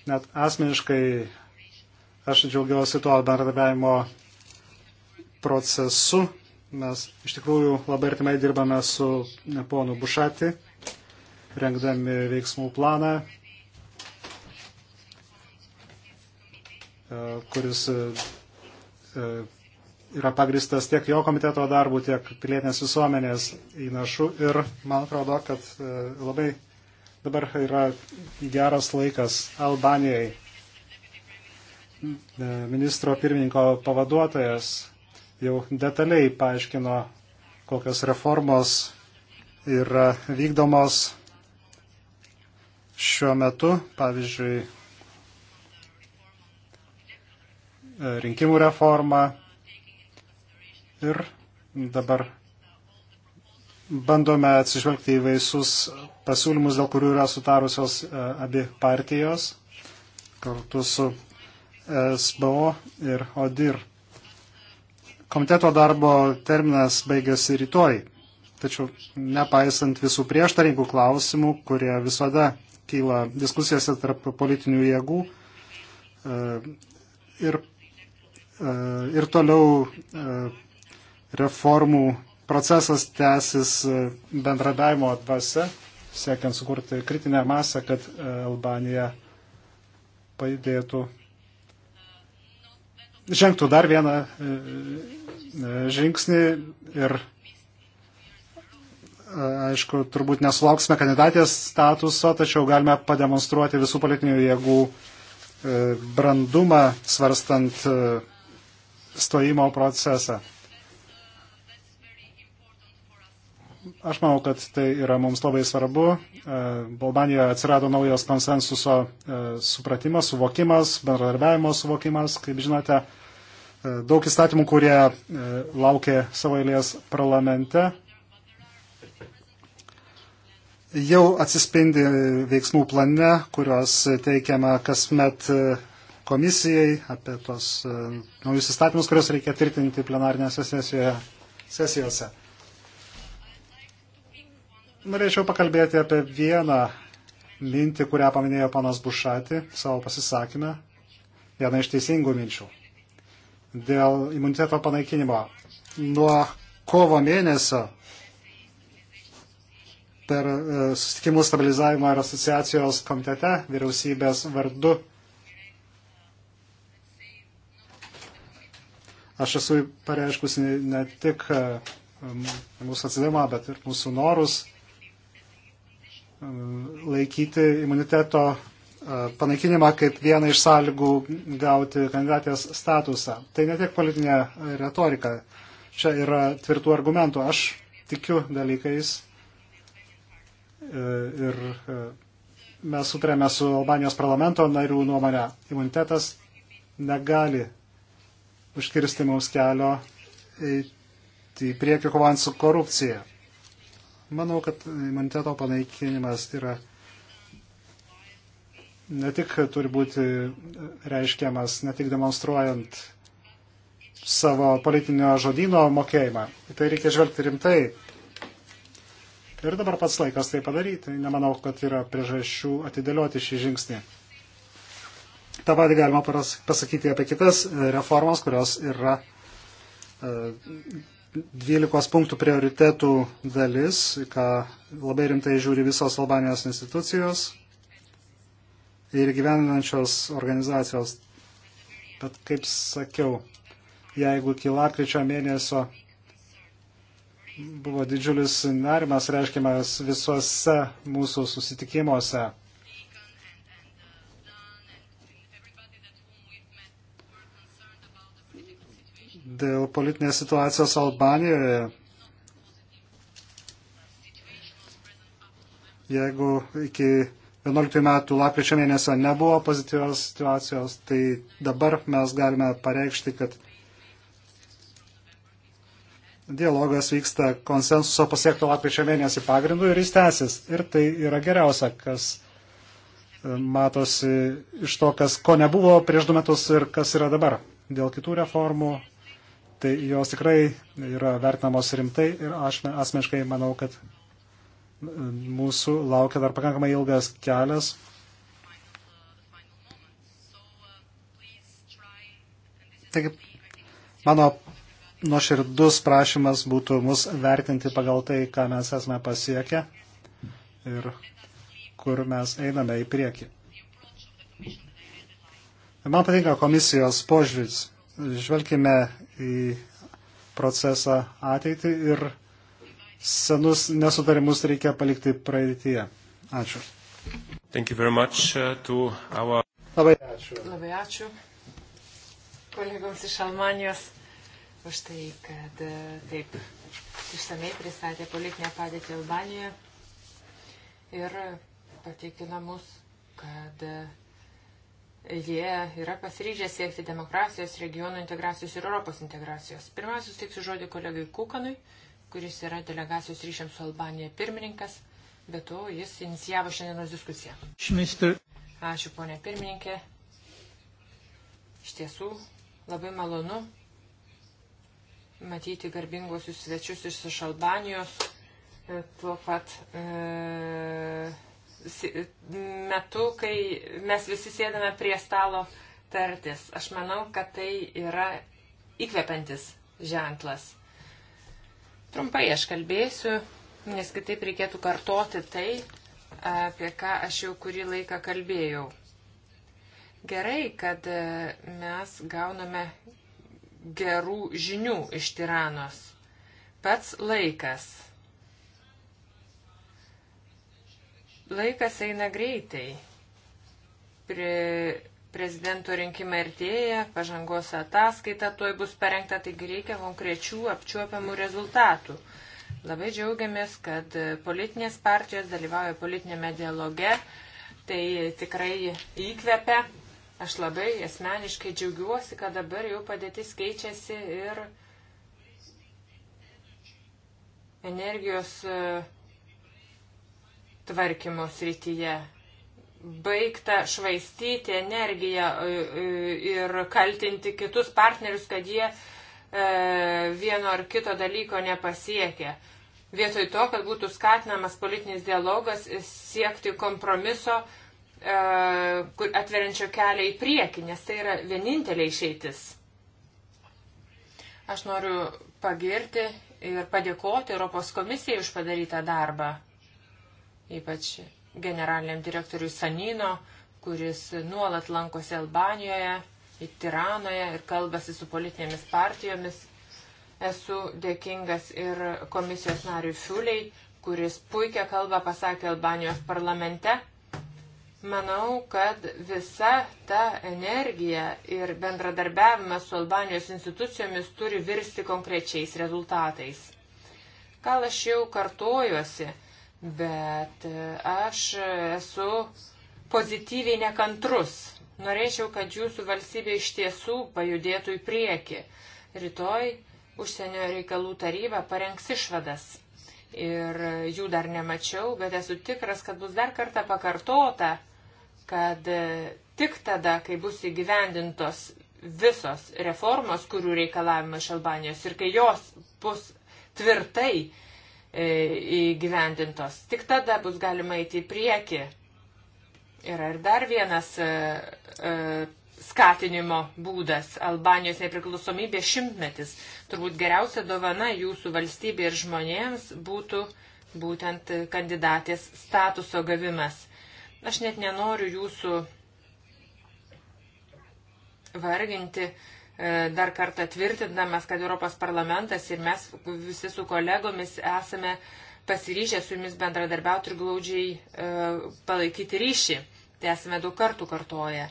Net asmeniškai aš džiaugiuosi tuo bendradarbiavimo procesu Mes iš tikrųjų labai artimai dirbame su ponu Bušati, rengdami veiksmų planą, e, kuris e, e, yra pagristas tiek jo komiteto darbų, tiek pilietinės visuomenės įnašų. Ir man atrodo, kad labai dabar yra geras laikas Albanijai ministro pirmininko pavaduotojas jau detaliai paaiškino, kokios reformos yra vykdomos šiuo metu, pavyzdžiui, rinkimų reforma ir dabar bandome atsižvelgti į vaisius pasiūlymus, dėl kurių yra sutarusios e, abi partijos kartu su SBO ir ODIR Komiteto darbo terminas baigėsi rytoj, tačiau nepaisant visų prieštaringų klausimų, kurie visada kyla diskusijose tarp politinių jėgų e, ir, e, ir toliau e, reformų procesas tęsis bendradavimo dvasia, siekiant sukurti kritinę masę, kad Albanija pajudėtų žengtų dar vieną e, e, žingsnį ir, e, aišku, turbūt nesulauksime kandidatės statuso, tačiau galime pademonstruoti visų politinių jėgų brandumą svarstant stojimo procesą. Aš manau, kad tai yra mums labai svarbu. Balbanijoje atsirado naujas konsensuso supratimas, suvokimas, bendradarbiavimo suvokimas. Kaip žinote, E, daug įstatymų, kurie e, laukia savo eilės parlamente, jau atsispindi veiksmų plane, kurios teikiama kasmet e, komisijai apie tos naujus įstatymus, kuriuos reikia tvirtinti plenarinėse sesijose. Norėčiau pakalbėti apie vieną mintį, kurią paminėjo panas Bušati savo pasisakymę, vieną iš teisingų minčių dėl imuniteto panaikinimo. Nuo kovo mėnesio per e, susitikimų stabilizavimo ir asociacijos komitete vyriausybės vardu aš esu pareiškusi ne tik e, mūsų atsidavimą, bet ir mūsų norus e, laikyti imuniteto panaikinimą kaip vieną iš sąlygų gauti kandidatės statusą. Tai ne tiek politinė retorika. Čia yra tvirtų argumentų. Aš tikiu dalykais e, ir e, mes sutrėme su Albanijos parlamento narių nuomonę. Imunitetas negali užkirsti mums kelio į priekį kovant su korupcija. Manau, kad imuniteto panaikinimas yra. Tai ne tik turi būti reiškiamas, ne tik demonstruojant savo politinio žodino mokėjimą. Į tai reikia žvelgti rimtai. Ir dabar pats laikas tai padaryti. Nemanau, kad yra priežasčių atidėlioti šį žingsnį. Ta pati galima pasakyti apie kitas e, reformas, kurios yra 12 e, punktų prioritetų dalis, ką labai rimtai žiūri visos Albanijos institucijos ir gyvenančios organizacijos. Bet kaip sakiau, jeigu iki lapkričio mėnesio buvo didžiulis nerimas reiškiamas visuose mūsų susitikimuose. Dėl politinės situacijos Albanijoje, jeigu iki 11 metų lapkričio mėnesio nebuvo pozityvios situacijos, tai dabar mes galime pareikšti, kad dialogas vyksta konsensuso pasiekto lapkričio mėnesį pagrindu ir jis tęsis. Ir tai yra geriausia, kas e, matosi iš to, kas ko nebuvo prieš du metus ir kas yra dabar. Dėl kitų reformų, tai jos tikrai yra vertinamos rimtai ir aš asmeniškai manau, kad mūsų laukia dar pakankamai ilgas kelias. Taigi, mano nuoširdus prašymas būtų mus vertinti pagal tai, ką mes esame pasiekę ir kur mes einame į priekį. Man patinka komisijos požiūris. Žvelgime į procesą ateitį ir senus nesutarimus reikia palikti praeitie. Ačiū. Uh, our... Labai ačiū. Labai ačiū kolegoms iš Almanijos už tai, kad uh, taip išsamei pristatė politinę padėtį Albanijoje ir patikino mus, kad uh, jie yra pasiryžę siekti demokratijos, regionų integracijos ir Europos integracijos. Pirmiausia, suteiksiu žodį kolegai Kukanui, kuris yra delegacijos ryšiams su Albanija pirmininkas, bet to jis inicijavo šiandienos diskusiją. Šmister. Ačiū, ponė pirmininkė. Iš tiesų, labai malonu matyti garbinguosius svečius iš Albanijos e, tuo pat e, e, metu, kai mes visi sėdame prie stalo tartis. Aš manau, kad tai yra įkvepiantis ženklas. Trumpai aš kalbėsiu, nes kitaip reikėtų kartoti tai, apie ką aš jau kurį laiką kalbėjau. Gerai, kad e, mes gauname gerų žinių iš tiranos. Pats laikas. Laikas eina greitai. Pri prezidento rinkimai artėja, pažangos ataskaita tuoj bus parengta, taigi reikia konkrečių apčiuopiamų rezultatų. Labai džiaugiamės, kad politinės partijos dalyvauja politinėme dialoge, tai tikrai įkvepia. Aš labai asmeniškai džiaugiuosi, kad dabar jau padėtis keičiasi ir energijos e, tvarkymo srityje baigta švaistyti energiją e, e, ir kaltinti kitus partnerius, kad jie e, vieno ar kito dalyko nepasiekė. Vietoj to, kad būtų skatinamas politinis dialogas siekti kompromiso, atveriančio kelią į priekį, nes tai yra vienintelė išeitis. Aš noriu pagirti ir padėkoti Europos komisijai už padarytą darbą. Ypač generaliniam direktoriui Sanino, kuris nuolat lankosi Albanijoje, į Tiranoje ir kalbasi su politinėmis partijomis. Esu dėkingas ir komisijos nariui Fiuliai, kuris puikia kalbą pasakė Albanijos parlamente. Manau, kad visa ta energija ir bendradarbiavimas su Albanijos institucijomis turi virsti konkrečiais rezultatais. Gal aš jau kartojuosi, bet e, aš esu pozityviai nekantrus. Norėčiau, kad jūsų valstybė iš tiesų pajudėtų į priekį. Rytoj užsienio reikalų taryba parengs išvadas. Ir jų dar nemačiau, bet esu tikras, kad bus dar kartą pakartota, kad e, tik tada, kai bus įgyvendintos visos reformos, kurių reikalavimai iš Albanijos ir kai jos bus tvirtai E, įgyvendintos. Tik tada bus galima eiti į priekį. Yra ir dar vienas e, e, skatinimo būdas - Albanijos nepriklausomybė šimtmetis. Turbūt geriausia dovana jūsų valstybė ir žmonėms būtų būtent kandidatės statuso gavimas. Aš net nenoriu jūsų varginti, uh, E, dar kartą tvirtindamas, kad Europos parlamentas ir mes visi su kolegomis esame pasiryžę su jumis bendradarbiauti ir glaudžiai e, palaikyti ryšį. Tai esame daug kartų kartoję.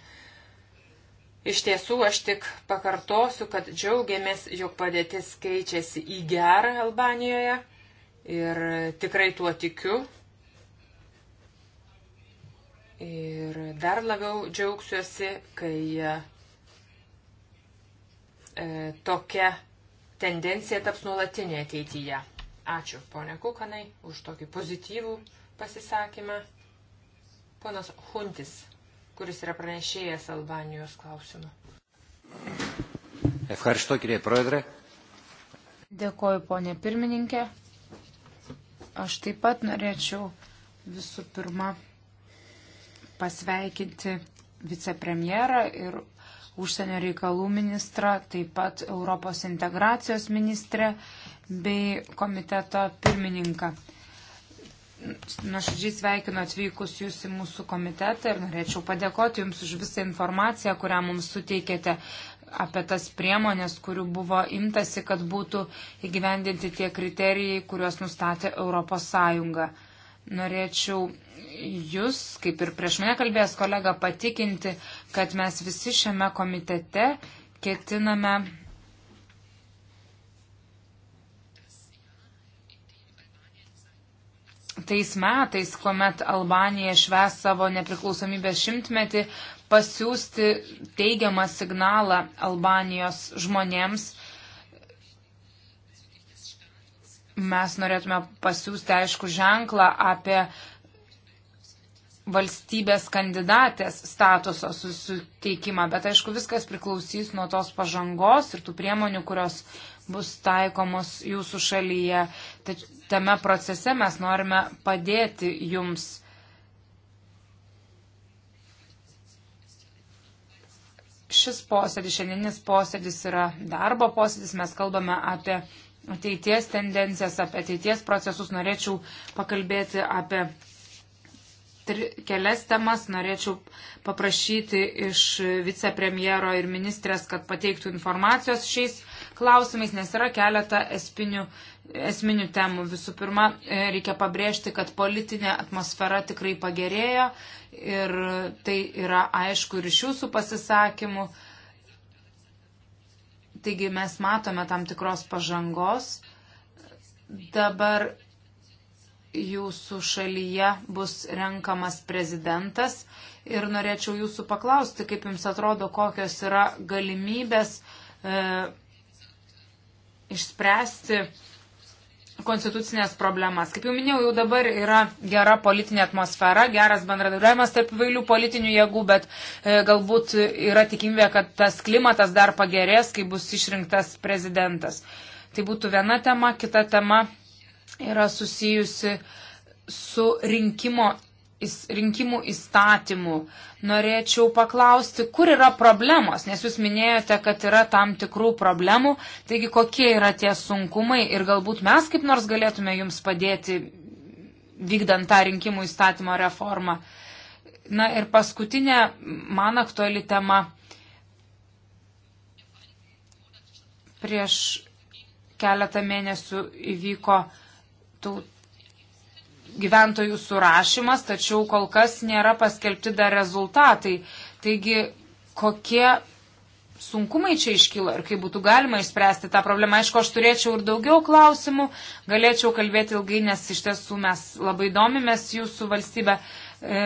Iš tiesų, aš tik pakartosiu, kad džiaugiamės, jog padėtis keičiasi į gerą Albanijoje ir tikrai tuo tikiu. Ir dar labiau džiaugsiuosi, kai e, tokia tendencija taps nuolatinė ateityje. Ačiū, ponia Kukanai, už tokį pozityvų pasisakymą. Ponas Huntis, kuris yra pranešėjęs Albanijos klausimu. Efkaršto, kirie proedre. Dėkoju, ponė pirmininkė. Aš taip pat norėčiau visų pirma pasveikinti vicepremjerą ir užsienio reikalų ministrą, taip pat Europos integracijos ministrę bei komiteto pirmininką. Nuoširdžiai sveikinu atvykus jūs į mūsų komitetą ir norėčiau padėkoti jums už visą informaciją, kurią mums suteikėte apie tas priemonės, kurių buvo imtasi, kad būtų įgyvendinti tie kriterijai, kuriuos nustatė Europos Sąjunga. Norėčiau jūs, kaip ir prieš mane kalbėjęs kolega, patikinti, kad mes visi šiame komitete ketiname tais metais, kuomet Albanija šves savo nepriklausomybės šimtmetį, pasiūsti teigiamą signalą Albanijos žmonėms. Mes norėtume pasiūsti aišku ženklą apie valstybės kandidatės statuso suteikimą, bet aišku viskas priklausys nuo tos pažangos ir tų priemonių, kurios bus taikomos jūsų šalyje. Tač, tame procese mes norime padėti jums. Šis posėdis, šiandieninis posėdis yra darbo posėdis, mes kalbame apie ateities tendencijas, apie ateities procesus, norėčiau pakalbėti apie tri, kelias temas. Norėčiau paprašyti iš vicepremjero ir ministrės, kad pateiktų informacijos šiais klausimais, nes yra keletą esminių, esminių temų. Visų pirma, e, reikia pabrėžti, kad politinė atmosfera tikrai pagerėjo ir tai yra aišku ir iš jūsų pasisakymų. Taigi mes matome tam tikros pažangos. Dabar jūsų šalyje bus renkamas prezidentas ir norėčiau jūsų paklausti, kaip jums atrodo, kokios yra galimybės e, išspręsti konstitucinės problemas. Kaip jau minėjau, jau dabar yra gera politinė atmosfera, geras bendradarbiavimas tarp vailių politinių jėgų, bet e, galbūt yra tikimybė, kad tas klimatas dar pagerės, kai bus išrinktas prezidentas. Tai būtų viena tema, kita tema yra susijusi su rinkimo, rinkimų įstatymu. Norėčiau paklausti, kur yra problemos, nes jūs minėjote, kad yra tam tikrų problemų, taigi kokie yra tie sunkumai ir galbūt mes kaip nors galėtume jums padėti vykdant tą rinkimų įstatymo reformą. Na ir paskutinė man aktuali tema. Prieš keletą mėnesių įvyko uh, tų gyventojų surašymas, tačiau kol kas nėra paskelbti dar rezultatai. Taigi, kokie sunkumai čia iškyla ir kaip būtų galima išspręsti tą problemą. Aišku, aš turėčiau ir daugiau klausimų, galėčiau kalbėti ilgai, nes iš tiesų mes labai domimės jūsų valstybę. E,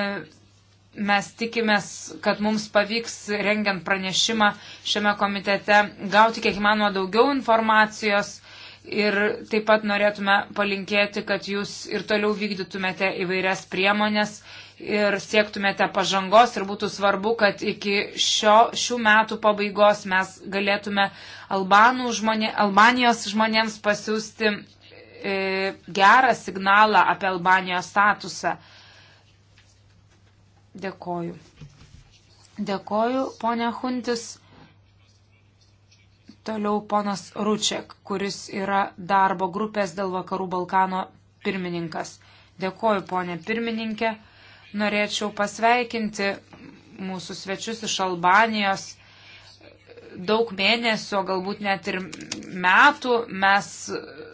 mes tikimės, kad mums pavyks, rengiant pranešimą šiame komitete, gauti kiek įmanoma daugiau informacijos Ir taip pat norėtume palinkėti, kad jūs ir toliau vykdytumėte įvairias priemonės ir siektumėte pažangos ir būtų svarbu, kad iki šio, šių metų pabaigos mes galėtume žmonė, Albanijos žmonėms pasiūsti e, gerą signalą apie Albanijos statusą. Dėkoju. Dėkoju, ponia Huntis. Toliau ponas Ručiak, kuris yra darbo grupės dėl Vakarų Balkano pirmininkas. Dėkoju, ponė pirmininkė. Norėčiau pasveikinti mūsų svečius iš Albanijos daug mėnesio, galbūt net ir metų mes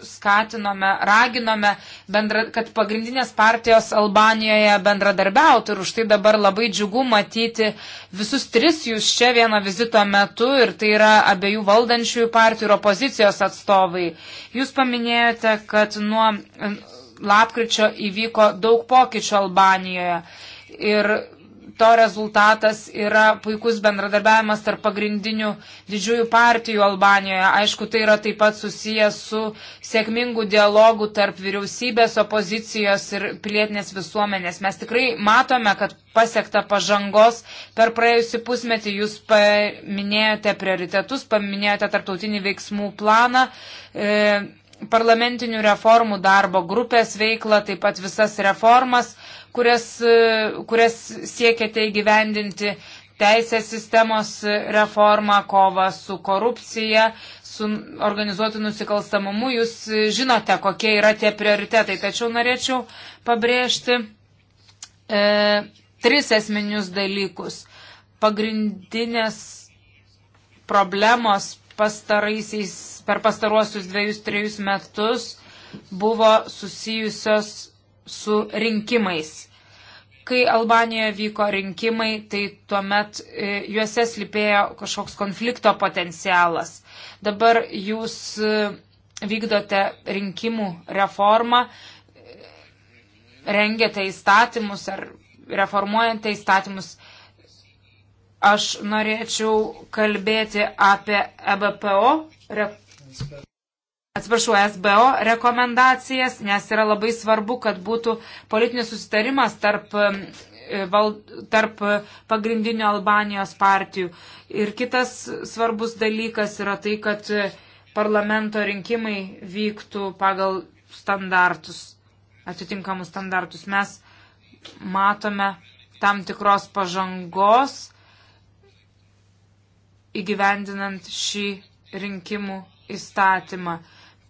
skatinome, raginome, bendra, kad pagrindinės partijos Albanijoje bendradarbiautų ir už tai dabar labai džiugu matyti visus tris jūs čia vieno vizito metu ir tai yra abiejų valdančiųjų partijų ir opozicijos atstovai. Jūs paminėjote, kad nuo lapkričio įvyko daug pokyčių Albanijoje ir to rezultatas yra puikus bendradarbiavimas tarp pagrindinių didžiųjų partijų Albanijoje. Aišku, tai yra taip pat susijęs su sėkmingu dialogu tarp vyriausybės, opozicijos ir pilietinės visuomenės. Mes tikrai matome, kad pasiekta pažangos per praėjusią pusmetį. Jūs paminėjote prioritetus, paminėjote tarptautinį veiksmų planą. E, parlamentinių reformų darbo grupės veiklą, taip pat visas reformas, kurias, e, kurias siekiate tai įgyvendinti, teisės sistemos reformą, kovą su korupcija, su organizuotų nusikalstamumu. Jūs žinote, kokie yra tie prioritetai, tačiau norėčiau pabrėžti e, tris esminius dalykus. Pagrindinės problemos pastaraisiais per pastaruosius dviejus, trejus metus buvo susijusios su rinkimais. Kai Albanijoje vyko rinkimai, tai tuomet e, juose slipėjo kažkoks konflikto potencialas. Dabar jūs e, vykdote rinkimų reformą, rengiate įstatymus ar reformuojate įstatymus aš norėčiau kalbėti apie EBPO atsiprašau, SBO rekomendacijas, nes yra labai svarbu, kad būtų politinis susitarimas tarp, e, val, tarp pagrindinių Albanijos partijų. Ir kitas svarbus dalykas yra tai, kad parlamento rinkimai vyktų pagal standartus, atitinkamus standartus. Mes matome tam tikros pažangos įgyvendinant šį rinkimų įstatymą.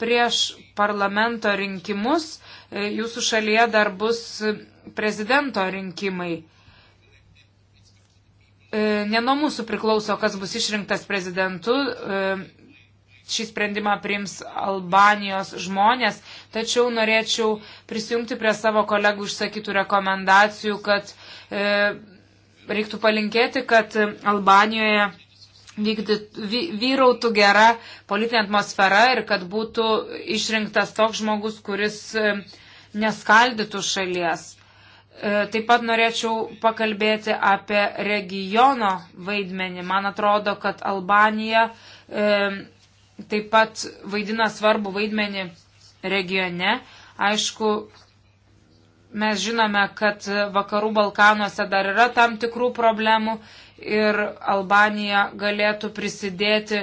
Prieš parlamento rinkimus e, jūsų šalyje dar bus prezidento rinkimai e, ne nuo mūsų priklauso, kas bus išrinktas prezidentu. E, šį sprendimą priims Albanijos žmonės, tačiau norėčiau prisijungti prie savo kolegų išsakytų rekomendacijų, kad e, reiktų palinkėti, kad Albanijoje vykdyt, vy, vyrautų gera politinė atmosfera ir kad būtų išrinktas toks žmogus, kuris e, neskaldytų šalies. E, taip pat norėčiau pakalbėti apie regiono vaidmenį. Man atrodo, kad Albanija e, taip pat vaidina svarbu vaidmenį regione. Aišku, mes žinome, kad vakarų Balkanuose dar yra tam tikrų problemų ir Albanija galėtų prisidėti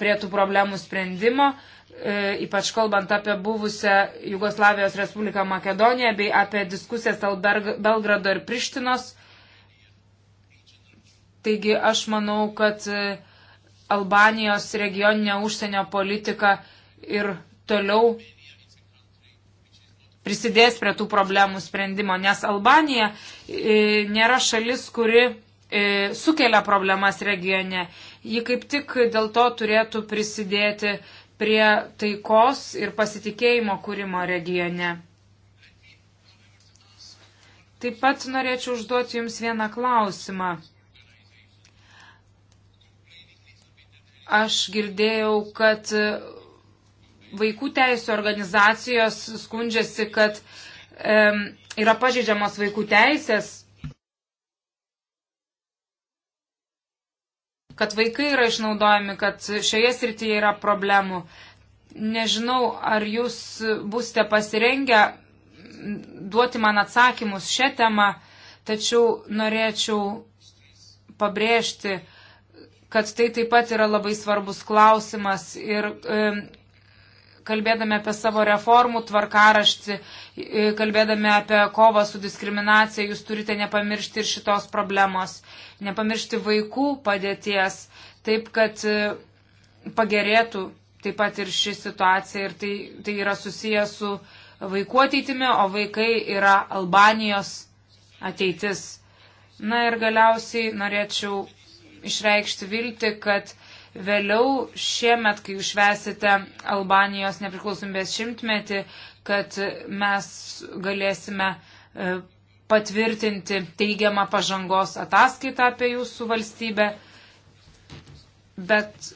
prie tų problemų sprendimo, e, ypač kalbant apie buvusią Jugoslavijos Respubliką Makedoniją bei apie diskusijas dėl Belgrado ir Prištinos. Taigi aš manau, kad e, Albanijos regioninė užsienio politika ir toliau prisidės prie tų problemų sprendimo, nes Albanija e, nėra šalis, kuri E, sukelia problemas regione. Ji kaip tik dėl to turėtų prisidėti prie taikos ir pasitikėjimo kūrimo regione. Taip pat norėčiau užduoti Jums vieną klausimą. Aš girdėjau, kad vaikų teisų organizacijos skundžiasi, kad e, yra pažeidžiamos vaikų teisės kad vaikai yra išnaudojami, kad šioje srityje yra problemų. Nežinau, ar jūs būsite pasirengę duoti man atsakymus šią temą, tačiau norėčiau pabrėžti, kad tai taip pat yra labai svarbus klausimas ir e, kalbėdami apie savo reformų tvarkaraštį, kalbėdami apie kovą su diskriminacija, jūs turite nepamiršti ir šitos problemos, nepamiršti vaikų padėties, taip kad pagerėtų taip pat ir ši situacija ir tai, tai yra susiję su vaikų ateitimi, o vaikai yra Albanijos ateitis. Na ir galiausiai norėčiau išreikšti vilti, kad vėliau šiemet, kai užvesite Albanijos nepriklausomybės šimtmetį, kad mes galėsime e, patvirtinti teigiamą pažangos ataskaitą apie jūsų valstybę. Bet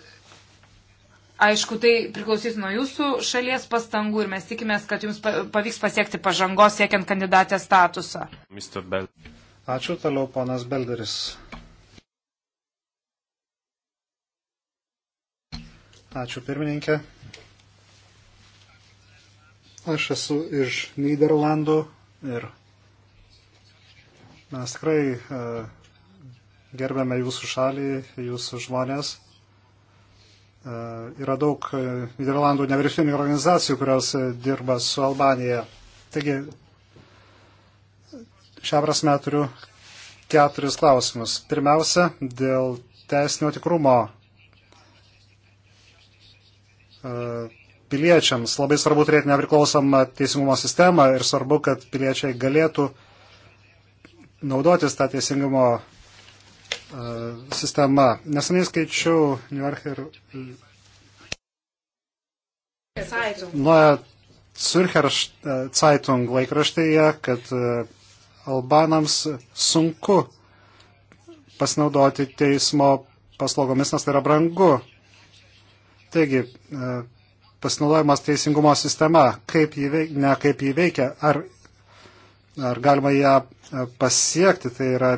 aišku, tai priklausys nuo jūsų šalies pastangų ir mes tikimės, kad jums pavyks pasiekti pažangos siekiant kandidatės statusą. Ačiū toliau, ponas Belderis. Ačiū pirmininkė. Aš esu iš Niderlandų ir mes tikrai e, gerbėme jūsų šalį, jūsų žmonės. E, yra daug e, Niderlandų nevyriausybinių organizacijų, kurios dirba su Albanija. Taigi, šią prasme turiu keturis klausimus. Pirmiausia, dėl teisinio tikrumo piliečiams. Labai svarbu turėti nepriklausomą teisingumo sistemą ir svarbu, kad piliečiai galėtų naudotis tą teisingumo e, sistemą. Neseniai skaičiau New York ir. Nuo Zürcher Zeitung laikraštyje, kad e, Albanams sunku pasinaudoti teismo paslaugomis, nes tai yra brangu. Taigi, e, pasinaudojimas teisingumo sistema, kaip jį veikia, ne kaip jį veikia, ar, ar galima ją e, pasiekti, tai yra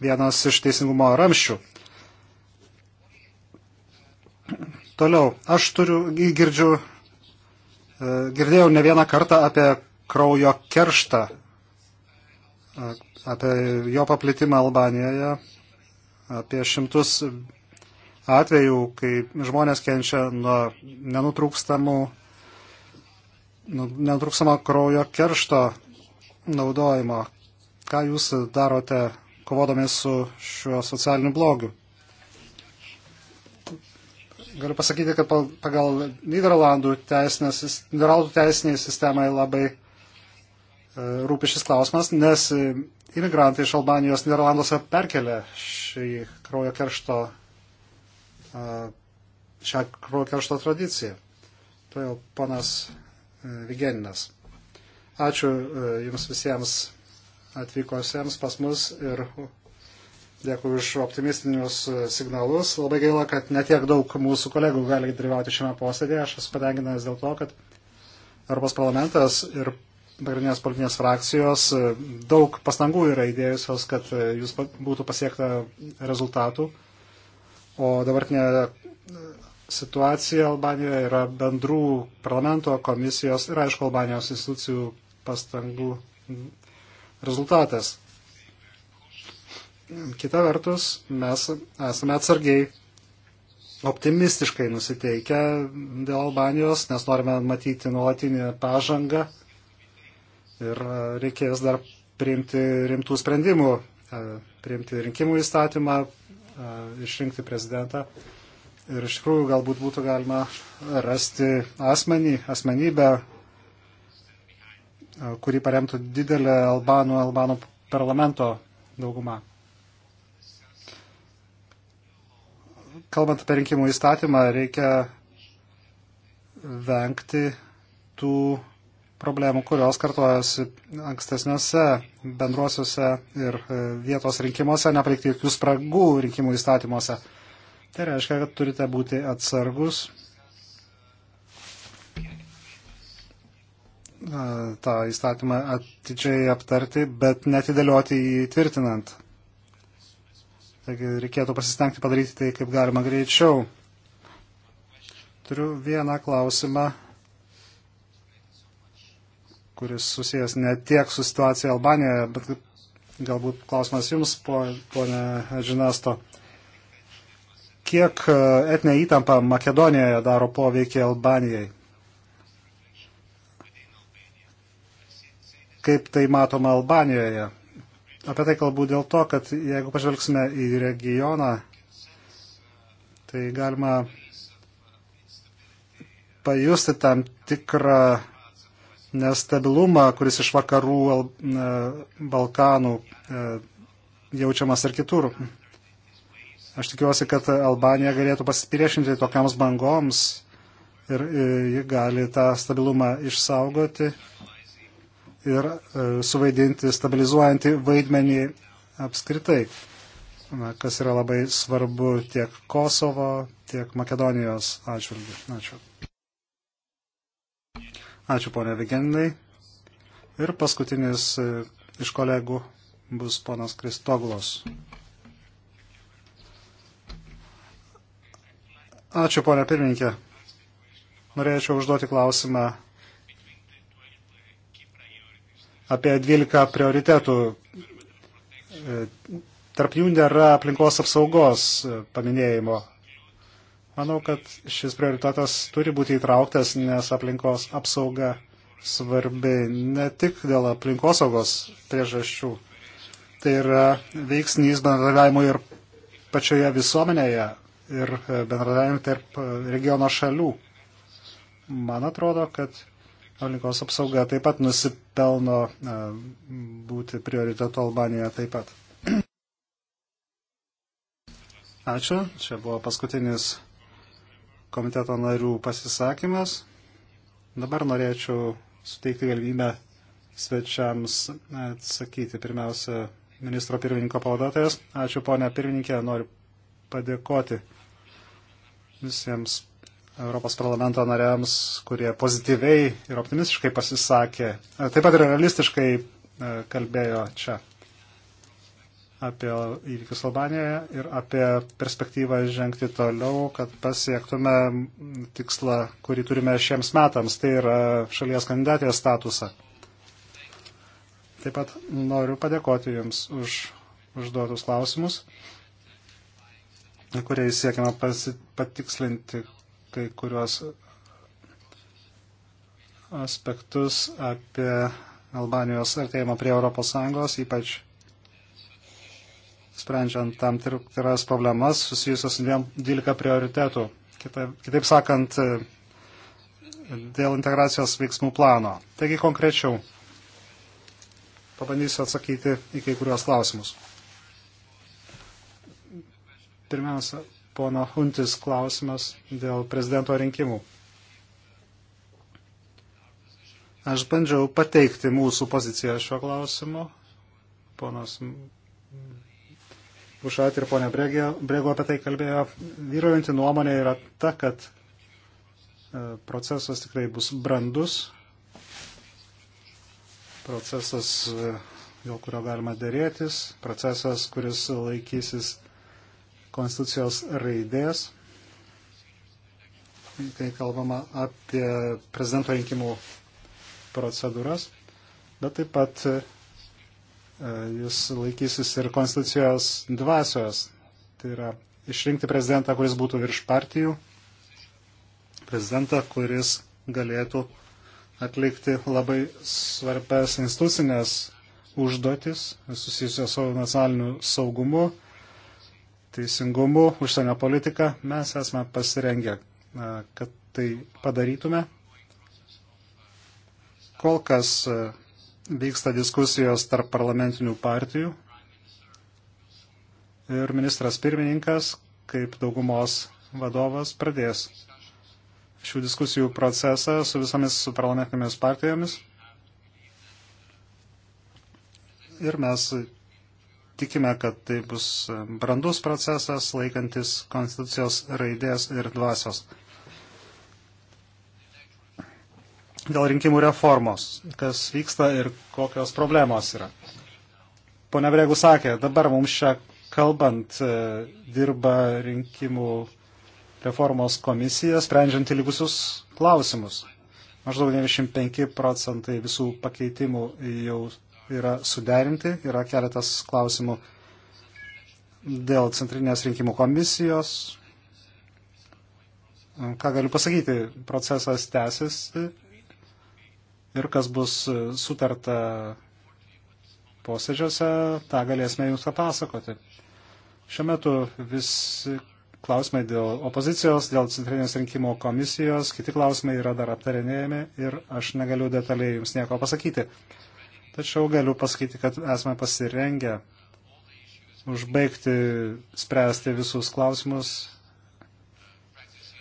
vienas iš teisingumo ramščių. Toliau, aš turiu, girdžiu, e, girdėjau ne vieną kartą apie kraujo kerštą, apie jo paplitimą Albanijoje, apie šimtus atvejų, kai žmonės kenčia nuo nenutrūkstamų, nu, nenutrūkstamo kraujo keršto naudojimo. Ką jūs darote, kovodami su šiuo socialiniu blogiu? Galiu pasakyti, kad pagal Niderlandų teisinės, Niderlandų teisiniai sistemai labai e, rūpi šis klausimas, nes imigrantai iš Albanijos Niderlanduose perkelia šį kraujo keršto šią kraukeršto tradiciją. To jau ponas e, Vigeninas. Ačiū e, Jums visiems atvykusiems pas mus ir dėkui už optimistinius e, signalus. Labai gaila, kad netiek daug mūsų kolegų gali dalyvauti šiame posėdėje. Aš esu patenkinęs dėl to, kad Europos parlamentas ir pagrindinės politinės frakcijos daug pastangų yra įdėjusios, kad jūs būtų pasiekta rezultatų. O dabartinė e, situacija Albanijoje yra bendrų parlamento komisijos ir, aišku, Albanijos institucijų pastangų rezultatas. Kita vertus, mes esame atsargiai optimistiškai nusiteikę dėl Albanijos, nes norime matyti nuolatinį pažangą ir e, reikės dar priimti rimtų sprendimų, e, priimti rinkimų įstatymą, išrinkti prezidentą. Ir iš tikrųjų galbūt būtų galima rasti asmenį, asmenybę, kurį paremtų didelė Albanų, Albanų parlamento dauguma. Kalbant apie rinkimų įstatymą, reikia vengti tų problemų, kurios kartojasi ankstesniuose bendruosiuose ir e, vietos rinkimuose, nepalikti jokių spragų rinkimų įstatymuose. Tai reiškia, kad turite būti atsargus e, tą įstatymą atidžiai aptarti, bet netidėlioti jį tvirtinant. Taigi reikėtų pasistengti padaryti tai kaip galima greičiau. Turiu vieną klausimą kuris susijęs ne tiek su situacija Albanijoje, bet galbūt klausimas jums, ponė Žinasto. Kiek e, etinė įtampa Makedonijoje daro poveikį Albanijai? Kaip tai matoma Albanijoje? Apie tai kalbu dėl to, kad jeigu pažvelgsime į regioną, tai galima pajusti tam tikrą nestabilumą, kuris iš vakarų Balkanų e, jaučiamas ir kitur. Aš tikiuosi, kad Albanija galėtų pasipriešinti tokiams bangoms ir e, ji gali tą stabilumą išsaugoti ir e, suvaidinti stabilizuojantį vaidmenį apskritai, kas yra labai svarbu tiek Kosovo, tiek Makedonijos atžvilgių. Ačiū. Ačiū ponė Vigendai. Ir paskutinis e, iš kolegų bus ponas Kristoglos. Ačiū ponė pirmininkė. Norėčiau užduoti klausimą apie 12 prioritetų. E, tarp jų nėra aplinkos apsaugos e, paminėjimo. Manau, kad šis prioritetas turi būti įtrauktas, nes aplinkos apsauga svarbi ne tik dėl aplinkosaugos priežasčių. Tai yra veiksnys bendradarbiavimo ir pačioje visuomenėje ir e, bendradarbiavimo tarp e, regiono šalių. Man atrodo, kad aplinkos apsauga taip pat nusipelno e, būti prioritetu Albanijoje taip pat. Ačiū. Čia buvo paskutinis komiteto narių pasisakymas. Dabar norėčiau suteikti galimybę svečiams atsakyti. Pirmiausia, ministro pirmininko pavaduotojas. Ačiū, ponia pirmininkė, noriu padėkoti visiems Europos parlamento nariams, kurie pozityviai ir optimistiškai pasisakė, taip pat ir realistiškai e, kalbėjo čia apie įvykius Albanijoje ir apie perspektyvą žengti toliau, kad pasiektume tikslą, kurį turime šiems metams, tai yra šalies kandidatės statusą. Taip pat noriu padėkoti Jums už užduotus klausimus, kuriais siekiama patikslinti kai kuriuos aspektus apie Albanijos artėjimą prie ES, ypač sprendžiant tam tikras problemas susijusios su 12 prioritetų. Kita, kitaip sakant, dėl integracijos veiksmų plano. Taigi konkrečiau pabandysiu atsakyti į kai kuriuos klausimus. Pirmiausia, pono Huntis klausimas dėl prezidento rinkimų. Aš bandžiau pateikti mūsų poziciją šiuo klausimu. Ponas Bušat ir ponė Brego apie tai kalbėjo. Vyraujantį nuomonė yra ta, kad e, procesas tikrai bus brandus, procesas, e, dėl kurio galima dėrėtis, procesas, kuris laikysis konstitucijos raidės, kai kalbama apie prezidento rinkimų procedūras, bet taip pat e, E, jis laikysis ir konstitucijos dvasios. Tai yra išrinkti prezidentą, kuris būtų virš partijų, prezidentą, kuris galėtų atlikti labai svarbias institucinės užduotis susijusios su nacionaliniu saugumu, teisingumu, užsienio politika. Mes esame pasirengę, e, kad tai padarytume. Kol kas e, vyksta diskusijos tarp parlamentinių partijų ir ministras pirmininkas, kaip daugumos vadovas, pradės šių diskusijų procesą su visomis su parlamentinėmis partijomis. Ir mes tikime, kad tai bus brandus procesas, laikantis konstitucijos raidės ir dvasios. dėl rinkimų reformos, kas vyksta ir kokios problemos yra. Pone Bregu sakė, dabar mums čia kalbant e, dirba rinkimų reformos komisija, sprendžianti lygusius klausimus. Maždaug 95 procentai visų pakeitimų jau yra suderinti, yra keletas klausimų dėl Centrinės rinkimų komisijos. Ką galiu pasakyti, procesas tęsiasi ir kas bus e, sutarta posėdžiuose, tą galėsime jums papasakoti. Šiuo metu visi klausimai dėl opozicijos, dėl Centrinės rinkimo komisijos, kiti klausimai yra dar aptarinėjami ir aš negaliu detaliai jums nieko pasakyti. Tačiau galiu pasakyti, kad esame pasirengę užbaigti, spręsti visus klausimus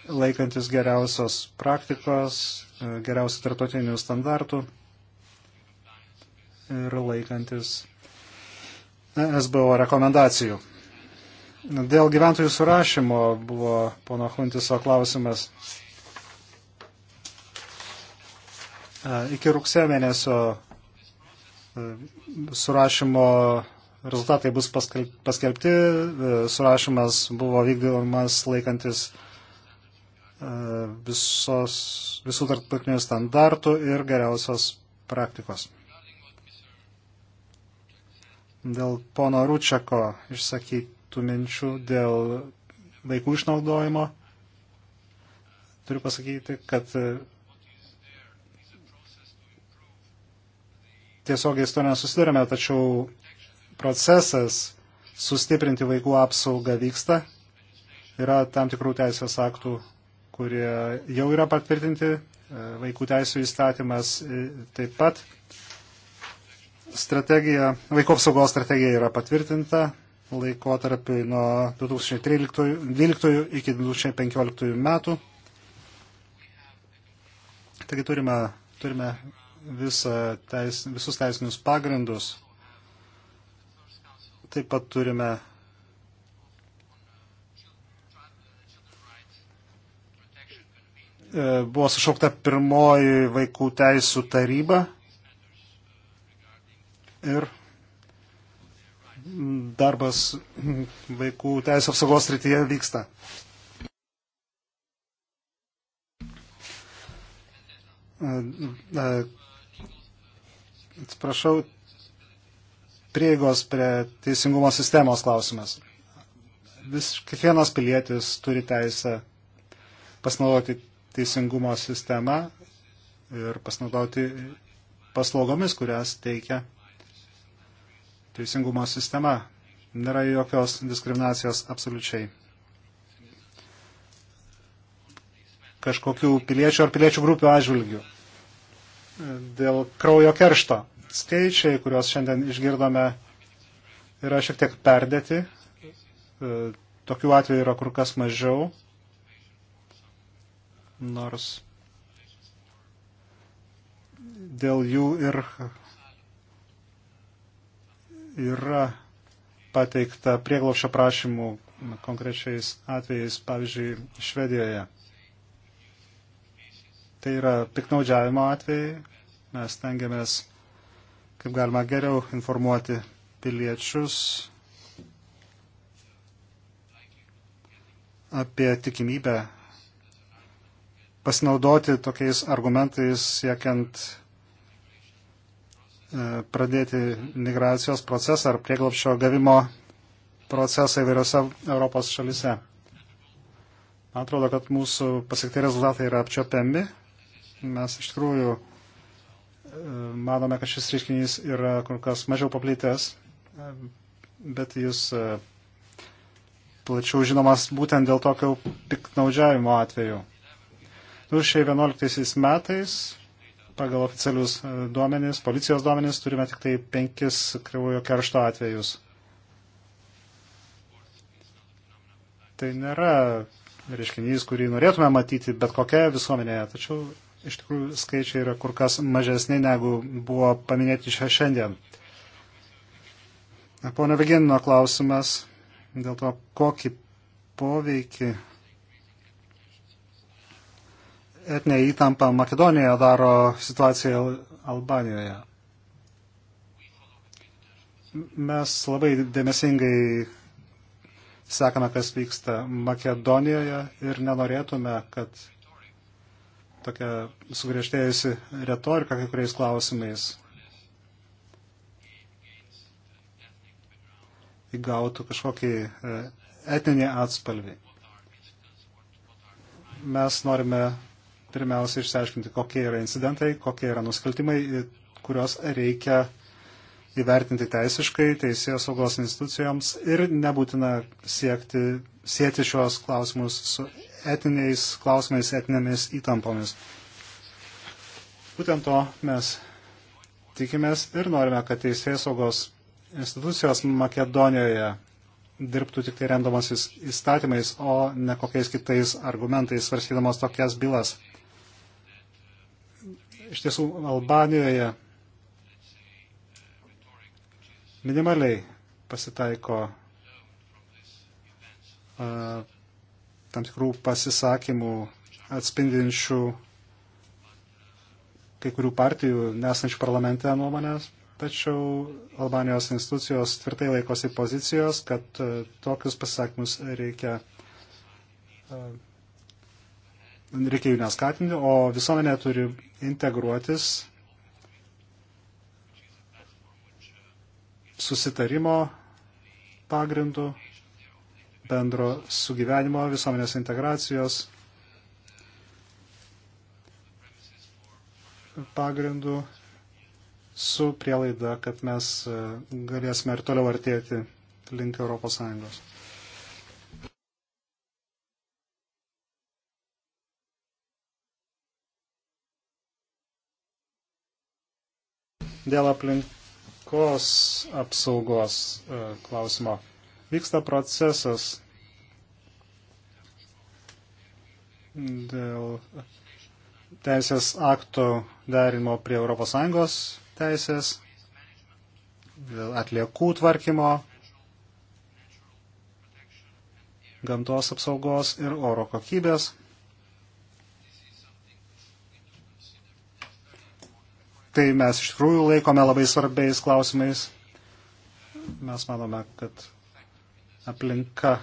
laikantis geriausios praktikos, e, geriausių tarptautinių standartų ir laikantis e SBO rekomendacijų. Dėl gyventojų surašymo buvo pono Huntiso klausimas. E, iki rugsėjo mėnesio surašymo rezultatai bus paskelbti, surašymas buvo vykdomas laikantis E, visos, visų tarptautinių standartų ir geriausios praktikos. Dėl pono Rūčiako išsakytų minčių dėl vaikų išnaudojimo, turiu pasakyti, kad tiesiogiai su to nesusidurime, tačiau procesas sustiprinti vaikų apsaugą vyksta. Yra tam tikrų teisės aktų kurie jau yra patvirtinti, e, vaikų teisų įstatymas e, taip pat. Strategija, vaiko apsaugos strategija yra patvirtinta laikotarpiu nuo 2013 iki 2015 metų. Taigi turime, turime visą teis, visus teisinius pagrindus. Taip pat turime E, buvo sušaukta pirmoji vaikų teisų taryba ir darbas vaikų teisų apsaugos rytyje vyksta. E, e, atsiprašau, prieigos prie teisingumo sistemos klausimas. Vis, kiekvienas pilietis turi teisę pasinaudoti teisingumo sistemą ir pasinaudoti paslaugomis, kurias teikia teisingumo sistema. Nėra jokios diskriminacijos absoliučiai. Kažkokių piliečių ar piliečių grupių atžvilgių. Dėl kraujo keršto. Skaičiai, kuriuos šiandien išgirdome, yra šiek tiek perdėti. E, tokių atvejų yra kur kas mažiau nors dėl jų ir yra pateikta prieglaušio prašymų konkrečiais atvejais, pavyzdžiui, Švedijoje. Tai yra piknaudžiavimo atvejai. Mes tengiamės, kaip galima geriau informuoti piliečius apie tikimybę pasinaudoti tokiais argumentais siekiant e, pradėti migracijos procesą ar prieglopščio gavimo procesą įvairiose Europos šalise. Man atrodo, kad mūsų pasiekti rezultatai yra apčiopiami. Mes iš tikrųjų e, manome, kad šis reiškinys yra kur kas mažiau paplitęs, e, bet jis plačiau žinomas būtent dėl tokio piknaudžiavimo atveju. 2011 metais pagal oficialius e, duomenys, policijos duomenys, turime tik tai penkis krivųjų keršto atvejus. Tai nėra reiškinys, kurį norėtume matyti bet kokioje visuomenėje, tačiau iš tikrųjų skaičiai yra kur kas mažesni negu buvo paminėti šią šiandien. Pone Vigenino klausimas dėl to, kokį poveikį etinė įtampa Makedonijoje daro situaciją Albanijoje. Mes labai dėmesingai sekame, kas vyksta Makedonijoje ir nenorėtume, kad tokia sugriežtėjusi retorika kai kuriais klausimais įgautų kažkokį e, etninį atspalvį. Mes norime pirmiausia išsiaiškinti, kokie yra incidentai, kokie yra nusikaltimai, kuriuos reikia įvertinti teisiškai teisėjo saugos institucijoms ir nebūtina siekti, sėti šios klausimus su etiniais klausimais, etinėmis įtampomis. Būtent to mes tikimės ir norime, kad teisėjai saugos institucijos Makedonijoje dirbtų tik tai remdamasis įstatymais, o ne kokiais kitais argumentais svarstydamos tokias bylas iš tiesų Albanijoje minimaliai pasitaiko a, tam tikrų pasisakymų atspindinčių kai kurių partijų nesančių parlamente nuomonės, tačiau Albanijos institucijos tvirtai laikosi pozicijos, kad a, tokius pasisakymus reikia a, reikia jų neskatinti, o visuomenė turi integruotis susitarimo pagrindu, bendro sugyvenimo, visuomenės integracijos pagrindu su prielaida, kad mes e, galėsime ir toliau artėti link ES. Dėl aplinkos apsaugos e, klausimo vyksta procesas dėl teisės akto darimo prie ES teisės, dėl atliekų tvarkymo, gamtos apsaugos ir oro kokybės. tai mes iš tikrųjų laikome labai svarbiais klausimais. Mes manome, kad aplinka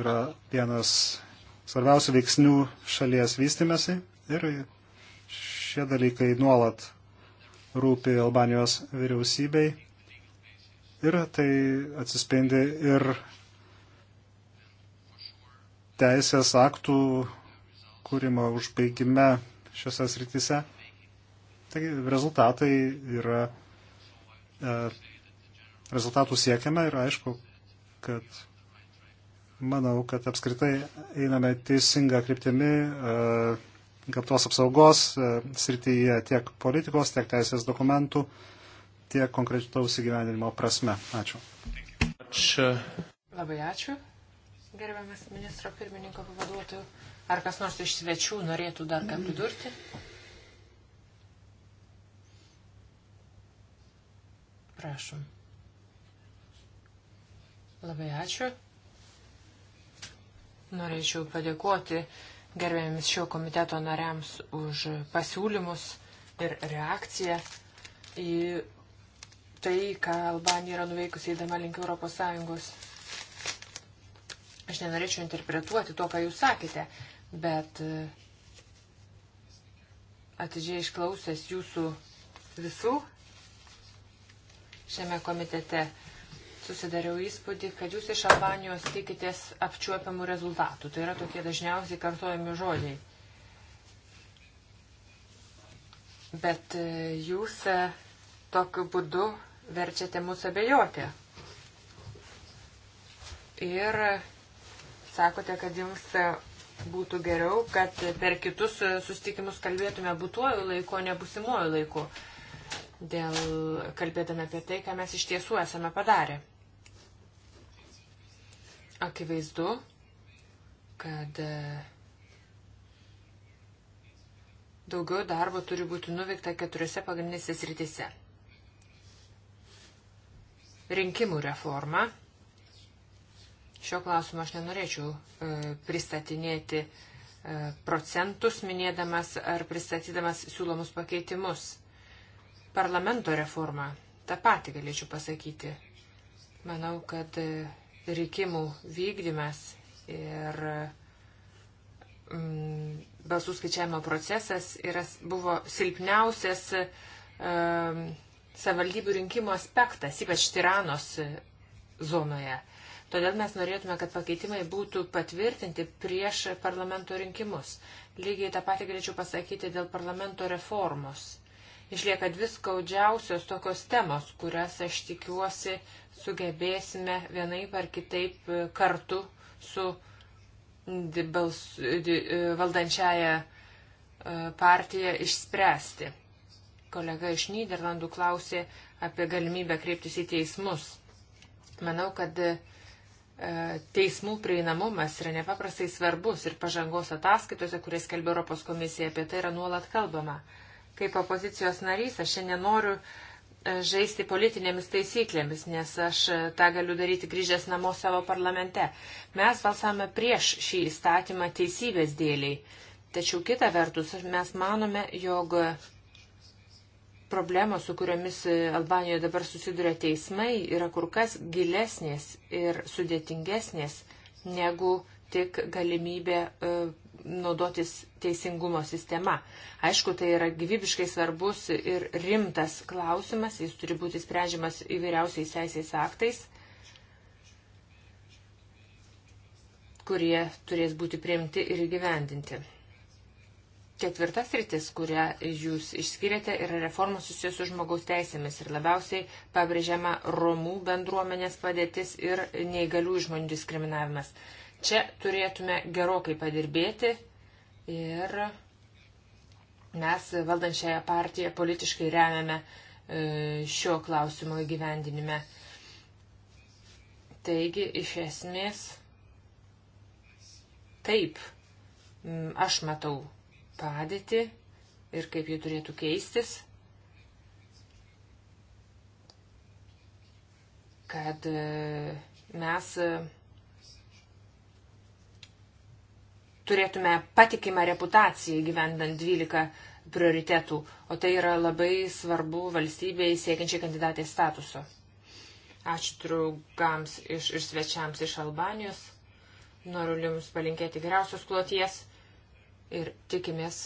yra vienas svarbiausių veiksnių šalies vystimėsi ir šie dalykai nuolat rūpi Albanijos vyriausybei ir tai atsispindi ir teisės aktų kūrimo užbaigime šiose srityse. Taigi rezultatai yra, e, rezultatų siekiame ir aišku, kad manau, kad apskritai einame teisinga kryptimi e, gamtos apsaugos e, srityje tiek politikos, tiek teisės dokumentų, tiek konkretaus įgyvendinimo prasme. Ačiū. Ačiū. Labai ačiū, gerbiamas ministro pirmininko pavaduotojų. Ar kas nors iš svečių norėtų dar ką pridurti? Mm. Prašom. Labai ačiū. Norėčiau padėkoti gerbėmis šio komiteto nariams už pasiūlymus ir reakciją į tai, ką Albanija yra nuveikusi įdama link ES. Aš nenorėčiau interpretuoti to, ką jūs sakėte, bet e, atidžiai išklausęs jūsų visų šiame komitete. Susidariau įspūdį, kad jūs iš Albanijos tikitės apčiuopiamų rezultatų. Tai yra tokie dažniausiai kartojami žodžiai. Bet e, jūs e, tokiu būdu verčiate mus abejoti. Ir e, sakote, kad jums būtų geriau, kad per kitus susitikimus kalbėtume būtuoju laiku, ne busimuoju laiku dėl kalbėdami apie tai, ką mes iš tiesų esame padarę. Akivaizdu, kad e, daugiau darbo turi būti nuveikta keturiose pagrindinėse srityse. Rinkimų reforma. Šio klausimo aš nenorėčiau e, pristatinėti e, procentus, minėdamas ar pristatydamas siūlomus pakeitimus parlamento reformą. Ta pati galėčiau pasakyti. Manau, kad e, reikimų vykdymas ir mm, balsų skaičiavimo procesas yra, buvo silpniausias mm, e, savaldybių rinkimų aspektas, ypač tiranos e, zonoje. Todėl mes norėtume, kad pakeitimai būtų patvirtinti prieš parlamento rinkimus. Lygiai tą patį galėčiau pasakyti dėl parlamento reformos išlieka dvi skaudžiausios tokios temos, kurias aš tikiuosi sugebėsime vienaip ar kitaip e, kartu su dibals, di, e, valdančiaja e, partija išspręsti. Kolega iš Niderlandų klausė apie galimybę kreiptis į teismus. Manau, kad teismų prieinamumas yra nepaprastai svarbus ir pažangos ataskaitose, kurias kalbė Europos komisija, apie tai yra nuolat kalbama. Kaip opozicijos narys, aš šiandien noriu e, žaisti politinėmis taisyklėmis, nes aš e, tą galiu daryti grįžęs namo savo parlamente. Mes balsavome prieš šį įstatymą teisybės dėliai. Tačiau kita vertus, mes manome, jog problemos, su kuriomis e, Albanijoje dabar susiduria teismai, yra kur kas gilesnės ir sudėtingesnės negu tik galimybė naudotis teisingumo sistema. Aišku, tai yra gyvybiškai svarbus ir rimtas klausimas, jis turi būti sprendžiamas įvairiausiais teisės aktais, kurie turės būti priimti ir įgyvendinti. Ketvirtas rytis, kurią jūs išskiriate, yra reformos susijęs su žmogaus teisėmis ir labiausiai pabrėžiama Romų bendruomenės padėtis ir neįgalių žmonių diskriminavimas. Čia turėtume gerokai padirbėti ir mes valdančiąją partiją politiškai remiame e, šio klausimo įgyvendinime. Taigi, iš esmės, taip, aš matau padėtį ir kaip jų turėtų keistis, kad e, mes turėtume patikimą reputaciją gyvendant 12 prioritetų, o tai yra labai svarbu valstybei siekiančiai kandidatės statuso. Ačiū draugams iš, ir svečiams iš Albanijos. Noriu Jums palinkėti geriausios kloties ir tikimės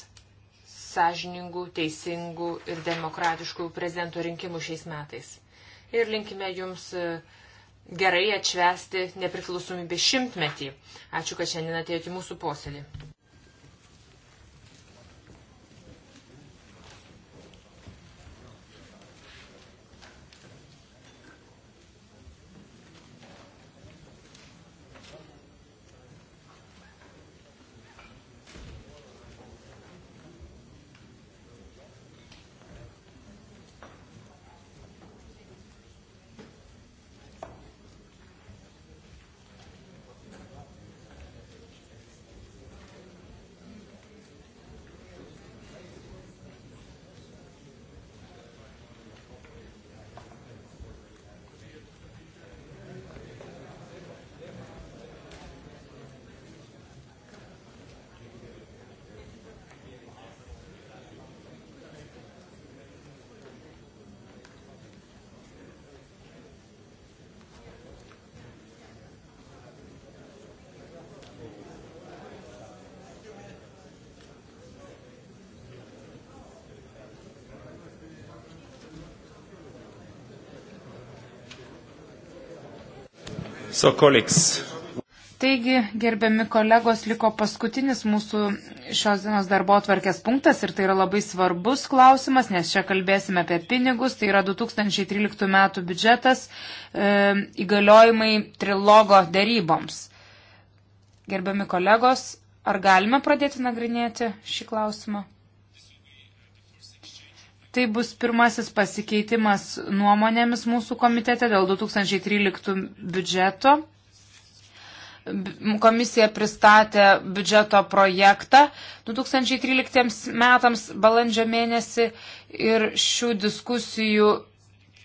sąžiningų, teisingų ir demokratiškų prezidento rinkimų šiais metais. Ir linkime Jums uh, gerai atšvesti nepriklausomybės šimtmetį. Ačiū, kad šiandien atėjote į mūsų posėdį. So, colleagues. Taigi, gerbiami kolegos, liko paskutinis mūsų šios dienos darbo atvarkės punktas ir tai yra labai svarbus klausimas, nes čia kalbėsime apie pinigus, tai yra 2013 metų biudžetas, e, įgaliojimai trilogo daryboms. Gerbiami kolegos, ar galime pradėti nagrinėti šį klausimą? Tai bus pirmasis pasikeitimas nuomonėmis mūsų komitete dėl 2013 biudžeto. Komisija pristatė biudžeto projektą 2013 metams balandžio mėnesį ir šių diskusijų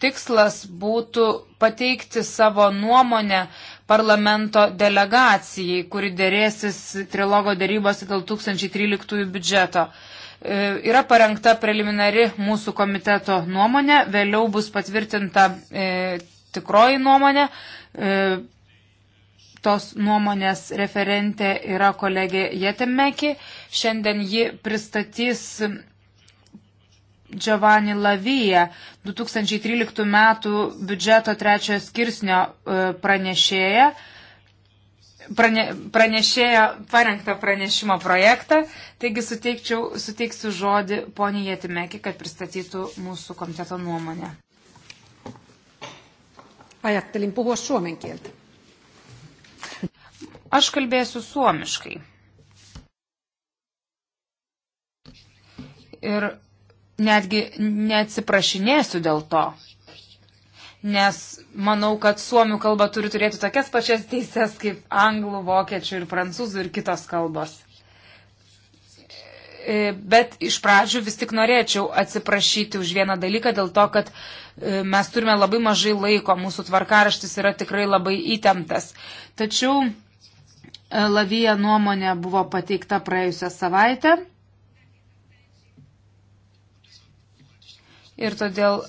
tikslas būtų pateikti savo nuomonę parlamento delegacijai, kuri dėrėsis trilogo dėrybose dėl 2013 biudžeto. E, yra parengta preliminari mūsų komiteto nuomonė, vėliau bus patvirtinta e, tikroji nuomonė. E, tos nuomonės referentė yra kolegė Jetemeki. Šiandien ji pristatys Giovanni Lavyje 2013 m. biudžeto trečiojo skirsnio pranešėją prane, pranešėjo parengtą pranešimo projektą, taigi suteiksiu žodį poniai Jetimekį, kad pristatytų mūsų komiteto nuomonę. Ajattelin puhua suomen kieltä. Aš kalbėsiu suomiškai. Ir netgi neatsiprašinėsiu dėl to nes manau, kad suomių kalba turi turėti tokias pačias teises kaip anglų, vokiečių ir prancūzų ir kitos kalbos. E, bet iš pradžių vis tik norėčiau atsiprašyti už vieną dalyką dėl to, kad e, mes turime labai mažai laiko, mūsų tvarkaraštis yra tikrai labai įtemptas. Tačiau e, Lavija nuomonė buvo pateikta praėjusią savaitę. Ir todėl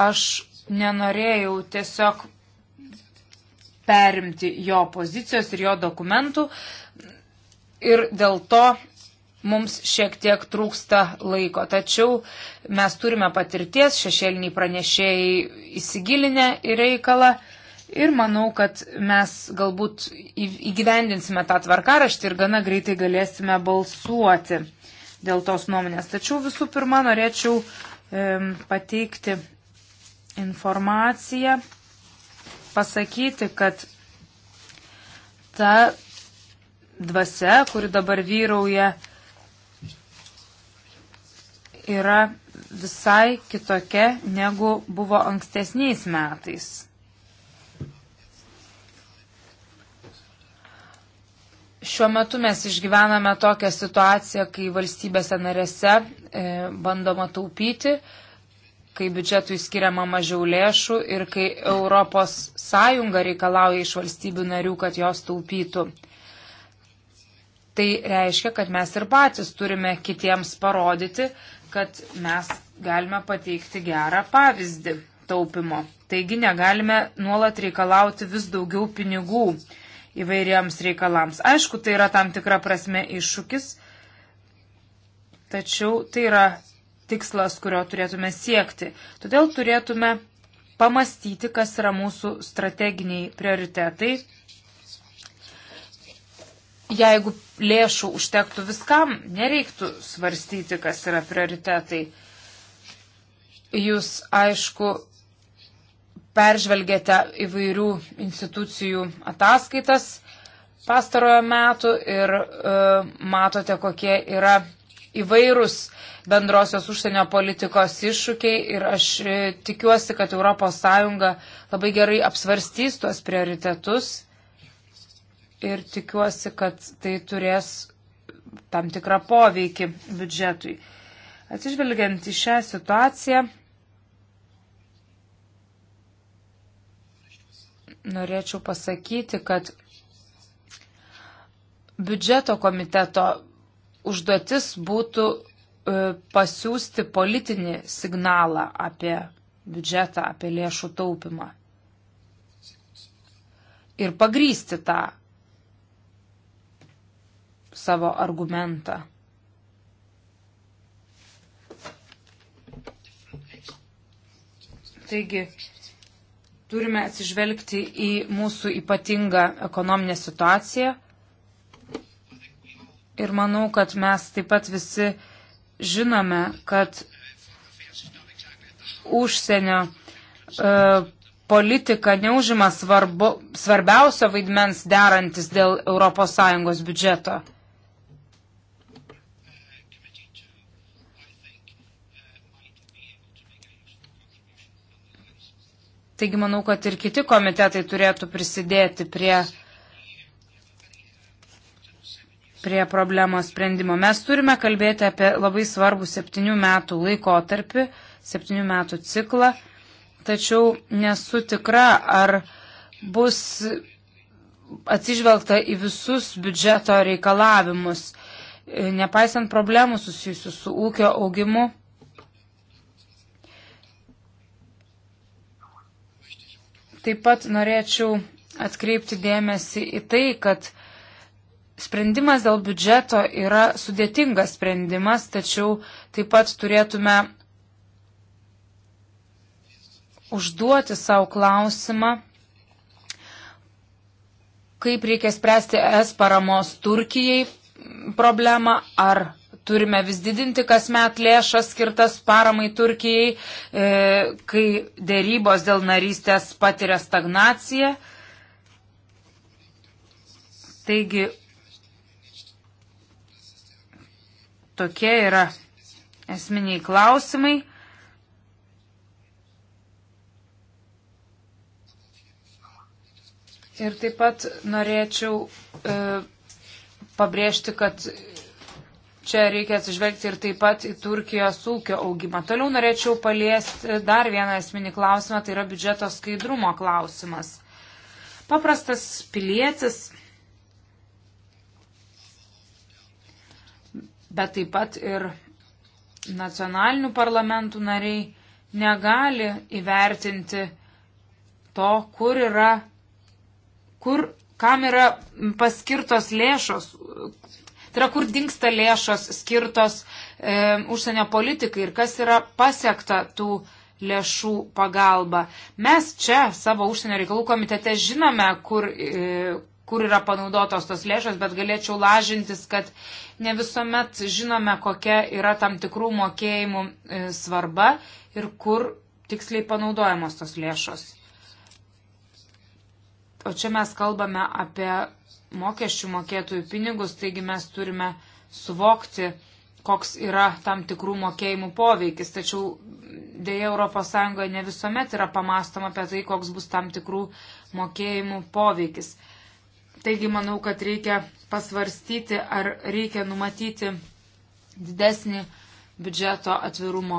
aš nenorėjau tiesiog perimti jo pozicijos ir jo dokumentų ir dėl to mums šiek tiek trūksta laiko. Tačiau mes turime patirties, šešėliniai pranešėjai įsigilinę į reikalą ir manau, kad mes galbūt įgyvendinsime tą tvarkaraštį ir gana greitai galėsime balsuoti dėl tos nuomonės. Tačiau visų pirma norėčiau e, pateikti informaciją, pasakyti, kad ta dvasia, kuri dabar vyrauja, yra visai kitokia, negu buvo ankstesniais metais. Šiuo metu mes išgyvename tokią situaciją, kai valstybėse narėse e, bandoma taupyti, e, kai biudžetui skiriama mažiau lėšų ir kai ES reikalauja iš valstybių narių, kad jos taupytų. Tai reiškia, kad mes ir patys turime kitiems parodyti, kad mes galime pateikti gerą pavyzdį taupimo. Taigi negalime nuolat reikalauti vis daugiau pinigų įvairiems reikalams. Aišku, tai yra tam tikra prasme iššūkis, tačiau tai yra tikslas, kurio turėtume siekti. Todėl turėtume pamastyti, kas yra mūsų strateginiai prioritetai. Jeigu lėšų užtektų viskam, nereiktų svarstyti, kas yra prioritetai. Jūs, aišku, peržvelgėte įvairių institucijų ataskaitas pastarojo metu ir e, matote, kokie yra įvairūs bendrosios užsienio politikos iššūkiai ir aš e, tikiuosi, kad ES labai gerai apsvarstys tuos prioritetus ir tikiuosi, kad tai turės tam tikrą poveikį biudžetui. Atsižvelgiant į šią situaciją, norėčiau pasakyti, kad biudžeto komiteto užduotis būtų e, pasiūsti politinį signalą apie biudžetą, apie lėšų taupimą. Ir pagrysti tą savo argumentą. Taigi, turime atsižvelgti į mūsų ypatingą ekonominę situaciją Ir manau, kad mes taip pat visi žinome, kad užsienio e, politika neužima svarbu, svarbiausio vaidmens derantis dėl ES biudžeto. Taigi manau, kad ir kiti komitetai turėtų prisidėti prie prie problemos sprendimo. Mes turime kalbėti apie labai svarbų septynių metų laikotarpį, septynių metų ciklą, tačiau nesu tikra, ar bus atsižvelgta į visus biudžeto reikalavimus, nepaisant problemų susijusių su ūkio augimu. Taip pat norėčiau atkreipti dėmesį į tai, kad Sprendimas dėl biudžeto yra sudėtingas sprendimas, tačiau taip pat turėtume užduoti savo klausimą, kaip reikia spręsti es paramos Turkijai problemą, ar turime vis didinti kasmet lėšas skirtas paramai Turkijai, e, kai dėrybos dėl narystės patiria stagnaciją. Taigi Tokie yra esminiai klausimai. Ir taip pat norėčiau e, pabrėžti, kad čia reikia atsižvelgti ir taip pat į Turkijos ūkio augimą. Toliau norėčiau paliesti dar vieną esminį klausimą, tai yra biudžeto skaidrumo klausimas. Paprastas pilietis bet taip pat ir nacionalinių parlamentų nariai negali įvertinti to, kur yra, kur, kam yra paskirtos lėšos, tai yra kur dinksta lėšos skirtos e, užsienio politikai ir kas yra pasiekta tų lėšų pagalba. Mes čia savo užsienio reikalų komitete žinome, kur, e, kur yra panaudotos tos lėšos, bet galėčiau lažintis, kad ne visuomet žinome, kokia yra tam tikrų mokėjimų e, svarba ir kur tiksliai panaudojamos tos lėšos. O čia mes kalbame apie mokesčių mokėtojų pinigus, taigi mes turime suvokti, koks yra tam tikrų mokėjimų poveikis. Tačiau dėja ES ne visuomet yra pamastoma apie tai, koks bus tam tikrų mokėjimų poveikis. Taigi manau, kad reikia pasvarstyti, ar reikia numatyti didesnį biudžeto atvirumo.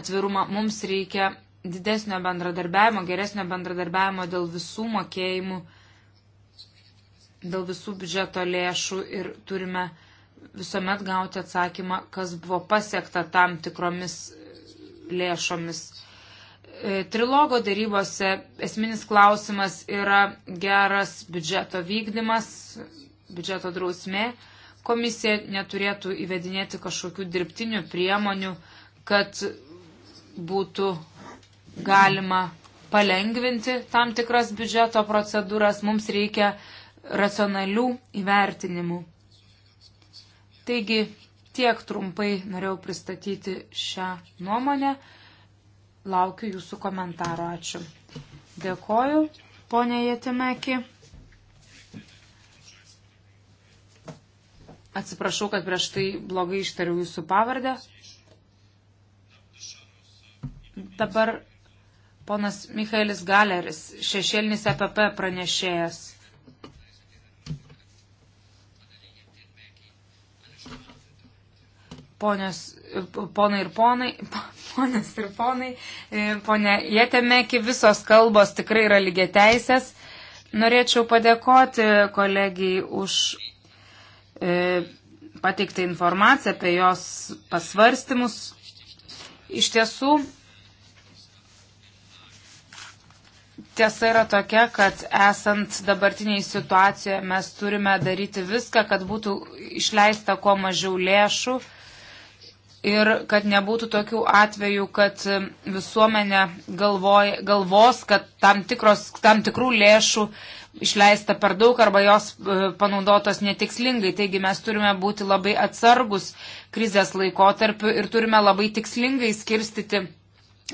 atvirumą. Mums reikia didesnio bendradarbiavimo, geresnio bendradarbiavimo dėl visų mokėjimų, dėl visų biudžeto lėšų ir turime visuomet gauti atsakymą, kas buvo pasiekta tam tikromis lėšomis. E, trilogo darybose esminis klausimas yra geras biudžeto vykdymas, biudžeto drausmė. Komisija neturėtų įvedinėti kažkokių dirbtinių priemonių, kad būtų galima palengvinti tam tikras biudžeto procedūras. Mums reikia racionalių įvertinimų. Taigi tiek trumpai norėjau pristatyti šią nuomonę laukiu jūsų komentaro. Ačiū. Dėkoju, ponė Jėtimeki. Atsiprašau, kad prieš tai blogai ištariau jūsų pavardę. Dabar ponas Michaelis Galeris, šešėlinis EPP pranešėjas. ponios, ponai ir ponai, ponės ir ponai, e, ponė Jėtemeki, visos kalbos tikrai yra lygiateisės. Norėčiau padėkoti kolegijai už e, pateiktą informaciją apie jos pasvarstimus. Iš tiesų, tiesa yra tokia, kad esant dabartiniai situacijoje mes turime daryti viską, kad būtų išleista kuo mažiau lėšų. E, ir kad nebūtų tokių atvejų, kad visuomenė galvoj, galvos, kad tam, tikros, tam tikrų lėšų išleista per daug arba jos e, panaudotos netikslingai. Taigi mes turime būti labai atsargus krizės laikotarpiu ir turime labai tikslingai skirstyti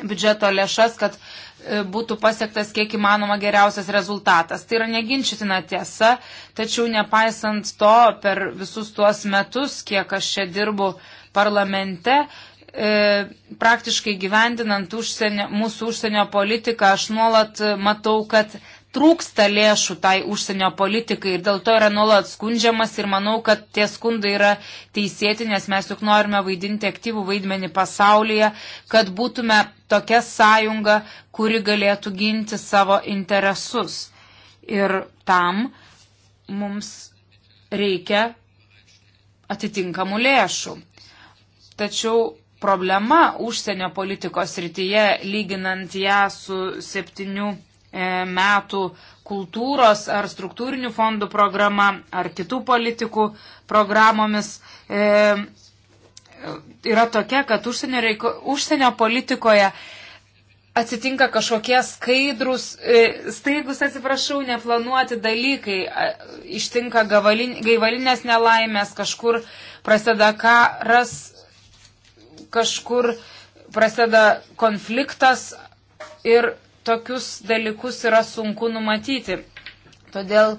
biudžeto lėšas, kad e, būtų pasiektas kiek įmanoma geriausias rezultatas. Tai yra neginčitina tiesa, tačiau nepaisant to, per visus tuos metus, kiek aš čia dirbu, uh, parlamente, e, praktiškai gyvendinant užsienio, mūsų užsienio politiką, aš nuolat matau, kad trūksta lėšų tai užsienio politikai ir dėl to yra nuolat skundžiamas ir manau, kad tie skundai yra teisėti, nes mes juk norime vaidinti aktyvų vaidmenį pasaulyje, kad būtume tokia sąjunga, kuri galėtų ginti savo interesus. Ir tam mums reikia atitinkamų lėšų. Tačiau problema užsienio politikos rytyje, lyginant ją su septynių e, metų kultūros ar struktūrinių fondų programa ar kitų politikų programomis e, yra tokia, kad užsienio, reiko, užsienio politikoje atsitinka kažkokie skaidrus, e, staigus, atsiprašau, neplanuoti dalykai, ištinka gaivalinės nelaimės, kažkur prasideda karas, kažkur prasideda konfliktas ir tokius dalykus yra sunku numatyti. Todėl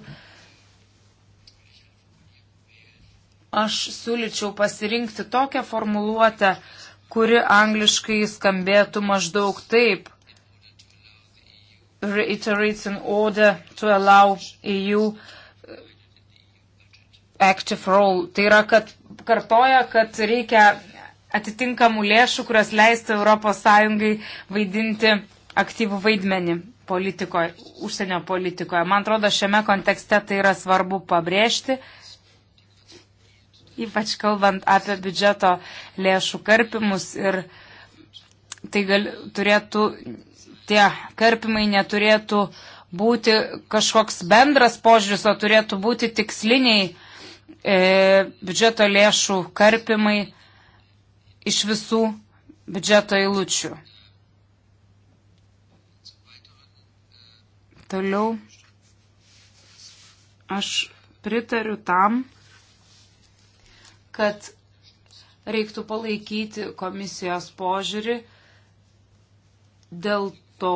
aš siūlyčiau pasirinkti tokią formuluotę, kuri angliškai skambėtų maždaug taip. Reiterates in order to allow EU uh, active role. Tai yra, kad kartoja, kad reikia atitinkamų lėšų, kurios leistų ES vaidinti aktyvų vaidmenį politikoje, užsienio politikoje. Man atrodo, šiame kontekste tai yra svarbu pabrėžti, ypač kalbant apie biudžeto lėšų karpimus ir tai gal, turėtų, tie karpimai neturėtų būti kažkoks bendras požiūris, o turėtų būti tiksliniai e, biudžeto lėšų karpimai iš visų biudžeto eilučių. Toliau aš pritariu tam, kad reiktų palaikyti komisijos požiūrį dėl to,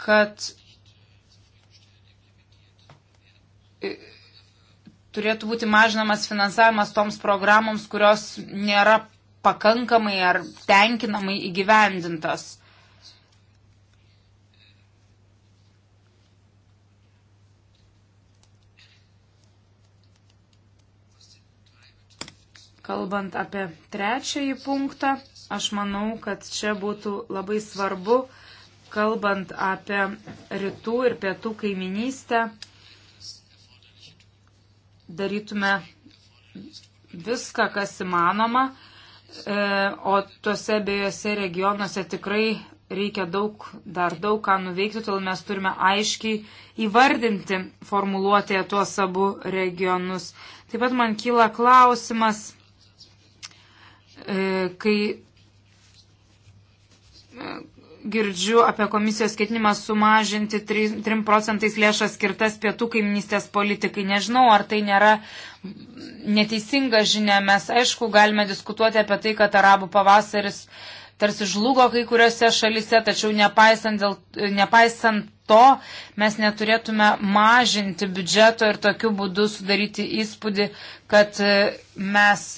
kad turėtų būti mažinamas finansavimas toms programoms, kurios nėra pakankamai ar tenkinamai įgyvendintas. Kalbant apie trečiąjį punktą, aš manau, kad čia būtų labai svarbu, kalbant apie rytų ir pietų kaiminystę, darytume viską, kas įmanoma, E, o tuose abiejose regionuose tikrai reikia daug, dar daug ką nuveikti, todėl mes turime aiškiai įvardinti formuluotėje tuos abu regionus. Taip pat man kyla klausimas, e, kai e, girdžiu apie komisijos ketinimą sumažinti 3 procentais lėšas skirtas pietų kaiminystės politikai. Nežinau, ar tai nėra neteisinga žinia. Mes, aišku, galime diskutuoti apie tai, kad arabų pavasaris tarsi žlugo kai kuriuose šalise, tačiau nepaisant, dėl, nepaisant to mes neturėtume mažinti biudžeto ir tokiu būdu sudaryti įspūdį, kad mes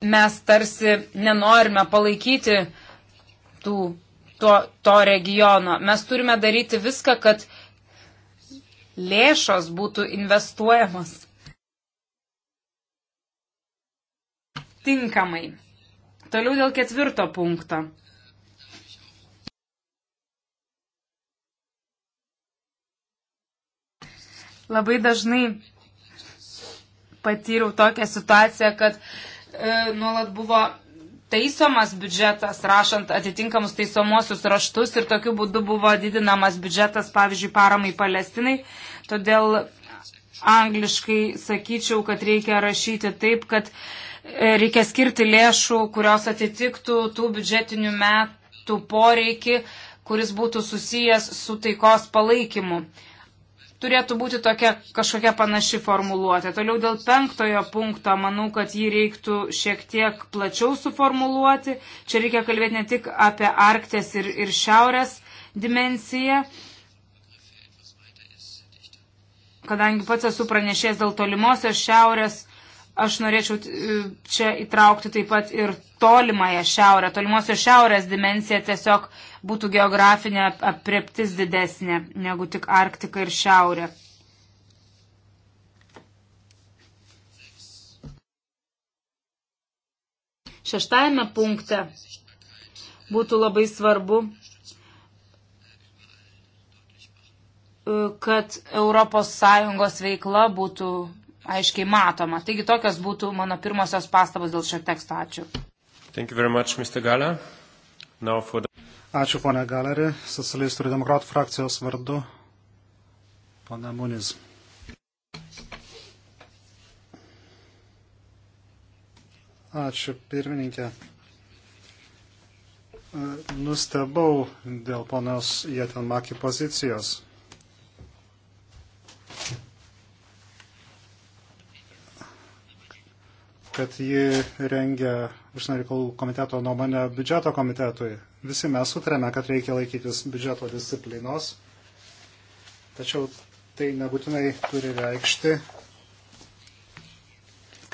mes tarsi nenorime palaikyti tų, to, to regiono. Mes turime daryti viską, kad lėšos būtų investuojamos tinkamai. Toliau dėl ketvirto punkto. Labai dažnai patyriau tokią situaciją, kad E, nuolat buvo taisomas biudžetas, rašant atitinkamus taisomosius raštus ir tokiu būdu buvo didinamas biudžetas, pavyzdžiui, paramai Palestinai. Todėl angliškai sakyčiau, kad reikia rašyti taip, kad e, reikia skirti lėšų, kurios atitiktų tų biudžetinių metų poreikį, kuris būtų susijęs su taikos palaikymu turėtų būti tokia kažkokia panaši formuluotė. Toliau dėl penktojo punkto, manau, kad jį reiktų šiek tiek plačiau suformuluoti. Čia reikia kalbėti ne tik apie Arktės ir, ir Šiaurės dimensiją, kadangi pats esu pranešęs dėl tolimosios Šiaurės Aš norėčiau e, čia įtraukti taip pat ir tolimąją šiaurę. Tolimosios šiaurės dimencija tiesiog būtų geografinė apreptis didesnė negu tik Arktika ir šiaurė. Šeštajame punkte būtų labai svarbu, e, kad ES veikla būtų aiškiai matoma. Taigi tokios būtų mano pirmosios pastabos dėl šio teksto. Ačiū. Much, the... Ačiū, ponė Galerį, socialistų ir demokratų frakcijos vardu. Pana Muniz. Ačiū, pirmininkė. Nustebau dėl ponios Jėtenmaki pozicijos kad ji rengia užsienio reikalų komiteto nuomonę biudžeto komitetui. Visi mes sutarėme, kad reikia laikytis biudžeto disciplinos, tačiau tai nebūtinai turi reikšti,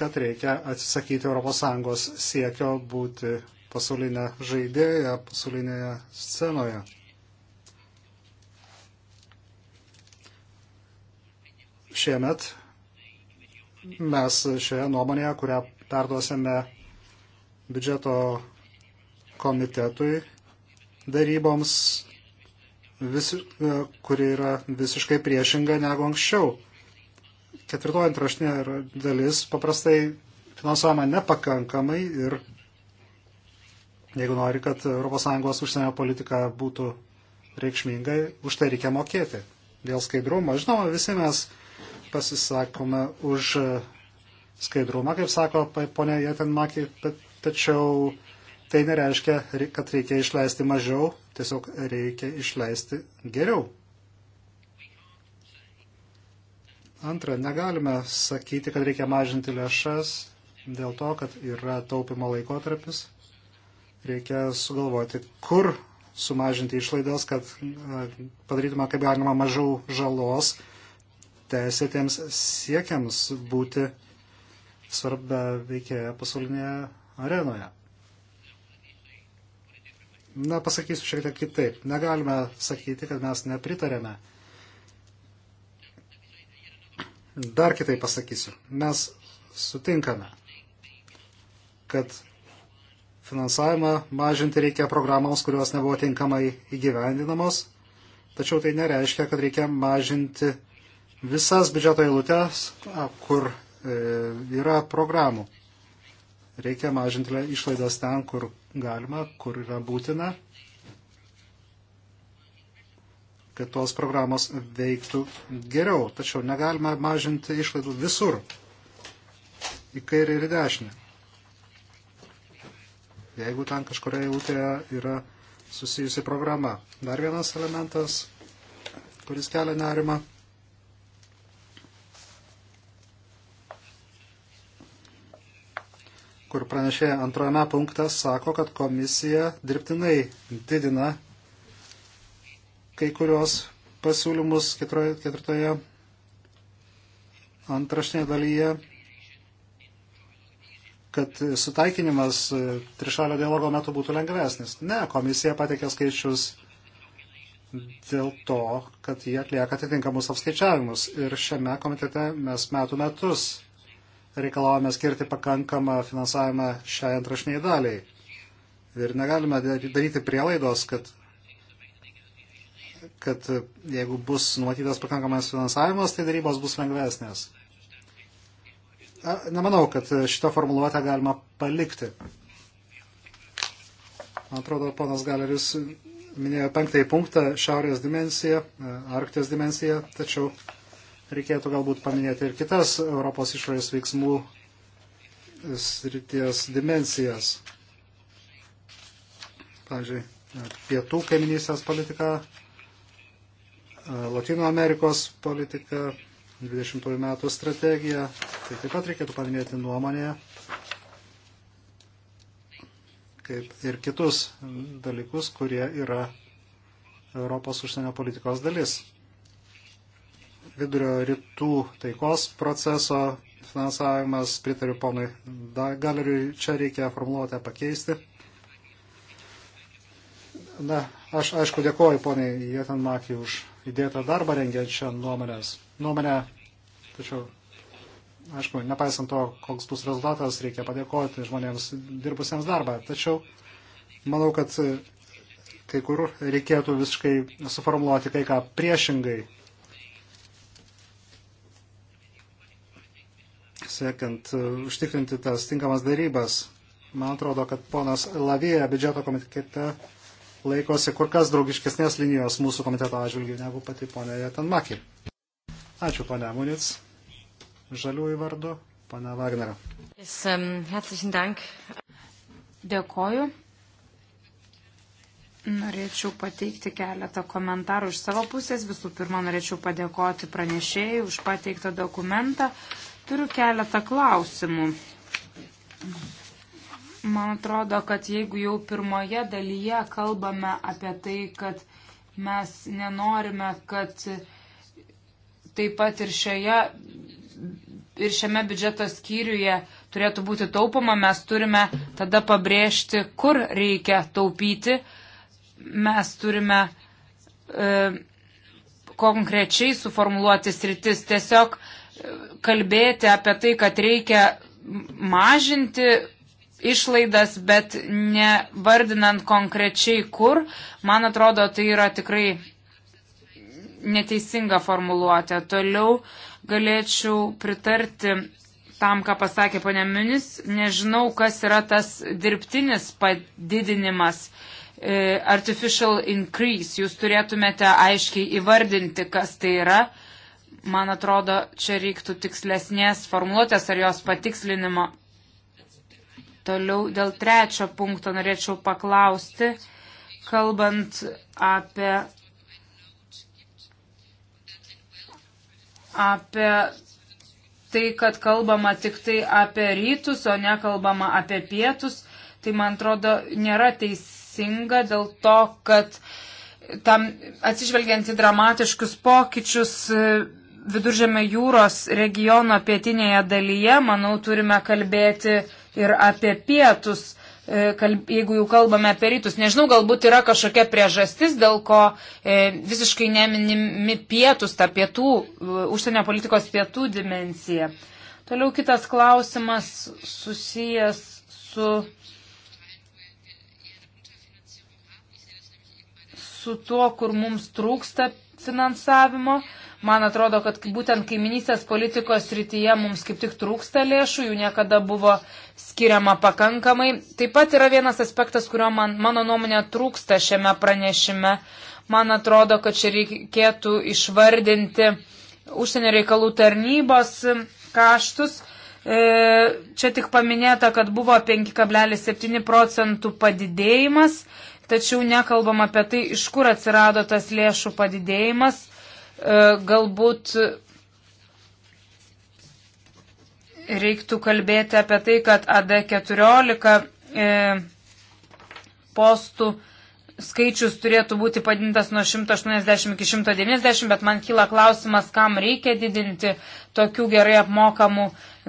kad reikia atsisakyti ES siekio būti pasaulinė žaidėja, pasaulinėje scenoje. Šiemet mes šioje nuomonėje, kurią perduosime biudžeto komitetui daryboms, vis, e, kuri yra visiškai priešinga negu anksčiau. Ketvirtoji antrašinė dalis paprastai finansuojama nepakankamai ir jeigu nori, kad ES užsienio politika būtų reikšmingai, už tai reikia mokėti. Dėl skaidrumo, žinoma, visi mes pasisakome už skaidrumą, kaip sako ponia Jetenmaki, tačiau tai nereiškia, kad reikia išleisti mažiau, tiesiog reikia išleisti geriau. Antra, negalime sakyti, kad reikia mažinti lėšas dėl to, kad yra taupimo laikotarpis. Reikia sugalvoti, kur sumažinti išlaidas, kad padarytume kaip galima mažiau žalos teisėtiems siekiams būti svarbę veikėją pasaulinėje arenoje. Na, pasakysiu šiek tiek kitaip. Negalime sakyti, kad mes nepritarėme. Dar kitaip pasakysiu. Mes sutinkame, kad finansavimą mažinti reikia programoms, kurios nebuvo tinkamai įgyvendinamos, tačiau tai nereiškia, kad reikia mažinti visas biudžeto eilutes, kur E, yra programų. Reikia mažinti išlaidas ten, kur galima, kur yra būtina, kad tos programos veiktų geriau. Tačiau negalima mažinti išlaidų visur, į kairę ir į dešinę. Jeigu ten kažkurioje eilutėje yra susijusi programa. Dar vienas elementas, kuris kelia nerimą. kur pranešė antrame punkte, sako, kad komisija dirbtinai didina kai kurios pasiūlymus ketvirtoje antraštinėje dalyje, kad sutaikinimas trišalio dialogo metu būtų lengvesnis. Ne, komisija patikė skaičius dėl to, kad jie atlieka atitinkamus apskaičiavimus. Ir šiame komitete mes metų metus reikalavome skirti pakankamą finansavimą šiai antrašniai daliai. Ir negalime daryti prielaidos, kad, kad jeigu bus numatytas pakankamas finansavimas, tai darybos bus lengvesnės. A, nemanau, kad šitą formuluotę galima palikti. Man atrodo, ponas Galeris minėjo penktąjį punktą, šiaurės dimensiją, Arktijos dimensiją, tačiau Reikėtų galbūt paminėti ir kitas Europos išorės veiksmų srities dimensijas. Pavyzdžiui, pietų kaiminystės politika, Latino Amerikos politika, 20 metų strategija. Tai taip pat reikėtų paminėti nuomonėje, kaip ir kitus dalykus, kurie yra Europos užsienio politikos dalis vidurio rytų taikos proceso finansavimas, pritariu ponui Galeriui, čia reikia formuluotę pakeisti. Na, aš aišku dėkoju poniai Jėtanmakį už įdėtą darbą rengiant šią nuomonės. Nuomonę, tačiau, aišku, nepaisant to, koks bus rezultatas, reikia padėkoti žmonėms dirbusiems darbą. Tačiau, manau, kad kai kur reikėtų visiškai suformuoluoti kai ką priešingai siekiant e, užtikrinti tas tinkamas darybas. Man atrodo, kad ponas Lavija biudžeto komitete laikosi kur kas draugiškesnės linijos mūsų komiteto atžvilgių negu pati ponė Jatanmaki. Ačiū ponė Munic, žaliųjų vardu, ponė Wagner. Um, Dėkoju. Norėčiau pateikti keletą komentarų iš savo pusės. Visų pirma, norėčiau padėkoti pranešėjai už pateiktą dokumentą. Turiu keletą klausimų. Man atrodo, kad jeigu jau pirmoje dalyje kalbame apie tai, kad mes nenorime, kad taip pat ir, šioje, ir šiame biudžeto skyriuje turėtų būti taupoma, mes turime tada pabrėžti, kur reikia taupyti. Mes turime. E, konkrečiai suformuluoti sritis, tiesiog e, kalbėti apie tai, kad reikia mažinti išlaidas, bet nevardinant konkrečiai kur, man atrodo, tai yra tikrai neteisinga formuluotė. Toliau galėčiau pritarti tam, ką pasakė ponė Minis, nežinau, kas yra tas dirbtinis padidinimas. E, artificial increase. Jūs turėtumėte aiškiai įvardinti, kas tai yra. Man atrodo, čia reiktų tikslesnės formuluotės ar jos patikslinimo. Toliau dėl trečio punkto norėčiau paklausti, kalbant apie, apie tai, kad kalbama tik tai apie rytus, o nekalbama apie pietus tai man atrodo nėra teis, ambicinga dėl to, kad tam atsižvelgiant į dramatiškus pokyčius e, viduržėme jūros regiono pietinėje dalyje, manau, turime kalbėti ir apie pietus e, jeigu jau kalbame apie rytus, nežinau, galbūt yra kažkokia priežastis, dėl ko e, visiškai neminimi pietus, ta pietų, užsienio politikos pietų dimencija. Toliau kitas klausimas susijęs su su tuo, kur mums trūksta finansavimo. Man atrodo, kad būtent kaiminystės politikos rytyje mums kaip tik trūksta lėšų, jų niekada buvo skiriama pakankamai. Taip pat yra vienas aspektas, kurio man, mano nuomonė trūksta šiame pranešime. Man atrodo, kad čia reikėtų išvardinti užsienio reikalų tarnybos kaštus. E, čia tik paminėta, kad buvo 5,7 procentų padidėjimas tačiau nekalbam apie tai, iš kur atsirado tas lėšų padidėjimas. E, galbūt reiktų kalbėti apie tai, kad AD14 e, postų skaičius turėtų būti padintas nuo 180 iki 190, bet man kyla klausimas, kam reikia didinti tokių gerai apmokamų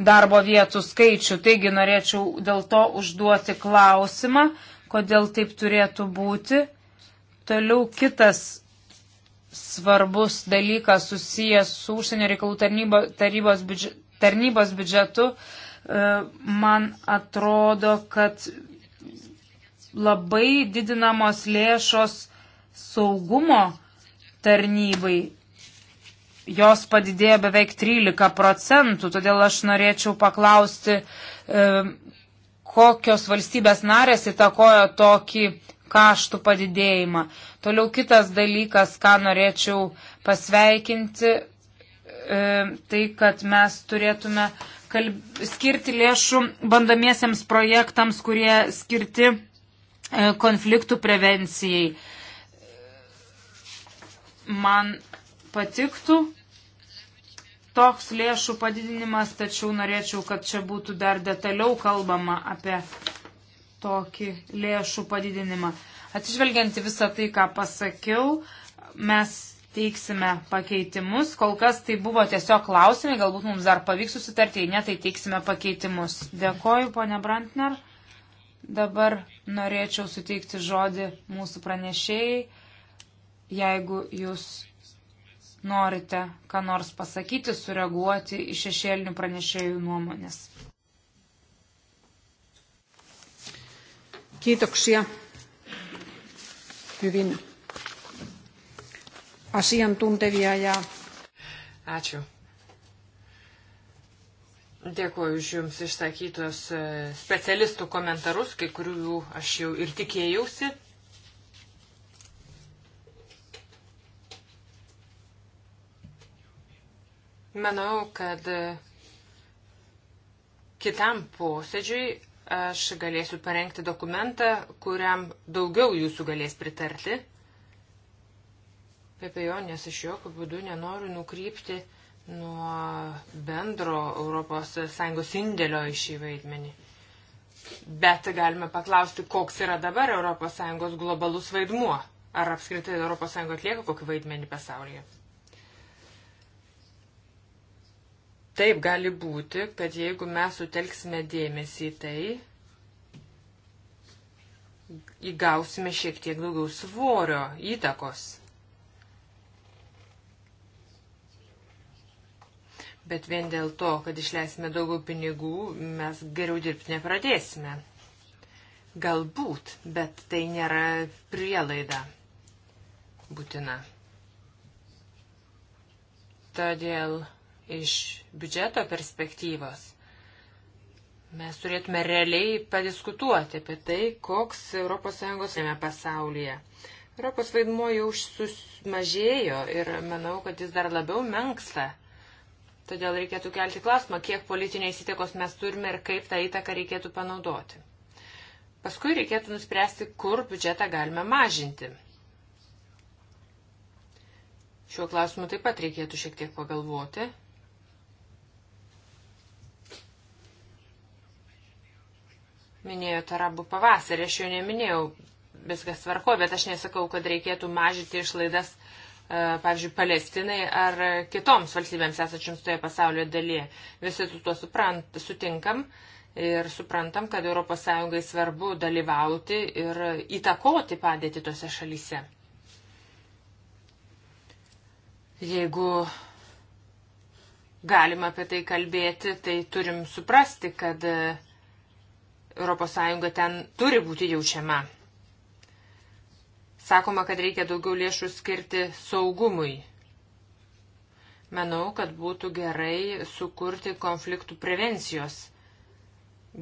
darbo vietų skaičių. Taigi norėčiau dėl to užduoti klausimą, kodėl taip turėtų būti. Toliau kitas svarbus dalykas susijęs su užsienio reikalų tarnybo, tarybos, biudž, tarnybos biudžetu. E, man atrodo, kad labai didinamos lėšos saugumo tarnybai. Jos padidėjo beveik 13 procentų, todėl aš norėčiau paklausti, e, kokios valstybės narės įtakojo tokį kaštų padidėjimą. Toliau kitas dalykas, ką norėčiau pasveikinti, e, tai kad mes turėtume kalb... skirti lėšų bandamiesiems projektams, kurie skirti e, konfliktų prevencijai. Man patiktų, toks lėšų padidinimas, tačiau norėčiau, kad čia būtų dar detaliau kalbama apie tokį lėšų padidinimą. Atsižvelgianti visą tai, ką pasakiau, mes teiksime pakeitimus. Kol kas tai buvo tiesiog klausimai, galbūt mums dar pavyks susitarti, jei ne, tai teiksime pakeitimus. Dėkoju, ponia Brantner. Dabar norėčiau suteikti žodį mūsų pranešėjai, jeigu jūs norite ką nors pasakyti, sureaguoti į šešėlinių pranešėjų nuomonės. Kiitoksia. Hyvin asiantuntevia ja. Ačiū. Dėkuoju už Jums išsakytos e, specialistų komentarus, kai kurių aš jau ir tikėjausi. Manau, kad e, kitam posėdžiui aš galėsiu parengti dokumentą, kuriam daugiau jūsų galės pritarti. Be abejo, nes aš jokių būdų nenoriu nukrypti nuo bendro ES indėlio į šį vaidmenį. Bet galime paklausti, koks yra dabar ES globalus vaidmuo. Ar apskritai ES atlieka kokį vaidmenį pasaulyje? Taip gali būti, kad jeigu mes sutelksime dėmesį į tai, įgausime šiek tiek daugiau svorio, įtakos. Bet vien dėl to, kad išleisime daugiau pinigų, mes geriau dirbti nepradėsime. Galbūt, bet tai nėra prielaida būtina. Todėl iš biudžeto perspektyvos mes turėtume realiai padiskutuoti apie tai, koks ES yra pasaulyje. Europos vaidmuo jau sumažėjo ir manau, kad jis dar labiau menksta. Todėl reikėtų kelti klausimą, kiek politinės įtakos mes turime ir kaip tą įtaką reikėtų panaudoti. Paskui reikėtų nuspręsti, kur biudžetą galime mažinti. Šiuo klausimu taip pat reikėtų šiek tiek pagalvoti Minėjote arabų pavasarį, aš jo neminėjau, viskas tvarko, bet aš nesakau, kad reikėtų mažyti išlaidas, e, pavyzdžiui, Palestinai ar kitoms valstybėms esančiams toje pasaulio dalyje. Visi su tuo suprant, sutinkam ir suprantam, kad ES svarbu dalyvauti ir įtakoti padėti tose šalyse. Jeigu galima apie tai kalbėti, tai turim suprasti, kad uh, ES ten turi būti jaučiama. Sakoma, kad reikia daugiau lėšų skirti saugumui. Manau, kad būtų gerai sukurti konfliktų prevencijos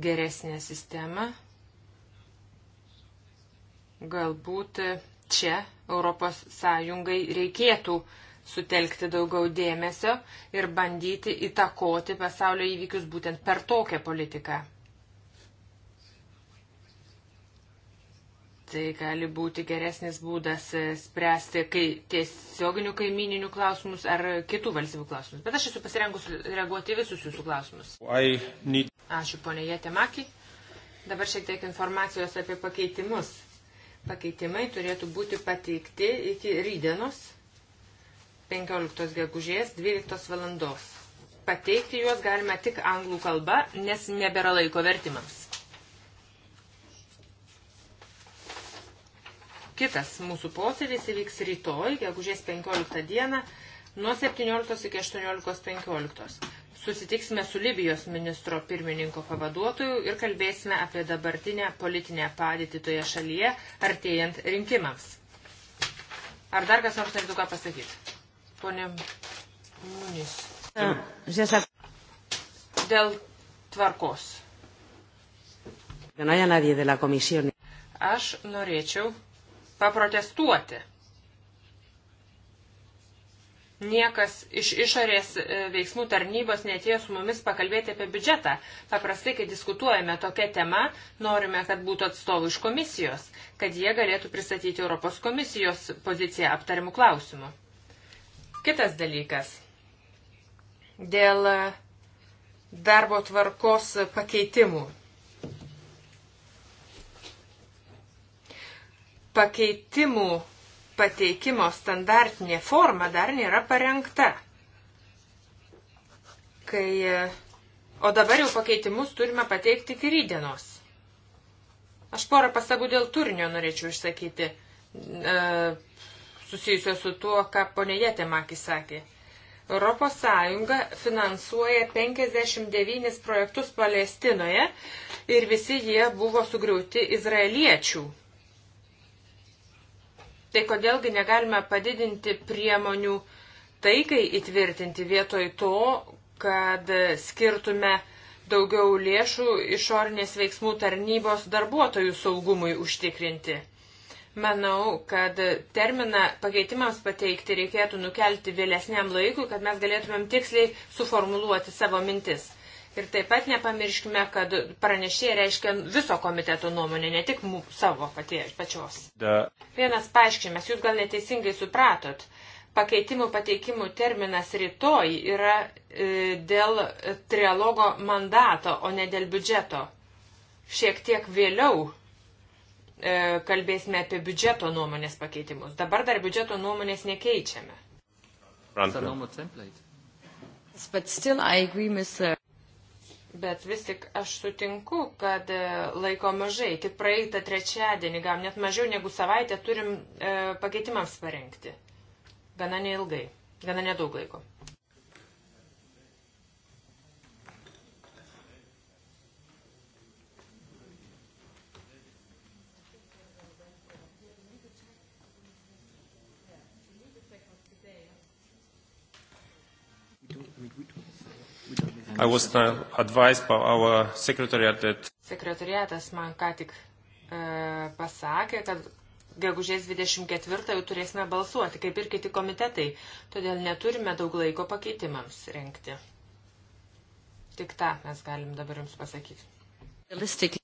geresnę sistemą. Galbūt čia ES reikėtų sutelkti daugiau dėmesio ir bandyti įtakoti pasaulio įvykius būtent per tokią politiką. Tai gali būti geresnis būdas e, spręsti kai tiesioginių kaimininių klausimus ar kitų valstybių klausimus. Bet aš esu pasirengus reaguoti visus jūsų klausimus. Need... Ačiū, ponė Jėtemaki. Dabar šiek tiek informacijos apie pakeitimus. Pakeitimai turėtų būti pateikti iki rydienos 15 gegužės 12 valandos. Pateikti juos galima tik anglų kalba, nes nebėra laiko vertimams. Kitas mūsų posėdis įvyks rytoj, gegužės 15 dieną, nuo 17 iki 18.15. Susitiksime su Libijos ministro pirmininko pavaduotoju ir kalbėsime apie dabartinę politinę padėtį toje šalyje, artėjant rinkimams. Ar dar kas nors norėtų ką pasakyti? Pone Munis. Dėl tvarkos. Aš norėčiau paprotestuoti. Niekas iš išorės e, veiksmų tarnybos netėjo su mumis pakalbėti apie biudžetą. Paprastai, kai diskutuojame tokią temą, norime, kad būtų atstovų iš komisijos, kad jie galėtų pristatyti Europos komisijos poziciją aptarimų klausimų. Kitas dalykas. Dėl darbo tvarkos pakeitimų pakeitimų pateikimo standartinė forma dar nėra parengta. Kai, o dabar jau pakeitimus turime pateikti iki rydienos. Aš porą pastabų dėl turinio norėčiau išsakyti, e, susijusio su tuo, ką ponė Jėtemakis sakė. Europos Sąjunga finansuoja 59 projektus Palestinoje ir visi jie buvo sugriauti izraeliečių Tai kodėlgi negalime padidinti priemonių taikai įtvirtinti vietoj to, kad skirtume daugiau lėšų išorinės veiksmų tarnybos darbuotojų saugumui užtikrinti. Manau, kad terminą pakeitimams pateikti reikėtų nukelti vėlesniam laikui, kad mes galėtumėm tiksliai suformuluoti savo mintis. Ir taip pat nepamirškime, kad pranešė reiškia viso komiteto nuomonę, ne tik mū, savo paties, pačios. Da. Vienas paaiškinimas, jūs gal neteisingai supratot, pakeitimų pateikimų terminas rytoj yra e, dėl trialogo mandato, o ne dėl biudžeto. Šiek tiek vėliau e, kalbėsime apie biudžeto nuomonės pakeitimus. Dabar dar biudžeto nuomonės nekeičiame. But still I agree, Mr. Bet vis tik aš sutinku, kad e, laiko mažai. Iki praeitą trečiadienį, gal net mažiau negu savaitę, turim e, pakeitimams parengti. Gana neilgai, gana nedaug laiko. That... Sekretariatas man ką tik e, pasakė, kad gegužės 24 jau turėsime balsuoti, kaip ir kiti komitetai, todėl neturime daug laiko pakeitimams renkti. Tik tą mes galim dabar jums pasakyti. Realistik.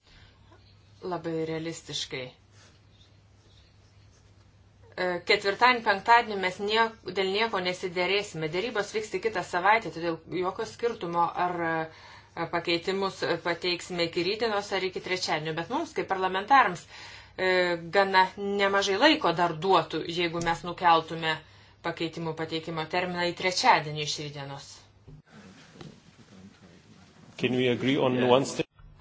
Labai realistiškai. E, ketvirtadienį, penktadienį mes niek, dėl nieko nesiderėsime. Dėrybos vyks tik kitą savaitę, todėl jokio skirtumo ar e, pakeitimus pateiksime iki rytinos ar iki trečiadienio. Bet mums, kaip parlamentarams, e, gana nemažai laiko dar duotų, jeigu mes nukeltume pakeitimų pateikimo terminą į trečiadienį iš rydienos.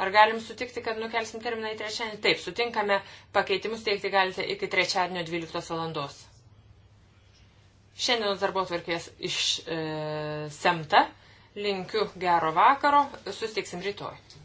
Ar galim sutikti, kad nukelsim terminą į trečiadienį? Taip, sutinkame, pakeitimus teikti galite iki trečiadienio 12 valandos. Šiandienos darbo tvarkės išsemta. E, semta. Linkiu gero vakaro, susitiksim rytoj.